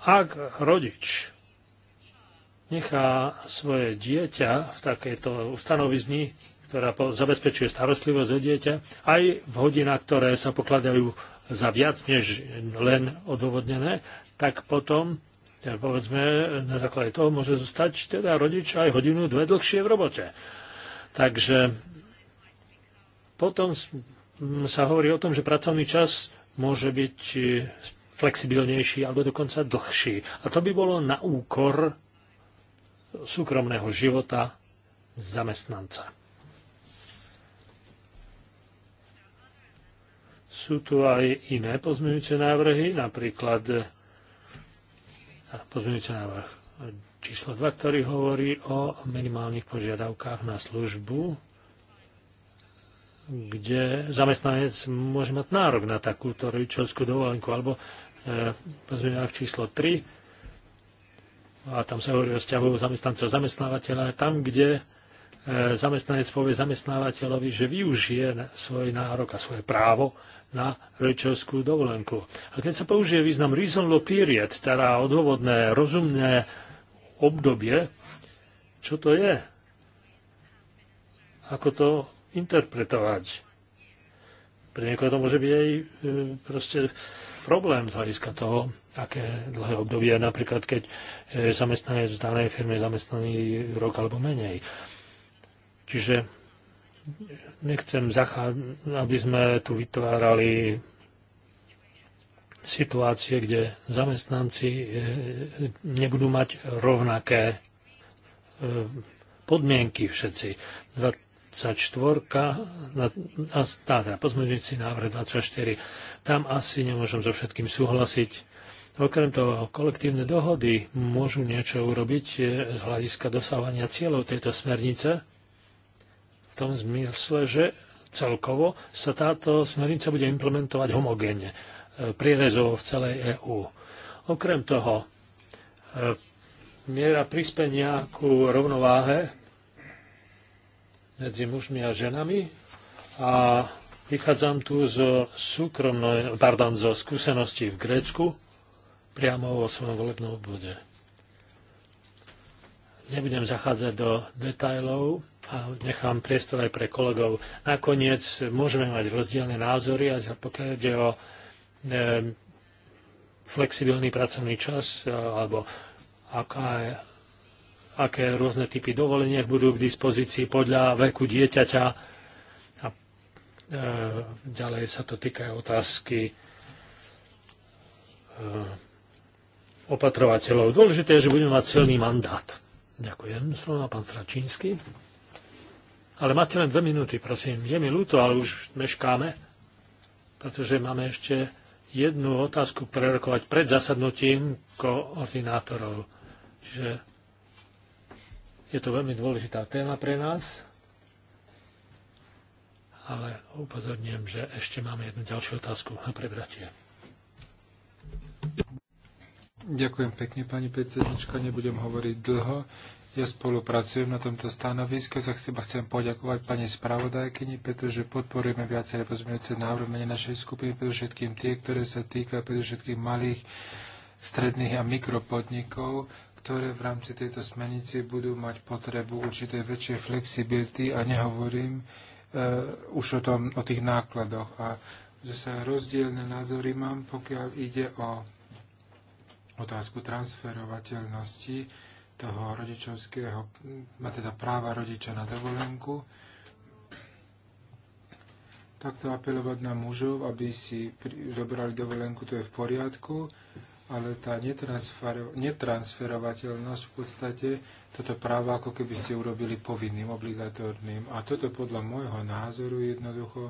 Speaker 4: ak rodič nechá svoje dieťa v takejto ustanovizni, ktorá zabezpečuje starostlivosť o dieťa, aj v hodinách, ktoré sa pokladajú za viac než len odôvodnené, tak potom, ja povedzme, na základe toho môže zostať teda rodič aj hodinu, dve dlhšie v robote. Takže potom sa hovorí o tom, že pracovný čas môže byť e, flexibilnejší alebo dokonca dlhší. A to by bolo na úkor súkromného života zamestnanca. Sú tu aj iné pozmeňujúce návrhy, napríklad e, pozmeňujúce návrh číslo 2, ktorý hovorí o minimálnych požiadavkách na službu kde zamestnanec môže mať nárok na takúto rodičovskú dovolenku, alebo na e, číslo 3, a tam sa hovorí o vzťahu zamestnanca zamestnávateľa, tam, kde e, zamestnanec povie zamestnávateľovi, že využije svoj nárok a svoje právo na rodičovskú dovolenku. A keď sa použije význam reasonable period, teda odôvodné, rozumné obdobie, čo to je? Ako to interpretovať. Pre niekoho to môže byť aj e, proste problém z hľadiska toho, aké dlhé obdobie, napríklad keď zamestnanec v danej firme je zamestnaný rok alebo menej. Čiže nechcem, aby sme tu vytvárali situácie, kde zamestnanci e, nebudú mať rovnaké e, podmienky všetci. Za 24, na, na, teda pozmeňujúci návrh 24, tam asi nemôžem so všetkým súhlasiť. Okrem toho, kolektívne dohody môžu niečo urobiť e, z hľadiska dosávania cieľov tejto smernice, v tom zmysle, že celkovo sa táto smernica bude implementovať homogénne, e, prierezovo v celej EÚ. Okrem toho, e, miera prispenia ku rovnováhe medzi mužmi a ženami a vychádzam tu zo, súkromno, pardon, zo skúseností v Grécku priamo vo svojom volebnom obvode. Nebudem zachádzať do detajlov a nechám priestor aj pre kolegov. Nakoniec môžeme mať rozdielne názory a pokiaľ ide o e, flexibilný pracovný čas alebo aká je aké rôzne typy dovoleniek budú k dispozícii podľa veku dieťaťa. A e, ďalej sa to týka otázky e, opatrovateľov. Dôležité je, že budeme mať silný mandát. Ďakujem. Slovo pán Stračínsky. Ale máte len dve minúty, prosím. Je mi ľúto, ale už meškáme, pretože máme ešte jednu otázku prerokovať pred zasadnutím koordinátorov. Čiže je to veľmi dôležitá téma pre nás, ale upozorňujem, že ešte máme jednu ďalšiu otázku na prebratie.
Speaker 2: Ďakujem pekne, pani predsednička, nebudem hovoriť dlho. Ja spolupracujem na tomto stanovisku, sa chcem, chcem poďakovať pani spravodajkyni, pretože podporujeme viaceré pozmeňujúce návrhy našej skupiny, všetkým tie, ktoré sa týkajú všetkých malých, stredných a mikropodnikov, ktoré v rámci tejto smernice budú mať potrebu určitej väčšej flexibility a nehovorím e, už o, tom, o tých nákladoch a že sa rozdielne názory mám, pokiaľ ide o otázku transferovateľnosti toho rodičovského, teda práva rodiča na dovolenku, takto apelovať na mužov, aby si zobrali dovolenku, to je v poriadku, ale tá netransferovateľnosť v podstate toto právo ako keby ste urobili povinným, obligatórnym. A toto podľa môjho názoru jednoducho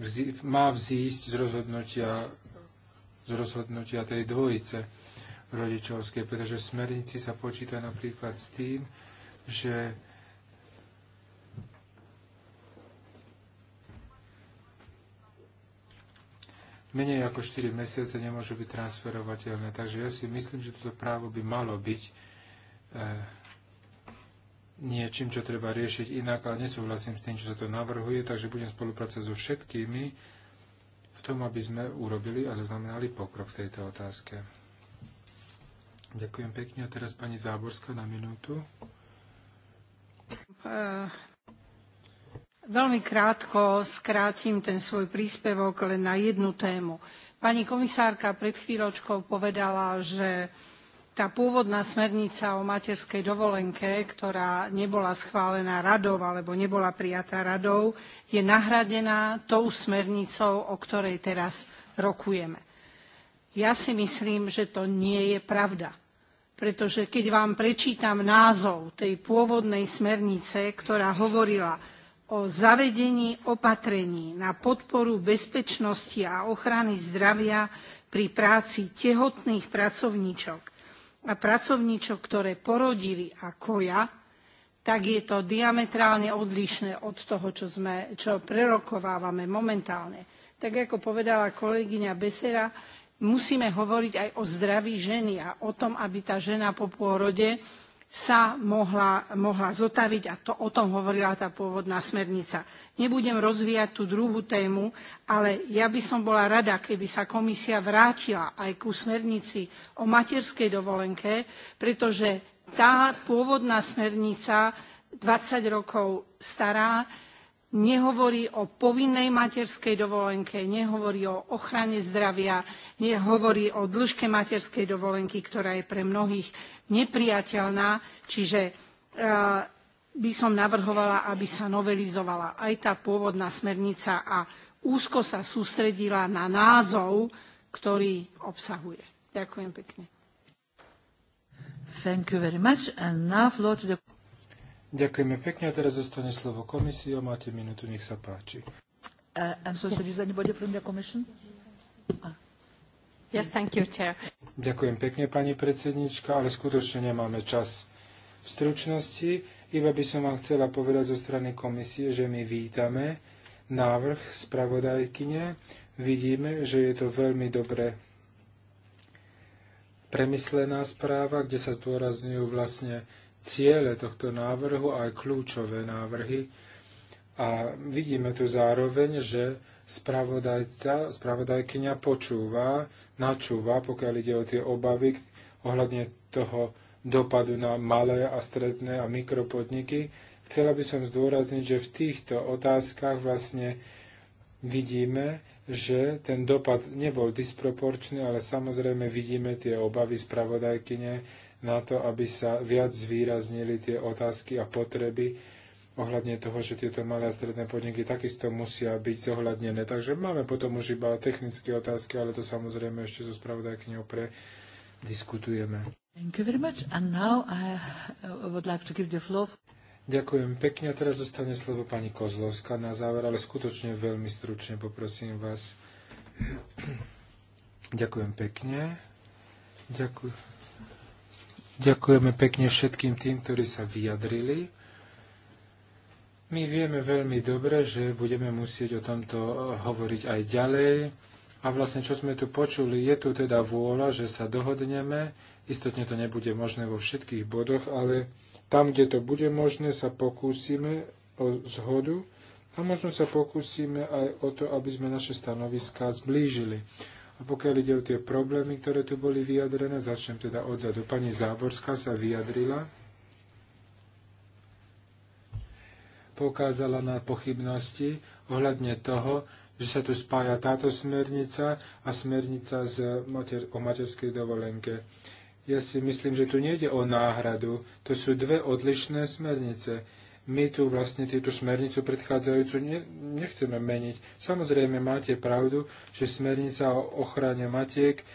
Speaker 2: vzí, má vzísť z rozhodnutia, z rozhodnutia tej dvojice rodičovskej, pretože v smernici sa počíta napríklad s tým, že menej ako 4 mesiace nemôžu byť transferovateľné. Takže ja si myslím, že toto právo by malo byť e, niečím, čo treba riešiť inak, ale nesúhlasím s tým, čo sa to navrhuje, takže budem spolupracovať so všetkými v tom, aby sme urobili a zaznamenali pokrok v tejto otázke. Ďakujem pekne. A teraz pani Záborská na minútu.
Speaker 1: Eh, Veľmi krátko skrátim ten svoj príspevok len na jednu tému. Pani komisárka pred chvíľočkou povedala, že tá pôvodná smernica o materskej dovolenke, ktorá nebola schválená radou alebo nebola prijatá radou, je nahradená tou smernicou, o ktorej teraz rokujeme. Ja si myslím, že to nie je pravda pretože keď vám prečítam názov tej pôvodnej smernice, ktorá hovorila o zavedení opatrení na podporu bezpečnosti a ochrany zdravia pri práci tehotných pracovníčok a pracovníčok, ktoré porodili a koja, tak je to diametrálne odlišné od toho, čo, sme, čo prerokovávame momentálne. Tak ako povedala kolegyňa Besera, musíme hovoriť aj o zdraví ženy a o tom, aby tá žena po pôrode sa mohla, zotaviť a o tom hovorila tá pôvodná smernica. Nebudem rozvíjať tú druhú tému, ale ja by som bola rada, keby sa komisia vrátila aj ku smernici o materskej dovolenke, pretože tá pôvodná smernica 20 rokov stará nehovorí o povinnej materskej dovolenke, nehovorí o ochrane zdravia, nehovorí o dĺžke materskej dovolenky, ktorá je pre mnohých neprijateľná, čiže e, by som navrhovala, aby sa novelizovala aj tá pôvodná smernica a úzko sa sústredila na názov, ktorý obsahuje. Ďakujem pekne. Thank you very much. And now floor to the...
Speaker 2: Ďakujeme pekne a teraz zostane slovo komisii. Máte minútu, nech sa páči. Uh, Ďakujem pekne, pani predsednička, ale skutočne nemáme čas. V stručnosti iba by som vám chcela povedať zo strany komisie, že my vítame návrh spravodajkyne. Vidíme, že je to veľmi dobre premyslená správa, kde sa zdôrazňujú vlastne ciele tohto návrhu a aj kľúčové návrhy. A vidíme tu zároveň, že spravodajca, spravodajkyňa počúva, načúva, pokiaľ ide o tie obavy ohľadne toho dopadu na malé a stredné a mikropodniky. Chcela by som zdôrazniť, že v týchto otázkach vlastne vidíme, že ten dopad nebol disproporčný, ale samozrejme vidíme tie obavy spravodajkyne, na to, aby sa viac zvýraznili tie otázky a potreby ohľadne toho, že tieto malé a stredné podniky takisto musia byť zohľadnené. Takže máme potom už iba technické otázky, ale to samozrejme ešte so spravodajkňou pre diskutujeme. Ďakujem pekne a teraz zostane slovo pani Kozlovská na záver, ale skutočne veľmi stručne poprosím vás. Ďakujem pekne. Ďakujem. Ďakujeme pekne všetkým tým, ktorí sa vyjadrili. My vieme veľmi dobre, že budeme musieť o tomto eh, hovoriť aj ďalej. A vlastne, čo sme tu počuli, je tu teda vôľa, že sa dohodneme. Istotne to nebude možné vo všetkých bodoch, ale tam, kde to bude možné, sa pokúsime o zhodu a možno sa pokúsime aj o to, aby sme naše stanoviská zblížili. A pokiaľ ide o tie problémy, ktoré tu boli vyjadrené, začnem teda odzadu. Pani Záborská sa vyjadrila, poukázala na pochybnosti ohľadne toho, že sa tu spája táto smernica a smernica z mater- o materskej dovolenke. Ja si myslím, že tu nejde o náhradu. To sú dve odlišné smernice my tu vlastne túto smernicu predchádzajúcu nechceme meniť. Samozrejme máte pravdu, že smernica o ochrane matiek,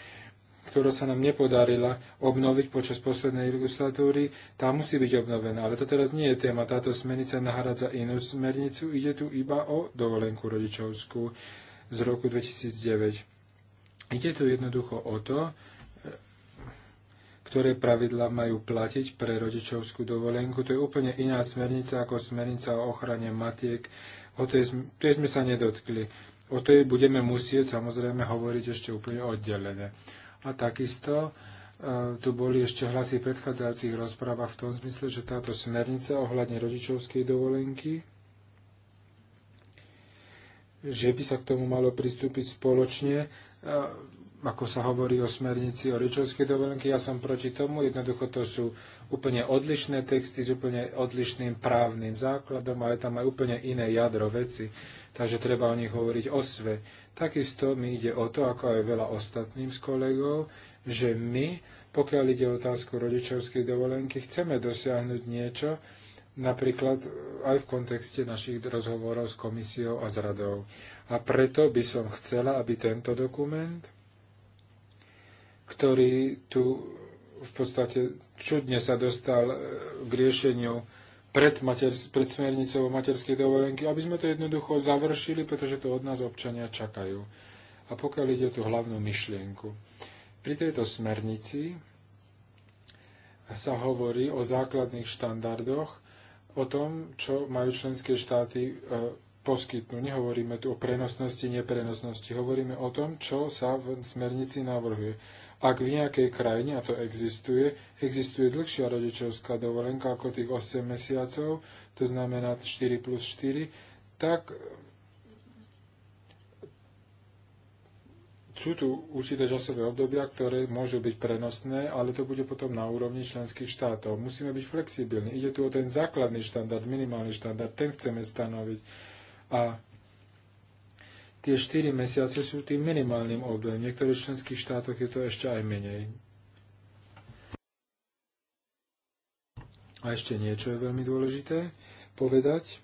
Speaker 2: ktorá sa nám nepodarila obnoviť počas poslednej legislatúry, tá musí byť obnovená. Ale to teraz nie je téma. Táto smernica nahradza inú smernicu. Ide tu iba o dovolenku rodičovskú z roku 2009. Ide tu jednoducho o to, ktoré pravidla majú platiť pre rodičovskú dovolenku. To je úplne iná smernica ako smernica o ochrane matiek. O tej, tej sme sa nedotkli. O tej budeme musieť samozrejme hovoriť ešte úplne oddelené. A takisto e, tu boli ešte hlasy v predchádzajúcich rozprávach v tom zmysle, že táto smernica ohľadne rodičovskej dovolenky, že by sa k tomu malo pristúpiť spoločne e, ako sa hovorí o smernici o rodičovskej dovolenke, ja som proti tomu, jednoducho to sú úplne odlišné texty s úplne odlišným právnym základom, ale tam aj úplne iné jadro veci, takže treba o nich hovoriť o sve. Takisto mi ide o to, ako aj veľa ostatným z kolegov, že my, pokiaľ ide o otázku rodičovskej dovolenky, chceme dosiahnuť niečo, napríklad aj v kontexte našich rozhovorov s komisiou a s radou. A preto by som chcela, aby tento dokument ktorý tu v podstate čudne sa dostal e, k riešeniu pred, mater, pred smernicou o materskej dovolenky, aby sme to jednoducho završili, pretože to od nás občania čakajú. A pokiaľ ide o tú hlavnú myšlienku. Pri tejto smernici sa hovorí o základných štandardoch, o tom, čo majú členské štáty e, poskytnú. Nehovoríme tu o prenosnosti, neprenosnosti. Hovoríme o tom, čo sa v smernici navrhuje. Ak v nejakej krajine, a to existuje, existuje dlhšia rodičovská dovolenka ako tých 8 mesiacov, to znamená 4 plus 4, tak eh, sú tu určité časové obdobia, ktoré môžu byť prenosné, ale to bude potom na úrovni členských štátov. Musíme byť flexibilní. Ide tu o ten základný štandard, minimálny štandard, ten chceme stanoviť. A tie 4 mesiace sú tým minimálnym obdobím. V niektorých členských štátoch je to ešte aj menej. A ešte niečo je veľmi dôležité povedať.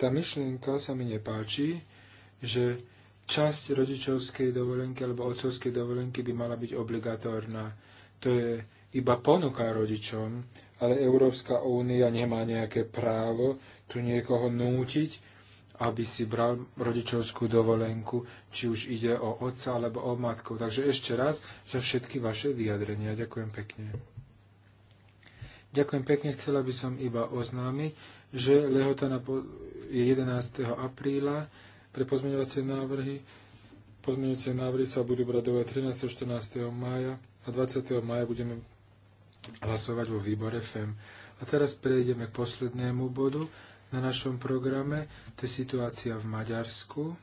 Speaker 2: Tá myšlienka sa mi nepáči, že časť rodičovskej dovolenky alebo otcovskej dovolenky by mala byť obligatórna. To je iba ponuka rodičom, ale Európska únia nemá nejaké právo tu niekoho nútiť, aby si bral rodičovskú dovolenku, či už ide o otca alebo o matku. Takže ešte raz za všetky vaše vyjadrenia. Ďakujem pekne. Ďakujem pekne. Chcela by som iba oznámiť, že lehota je 11. apríla pre pozmeňovacie návrhy. Pozmeňovacie návrhy sa budú brať do 13. 14. mája a 20. mája budeme hlasovať vo výbore FEM. A teraz prejdeme k poslednému bodu na našom programe. To je situácia v Maďarsku.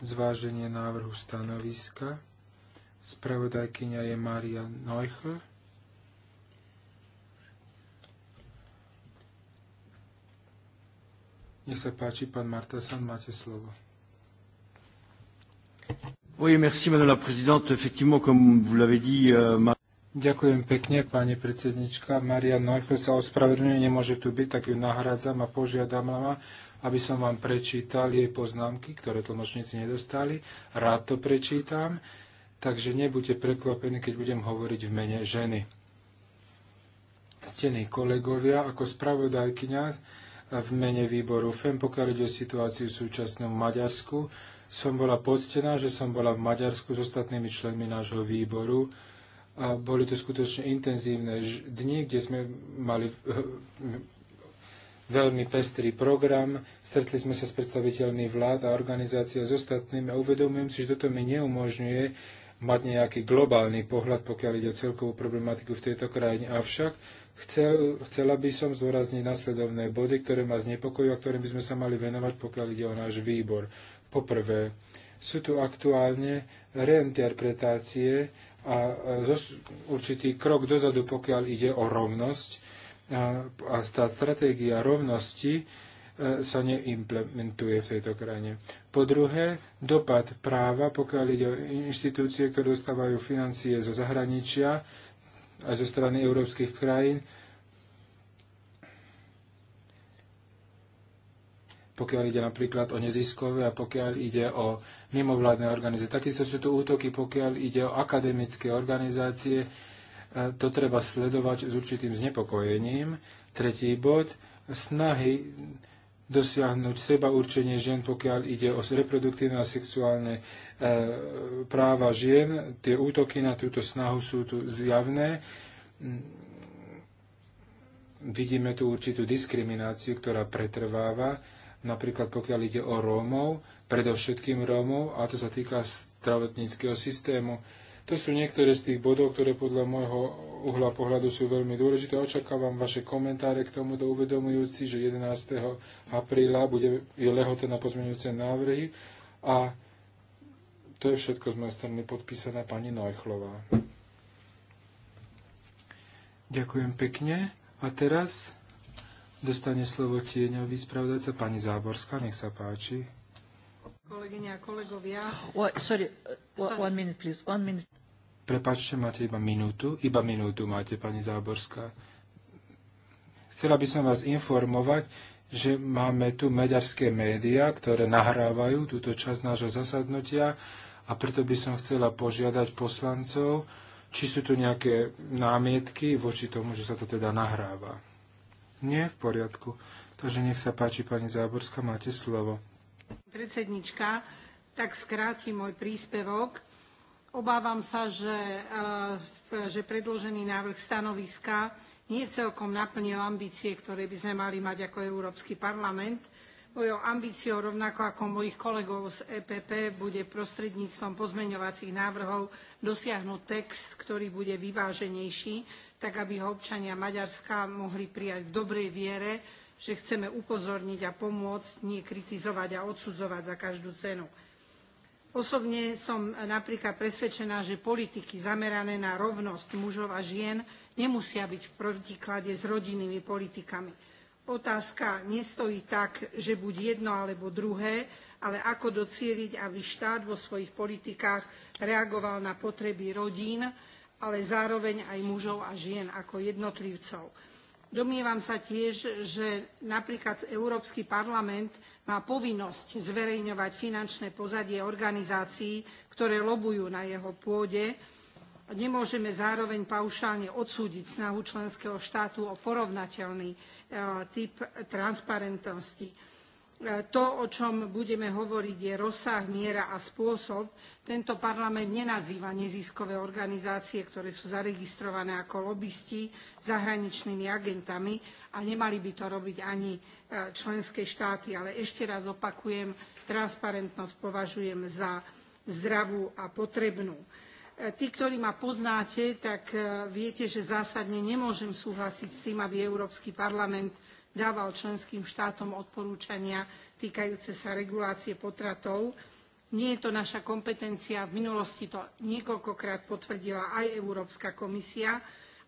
Speaker 2: Zváženie návrhu stanoviska. Spravodajkyňa je Maria Neuchl. Nech sa páči, pán Martasan, máte slovo. Oui, merci, madame
Speaker 3: la présidente. Effectivement, comme vous l'avez dit, euh, ma...
Speaker 2: Ďakujem pekne, pani predsednička. Maria Neuchl sa ospravedlňuje, nemôže tu byť, tak ju nahradzam a požiadam ma, aby som vám prečítal jej poznámky, ktoré tlmočníci nedostali. Rád to prečítam, takže nebuďte prekvapení, keď budem hovoriť v mene ženy. Stení kolegovia, ako spravodajkyňa v mene výboru FEM, pokiaľ ide o situáciu v súčasnom Maďarsku, som bola poctená, že som bola v Maďarsku s ostatnými členmi nášho výboru, a boli to skutočne intenzívne dni, kde sme mali eh, veľmi pestrý program, stretli sme sa s predstaviteľmi vlád a organizácií a s ostatnými a uvedomujem si, že toto mi neumožňuje mať nejaký globálny pohľad, pokiaľ ide o celkovú problematiku v tejto krajine. Avšak chcel, chcela by som zdôrazniť nasledovné body, ktoré ma znepokojujú a ktorým by sme sa mali venovať, pokiaľ ide o náš výbor. Poprvé, sú tu aktuálne reinterpretácie a určitý krok dozadu, pokiaľ ide o rovnosť. A tá stratégia rovnosti e, sa neimplementuje v tejto krajine. Po druhé, dopad práva, pokiaľ ide o inštitúcie, ktoré dostávajú financie zo zahraničia, aj zo strany európskych krajín, pokiaľ ide napríklad o neziskové a pokiaľ ide o mimovládne organizácie. Takisto sú tu útoky, pokiaľ ide o akademické organizácie. E, to treba sledovať s určitým znepokojením. Tretí bod, snahy dosiahnuť seba určenie žien, pokiaľ ide o reproduktívne a sexuálne e, práva žien. Tie útoky na túto snahu sú tu zjavné vidíme tu určitú diskrimináciu, ktorá pretrváva napríklad pokiaľ ide o Rómov, predovšetkým Rómov, a to sa týka zdravotníckého systému. To sú niektoré z tých bodov, ktoré podľa môjho uhla pohľadu sú veľmi dôležité. Očakávam vaše komentáre k do uvedomujúci, že 11. apríla bude je lehota na pozmeňujúce návrhy a to je všetko z mojej strany podpísané pani Nojchlová. Ďakujem pekne. A teraz Dostane slovo tieňový spravodajca pani Záborská, nech sa páči.
Speaker 1: Kolegyne a kolegovia. sorry, one minute, please, one minute.
Speaker 2: Prepačte, máte iba minútu, iba minútu máte, pani Záborská. Chcela by som vás informovať, že máme tu maďarské médiá, ktoré nahrávajú túto časť nášho zasadnutia a preto by som chcela požiadať poslancov, či sú tu nejaké námietky voči tomu, že sa to teda nahráva. Nie, v poriadku. Takže nech sa páči, pani Záborská, máte slovo.
Speaker 1: Predsednička, tak skráti môj príspevok. Obávam sa, že, e, že predložený návrh stanoviska nie celkom naplnil ambície, ktoré by sme mali mať ako Európsky parlament Mojou ambíciou, rovnako ako mojich kolegov z EPP, bude prostredníctvom pozmeňovacích návrhov dosiahnuť text, ktorý bude vyváženejší, tak aby ho občania Maďarska mohli prijať v dobrej viere, že chceme upozorniť a pomôcť, nie kritizovať a odsudzovať za každú cenu. Osobne som napríklad presvedčená, že politiky zamerané na rovnosť mužov a žien nemusia byť v protiklade s rodinnými politikami Otázka nestojí tak, že buď jedno alebo druhé, ale ako docieliť, aby štát vo svojich politikách reagoval na potreby rodín, ale zároveň aj mužov a žien ako jednotlivcov. Domnievam sa tiež, že napríklad Európsky parlament má povinnosť zverejňovať finančné pozadie organizácií, ktoré lobujú na jeho pôde, Nemôžeme zároveň paušálne odsúdiť snahu členského štátu o porovnateľný e, typ transparentnosti. E, to, o čom budeme hovoriť, je rozsah, miera a spôsob. Tento parlament nenazýva neziskové organizácie, ktoré sú zaregistrované ako lobbysti zahraničnými agentami a nemali by to robiť ani e, členské štáty. Ale ešte raz opakujem, transparentnosť považujem za
Speaker 3: zdravú
Speaker 1: a potrebnú E, tí, ktorí ma poznáte, tak e, viete, že zásadne nemôžem súhlasiť s tým, aby Európsky parlament dával členským štátom odporúčania týkajúce sa regulácie potratov. Nie je to naša kompetencia, v minulosti to niekoľkokrát potvrdila aj Európska komisia.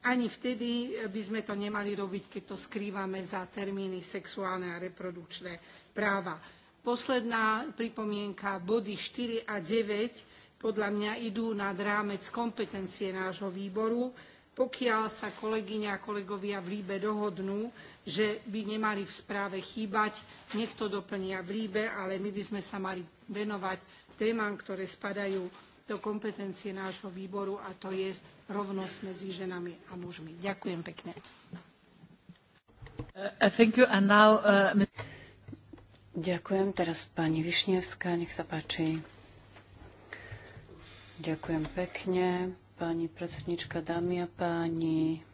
Speaker 1: Ani vtedy e, by sme to nemali robiť, keď to skrývame za termíny sexuálne a reprodukčné práva. Posledná pripomienka, body 4 a 9 podľa mňa idú nad rámec kompetencie nášho výboru, pokiaľ sa kolegyňa a kolegovia v Líbe dohodnú, že by nemali v správe chýbať, nech to doplnia v Líbe, ale my by sme sa mali venovať témam, ktoré spadajú do kompetencie nášho výboru a to je rovnosť medzi ženami a mužmi. Ďakujem pekne.
Speaker 3: Uh, now, uh... Ďakujem. Teraz pani Višňevská, nech sa páči. Ďakujem pekne. Pani predsednička, dámy a páni,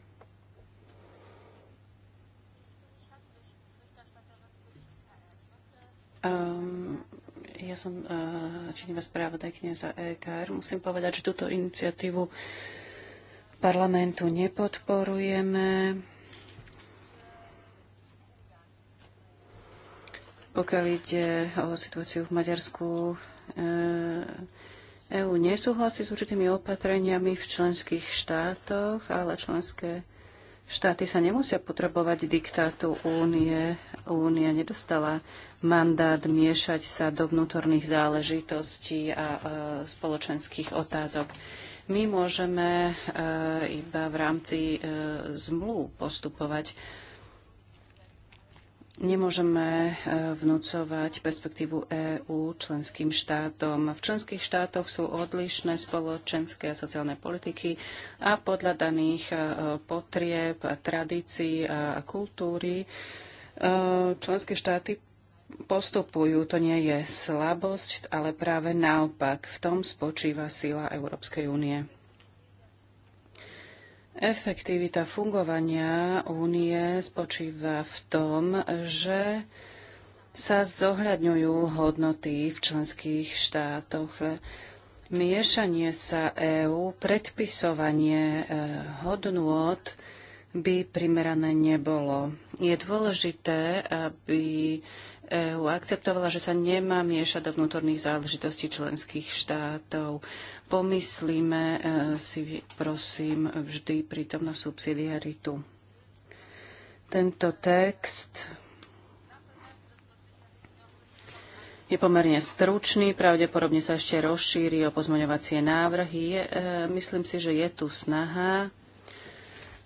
Speaker 3: Um, ja som uh, činivá správodajkňa za EKR. Musím povedať, že túto iniciatívu parlamentu nepodporujeme. Pokiaľ ide o situáciu v Maďarsku, uh, EÚ nesúhlasí s určitými opatreniami v členských štátoch, ale členské štáty sa nemusia potrebovať diktátu únie. Únia nedostala mandát miešať sa do vnútorných záležitostí a e, spoločenských otázok. My môžeme e, iba v rámci e, zmluv postupovať Nemôžeme e, vnúcovať perspektívu EÚ členským štátom. V členských štátoch sú odlišné spoločenské a sociálne politiky a podľa daných e, potrieb, tradícií a kultúry e, členské štáty postupujú. To nie je slabosť, ale práve naopak. V tom spočíva sila Európskej únie. Efektivita fungovania únie spočíva v tom, že sa zohľadňujú hodnoty v členských štátoch. Miešanie sa EÚ, predpisovanie e, hodnôt by primerané nebolo. Je dôležité, aby EÚ akceptovala, že sa nemá miešať do vnútorných záležitostí členských štátov pomyslíme e, si, prosím, vždy prítom na subsidiaritu. Tento text je pomerne stručný, pravdepodobne sa ešte rozšíri o pozmoňovacie návrhy. Je, e, myslím si, že je tu snaha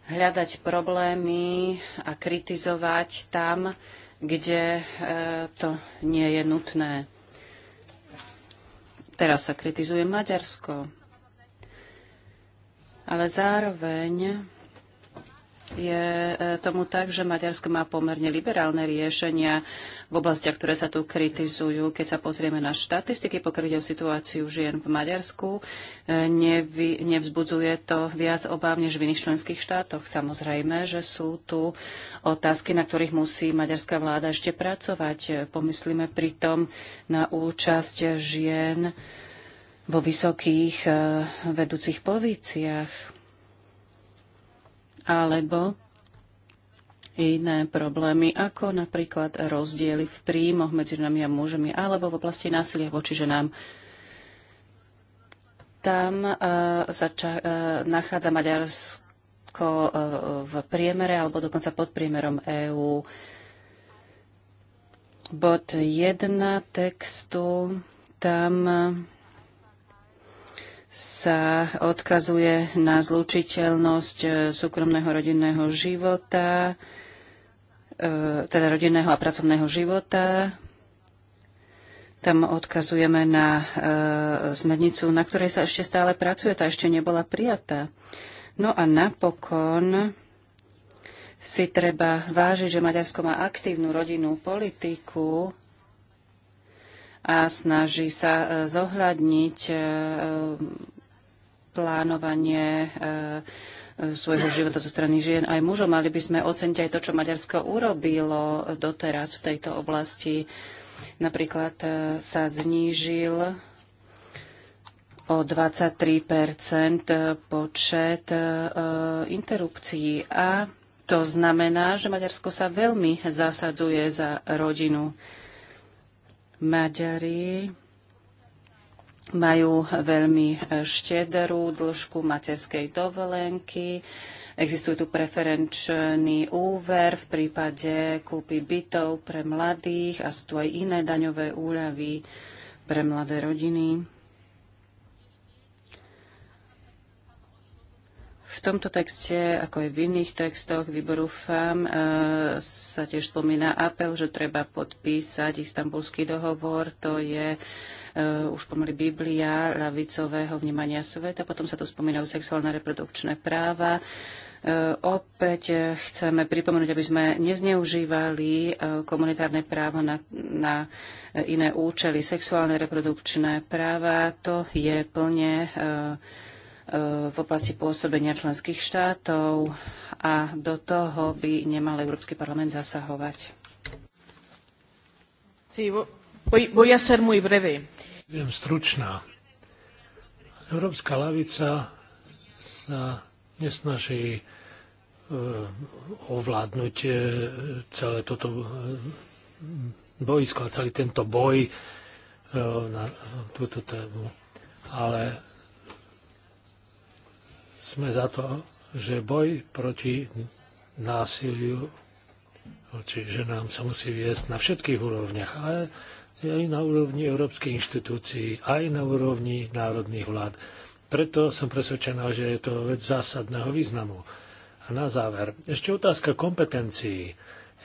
Speaker 3: hľadať problémy a kritizovať tam, kde e, to nie je nutné. Teraz sa kritizuje Maďarsko. Ale zároveň je e, tomu tak, že Maďarsko má pomerne liberálne riešenia v oblastiach, ktoré sa tu kritizujú. Keď sa pozrieme na štatistiky, o situáciu žien v Maďarsku, e, nevy, nevzbudzuje to viac obáv než v iných členských štátoch. Samozrejme, že sú tu otázky, na ktorých musí maďarská vláda ešte pracovať. Pomyslíme pritom na účasť žien vo vysokých e, vedúcich pozíciách alebo iné problémy, ako napríklad rozdiely v príjmoch medzi ženami a mužmi, alebo v oblasti násilia voči ženám. Tam uh, sa ča- uh, nachádza Maďarsko uh, v priemere alebo dokonca pod priemerom EÚ. Bod 1 textu tam uh, sa odkazuje na zlučiteľnosť e, súkromného rodinného života, e, teda rodinného a pracovného života. Tam odkazujeme na zmernicu, e, na ktorej sa ešte stále pracuje, tá ešte nebola prijatá. No a napokon si treba vážiť, že Maďarsko má aktívnu rodinnú politiku, a snaží sa e, zohľadniť e, plánovanie e, svojho života zo strany žien aj mužov. Mali by sme oceniť aj to, čo Maďarsko urobilo doteraz v tejto oblasti. Napríklad sa znížil o 23 počet interrupcií a to znamená, že Maďarsko sa veľmi zasadzuje za rodinu. Maďari majú veľmi e, štedrú dĺžku materskej dovolenky. Existuje tu preferenčný úver v prípade kúpy bytov pre mladých a sú tu aj iné daňové úľavy pre mladé rodiny. V tomto texte, ako aj v iných textoch výboru FAM, e, sa tiež spomína apel, že treba podpísať istambulský dohovor. To je uh, už pomaly Biblia ľavicového vnímania sveta. Potom sa tu spomínajú sexuálne reprodukčné práva. Uh, opäť chceme pripomenúť, aby sme nezneužívali uh, komunitárne právo na, na iné účely. Sexuálne reprodukčné práva, to je plne uh, v oblasti pôsobenia členských štátov a do toho by nemal Európsky parlament zasahovať. Budem
Speaker 4: stručná. Európska lavica sa nesnaží e, ovládnuť e, celé toto e, boisko a celý tento boj na túto tému. Ale sme za to, že boj proti násiliu voči ženám sa musí viesť na všetkých úrovniach, ale aj na úrovni európskej inštitúcií, aj na úrovni národných vlád. Preto som presvedčená, že je to vec zásadného významu. A na záver, ešte otázka kompetencií.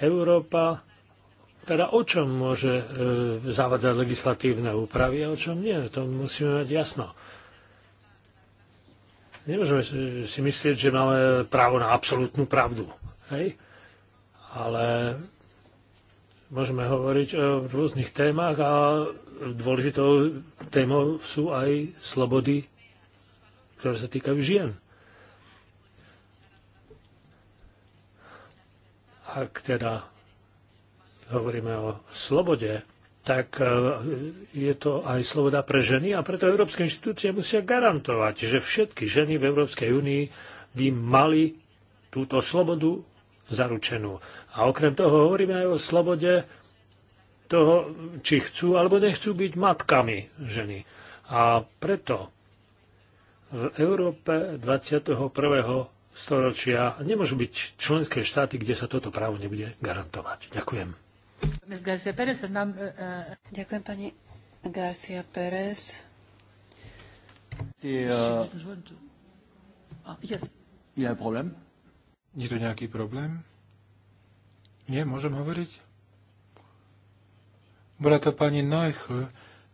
Speaker 4: Európa teda o čom môže e, legislatívne úpravy a o čom nie. To musíme mať jasno. Nemôžeme si myslieť, že máme právo na absolútnu pravdu. Hej? Ale môžeme hovoriť o rôznych témach a dôležitou témou sú aj slobody, ktoré sa týkajú žien. Ak teda hovoríme o slobode tak e, je to aj sloboda pre ženy a preto európske inštitúcie musia garantovať, že všetky ženy v Európskej únii by mali túto slobodu zaručenú. A okrem toho hovoríme aj o slobode toho, či chcú alebo nechcú byť matkami ženy. A preto v Európe 21. storočia nemôžu byť členské štáty, kde sa toto právo nebude garantovať. Ďakujem.
Speaker 3: Eh, eh. Ďakujem pani Garcia Pérez.
Speaker 2: Je problém? Je tu nejaký problém? Nie, môžem hovoriť? Bola to pani Neuchl,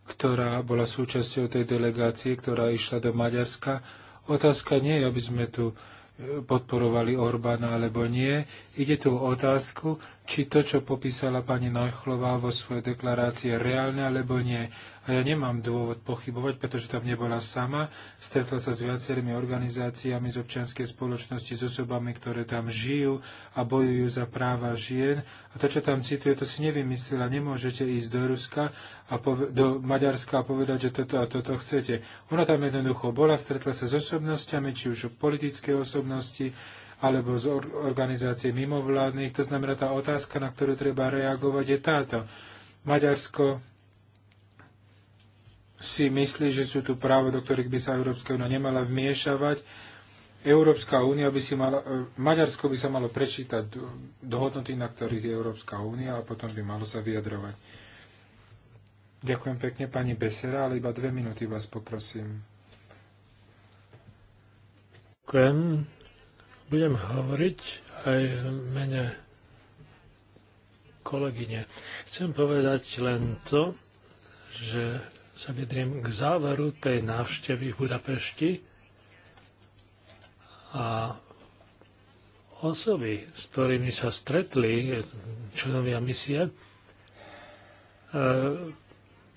Speaker 2: ktorá bola súčasťou tej delegácie, ktorá išla do Maďarska. Otázka nie je, aby sme tu eh, podporovali Orbána alebo nie. Ide tu o otázku, či to, čo popísala pani Neuchlová vo svojej deklarácii, je reálne alebo nie. A ja nemám dôvod pochybovať, pretože tam nebola sama. Stretla sa s viacerými organizáciami z občianskej spoločnosti, s osobami, ktoré tam žijú a bojujú za práva žien. A to, čo tam cituje, to si nevymyslela. Nemôžete ísť do Ruska a do Maďarska a povedať, že toto a toto chcete. Ona tam jednoducho bola, stretla sa s osobnosťami, či už politické osobnosti, alebo z organizácií mimovládnych. To znamená, tá otázka, na ktorú treba reagovať, je táto. Maďarsko si myslí, že sú tu práva, do ktorých by sa Európska únia nemala vmiešavať. Európska únia by si mala, e, Maďarsko by sa malo prečítať do hodnoty, na ktorých je Európska únia a potom by malo sa vyjadrovať. Ďakujem pekne, pani Besera, ale iba dve minúty vás poprosím. Ďakujem. Budem hovoriť aj v
Speaker 4: mene kolegyne. Chcem povedať len to, že sa vydriem k záveru tej návštevy v Budapešti a osoby, s ktorými sa stretli členovia misie, e,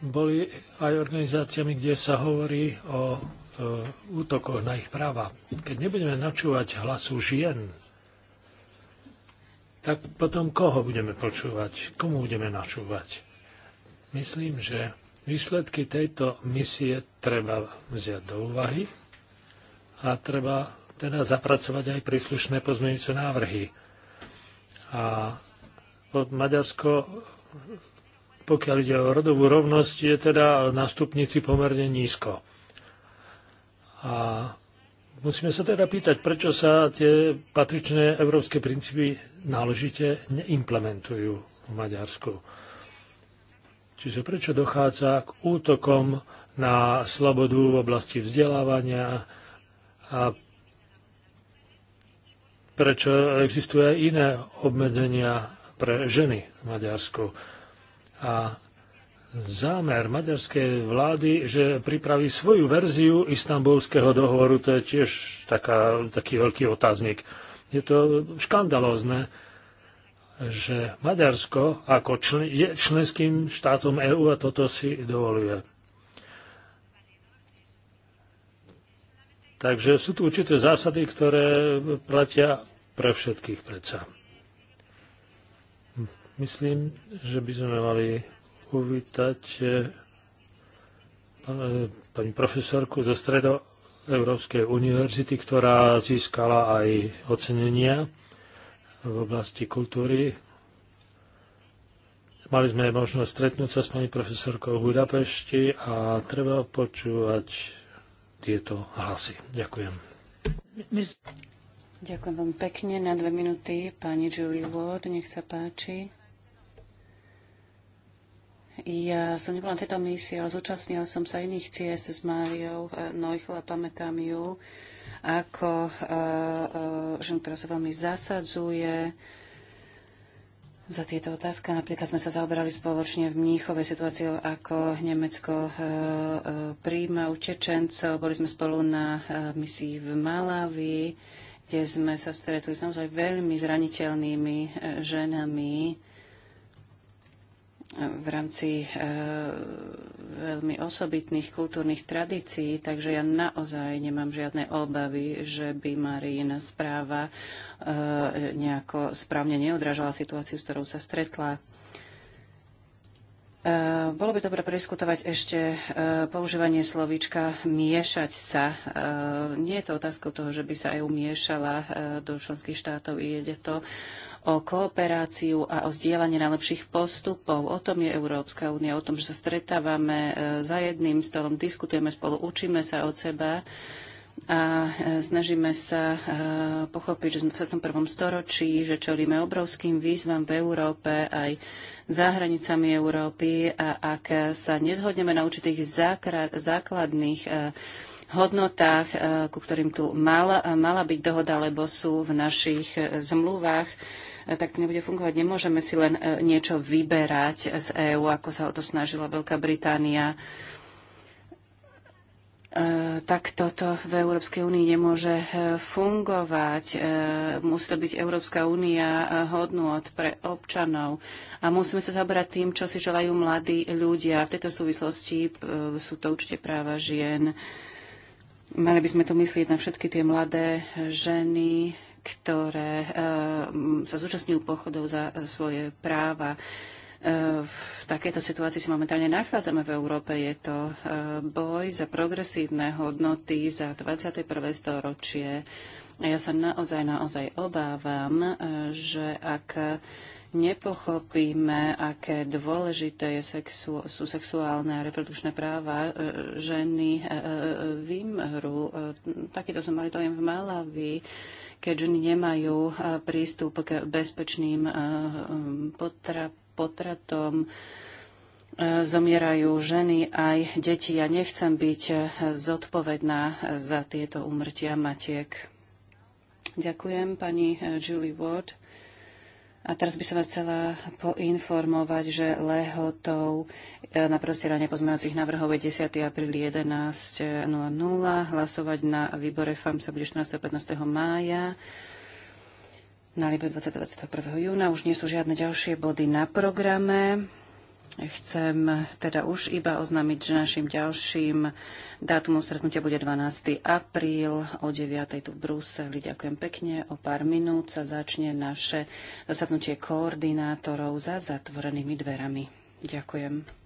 Speaker 4: boli aj organizáciami, kde sa hovorí o Eh, útokoch na ich práva, keď nebudeme načúvať hlasu žien, tak potom koho budeme počúvať? Komu budeme načúvať? Myslím, že výsledky tejto misie treba vziať do úvahy a treba teda zapracovať aj príslušné pozmeňujúce návrhy. A od Maďarsko, pokiaľ ide o rodovú rovnosť, je teda na stupnici pomerne nízko. A musíme sa teda pýtať, prečo sa tie patričné európske princípy náležite neimplementujú v Maďarsku. Čiže prečo dochádza k útokom na slobodu v oblasti vzdelávania a prečo existuje aj iné obmedzenia pre ženy v Maďarsku. A zámer maďarskej vlády, že pripraví svoju verziu istambulského dohovoru, to je tiež taká, taký veľký otáznik. Je to škandalózne, že Maďarsko ako člen, je členským štátom EÚ a toto si dovoluje. Takže sú tu určité zásady, ktoré platia pre všetkých predsa. Myslím, že by sme mali uvítať e, pani profesorku zo Stredo Európskej univerzity, ktorá získala aj ocenenia v oblasti kultúry. Mali sme možnosť stretnúť sa s pani profesorkou v Budapešti a treba počúvať tieto hlasy. Ďakujem.
Speaker 3: Ďakujem veľmi pekne. Na dve minúty pani Julie Ward, nech sa páči. Ja som nebola na tejto misii, ale zúčastnila som sa iných ciest s Máriou eh, Neuchl a pamätám ju ako eh, eh, žen, ktorá sa veľmi zasadzuje za tieto otázka. Napríklad sme sa zaoberali spoločne v Mníchove situáciou, ako Nemecko príjma utečencov. Boli sme spolu na misii v Malavi, kde sme sa stretli s naozaj veľmi zraniteľnými ženami, v rámci e, veľmi osobitných kultúrnych tradícií, takže ja naozaj nemám žiadne obavy, že by Marína správa e, nejako správne neodražala situáciu, s ktorou sa stretla. E, bolo by dobre preskutovať ešte používanie slovíčka miešať sa. Nie je to otázka toho, že by sa EU miešala do členských štátov. Ide to o kooperáciu a o zdieľanie najlepších postupov. O tom je Európska únia, o tom, že sa stretávame e, za jedným stolom, diskutujeme spolu, učíme sa od seba a e, snažíme sa e, pochopiť, že sme v 21. storočí, že čelíme obrovským výzvam v Európe aj za hranicami Európy a ak sa nezhodneme na určitých základných hodnotách, ku ktorým tu mala, mala byť dohoda, lebo sú v našich zmluvách, E, tak nebude fungovať. Nemôžeme si len e, niečo vyberať z EÚ, ako sa o to snažila Veľká Británia. E, tak toto v Európskej únii nemôže fungovať. Musí to byť Európska únia hodnôt pre občanov. A musíme sa zabrať tým, čo si želajú mladí ľudia. V tejto súvislosti sú to určite práva žien. Mali by sme to myslieť na všetky tie mladé ženy, ktoré e, sa zúčastňujú pochodov za e, svoje práva. E, v takejto situácii si momentálne nachádzame v Európe. Je to boj za progresívne hodnoty za 21. storočie. A ja sa naozaj, naozaj obávam, že ak nepochopíme, aké dôležité je sexu, sú sexuálne a reprodukčné práva ženy vymrú. Takýto som mali dojem v Malavi keď ženy nemajú eh, prístup k bezpečným eh, potra- potratom, eh, zomierajú ženy aj deti. Ja nechcem byť zodpovedná za tieto umrtia matiek. Ďakujem pani Julie Ward. A teraz by som vás chcela poinformovať, že lehotou e, na prostieranie pozmeňovacích návrhov je 10. apríl 11.00. Hlasovať na výbore FAM sa bude 14. a 15. mája. Na Libe 20. 21. júna už nie sú žiadne ďalšie body na programe. Chcem teda už iba oznámiť, že našim ďalším dátumom stretnutia bude 12. apríl o 9. tu v Bruseli. Ďakujem pekne. O pár minút sa začne naše zasadnutie koordinátorov za zatvorenými dverami. Ďakujem.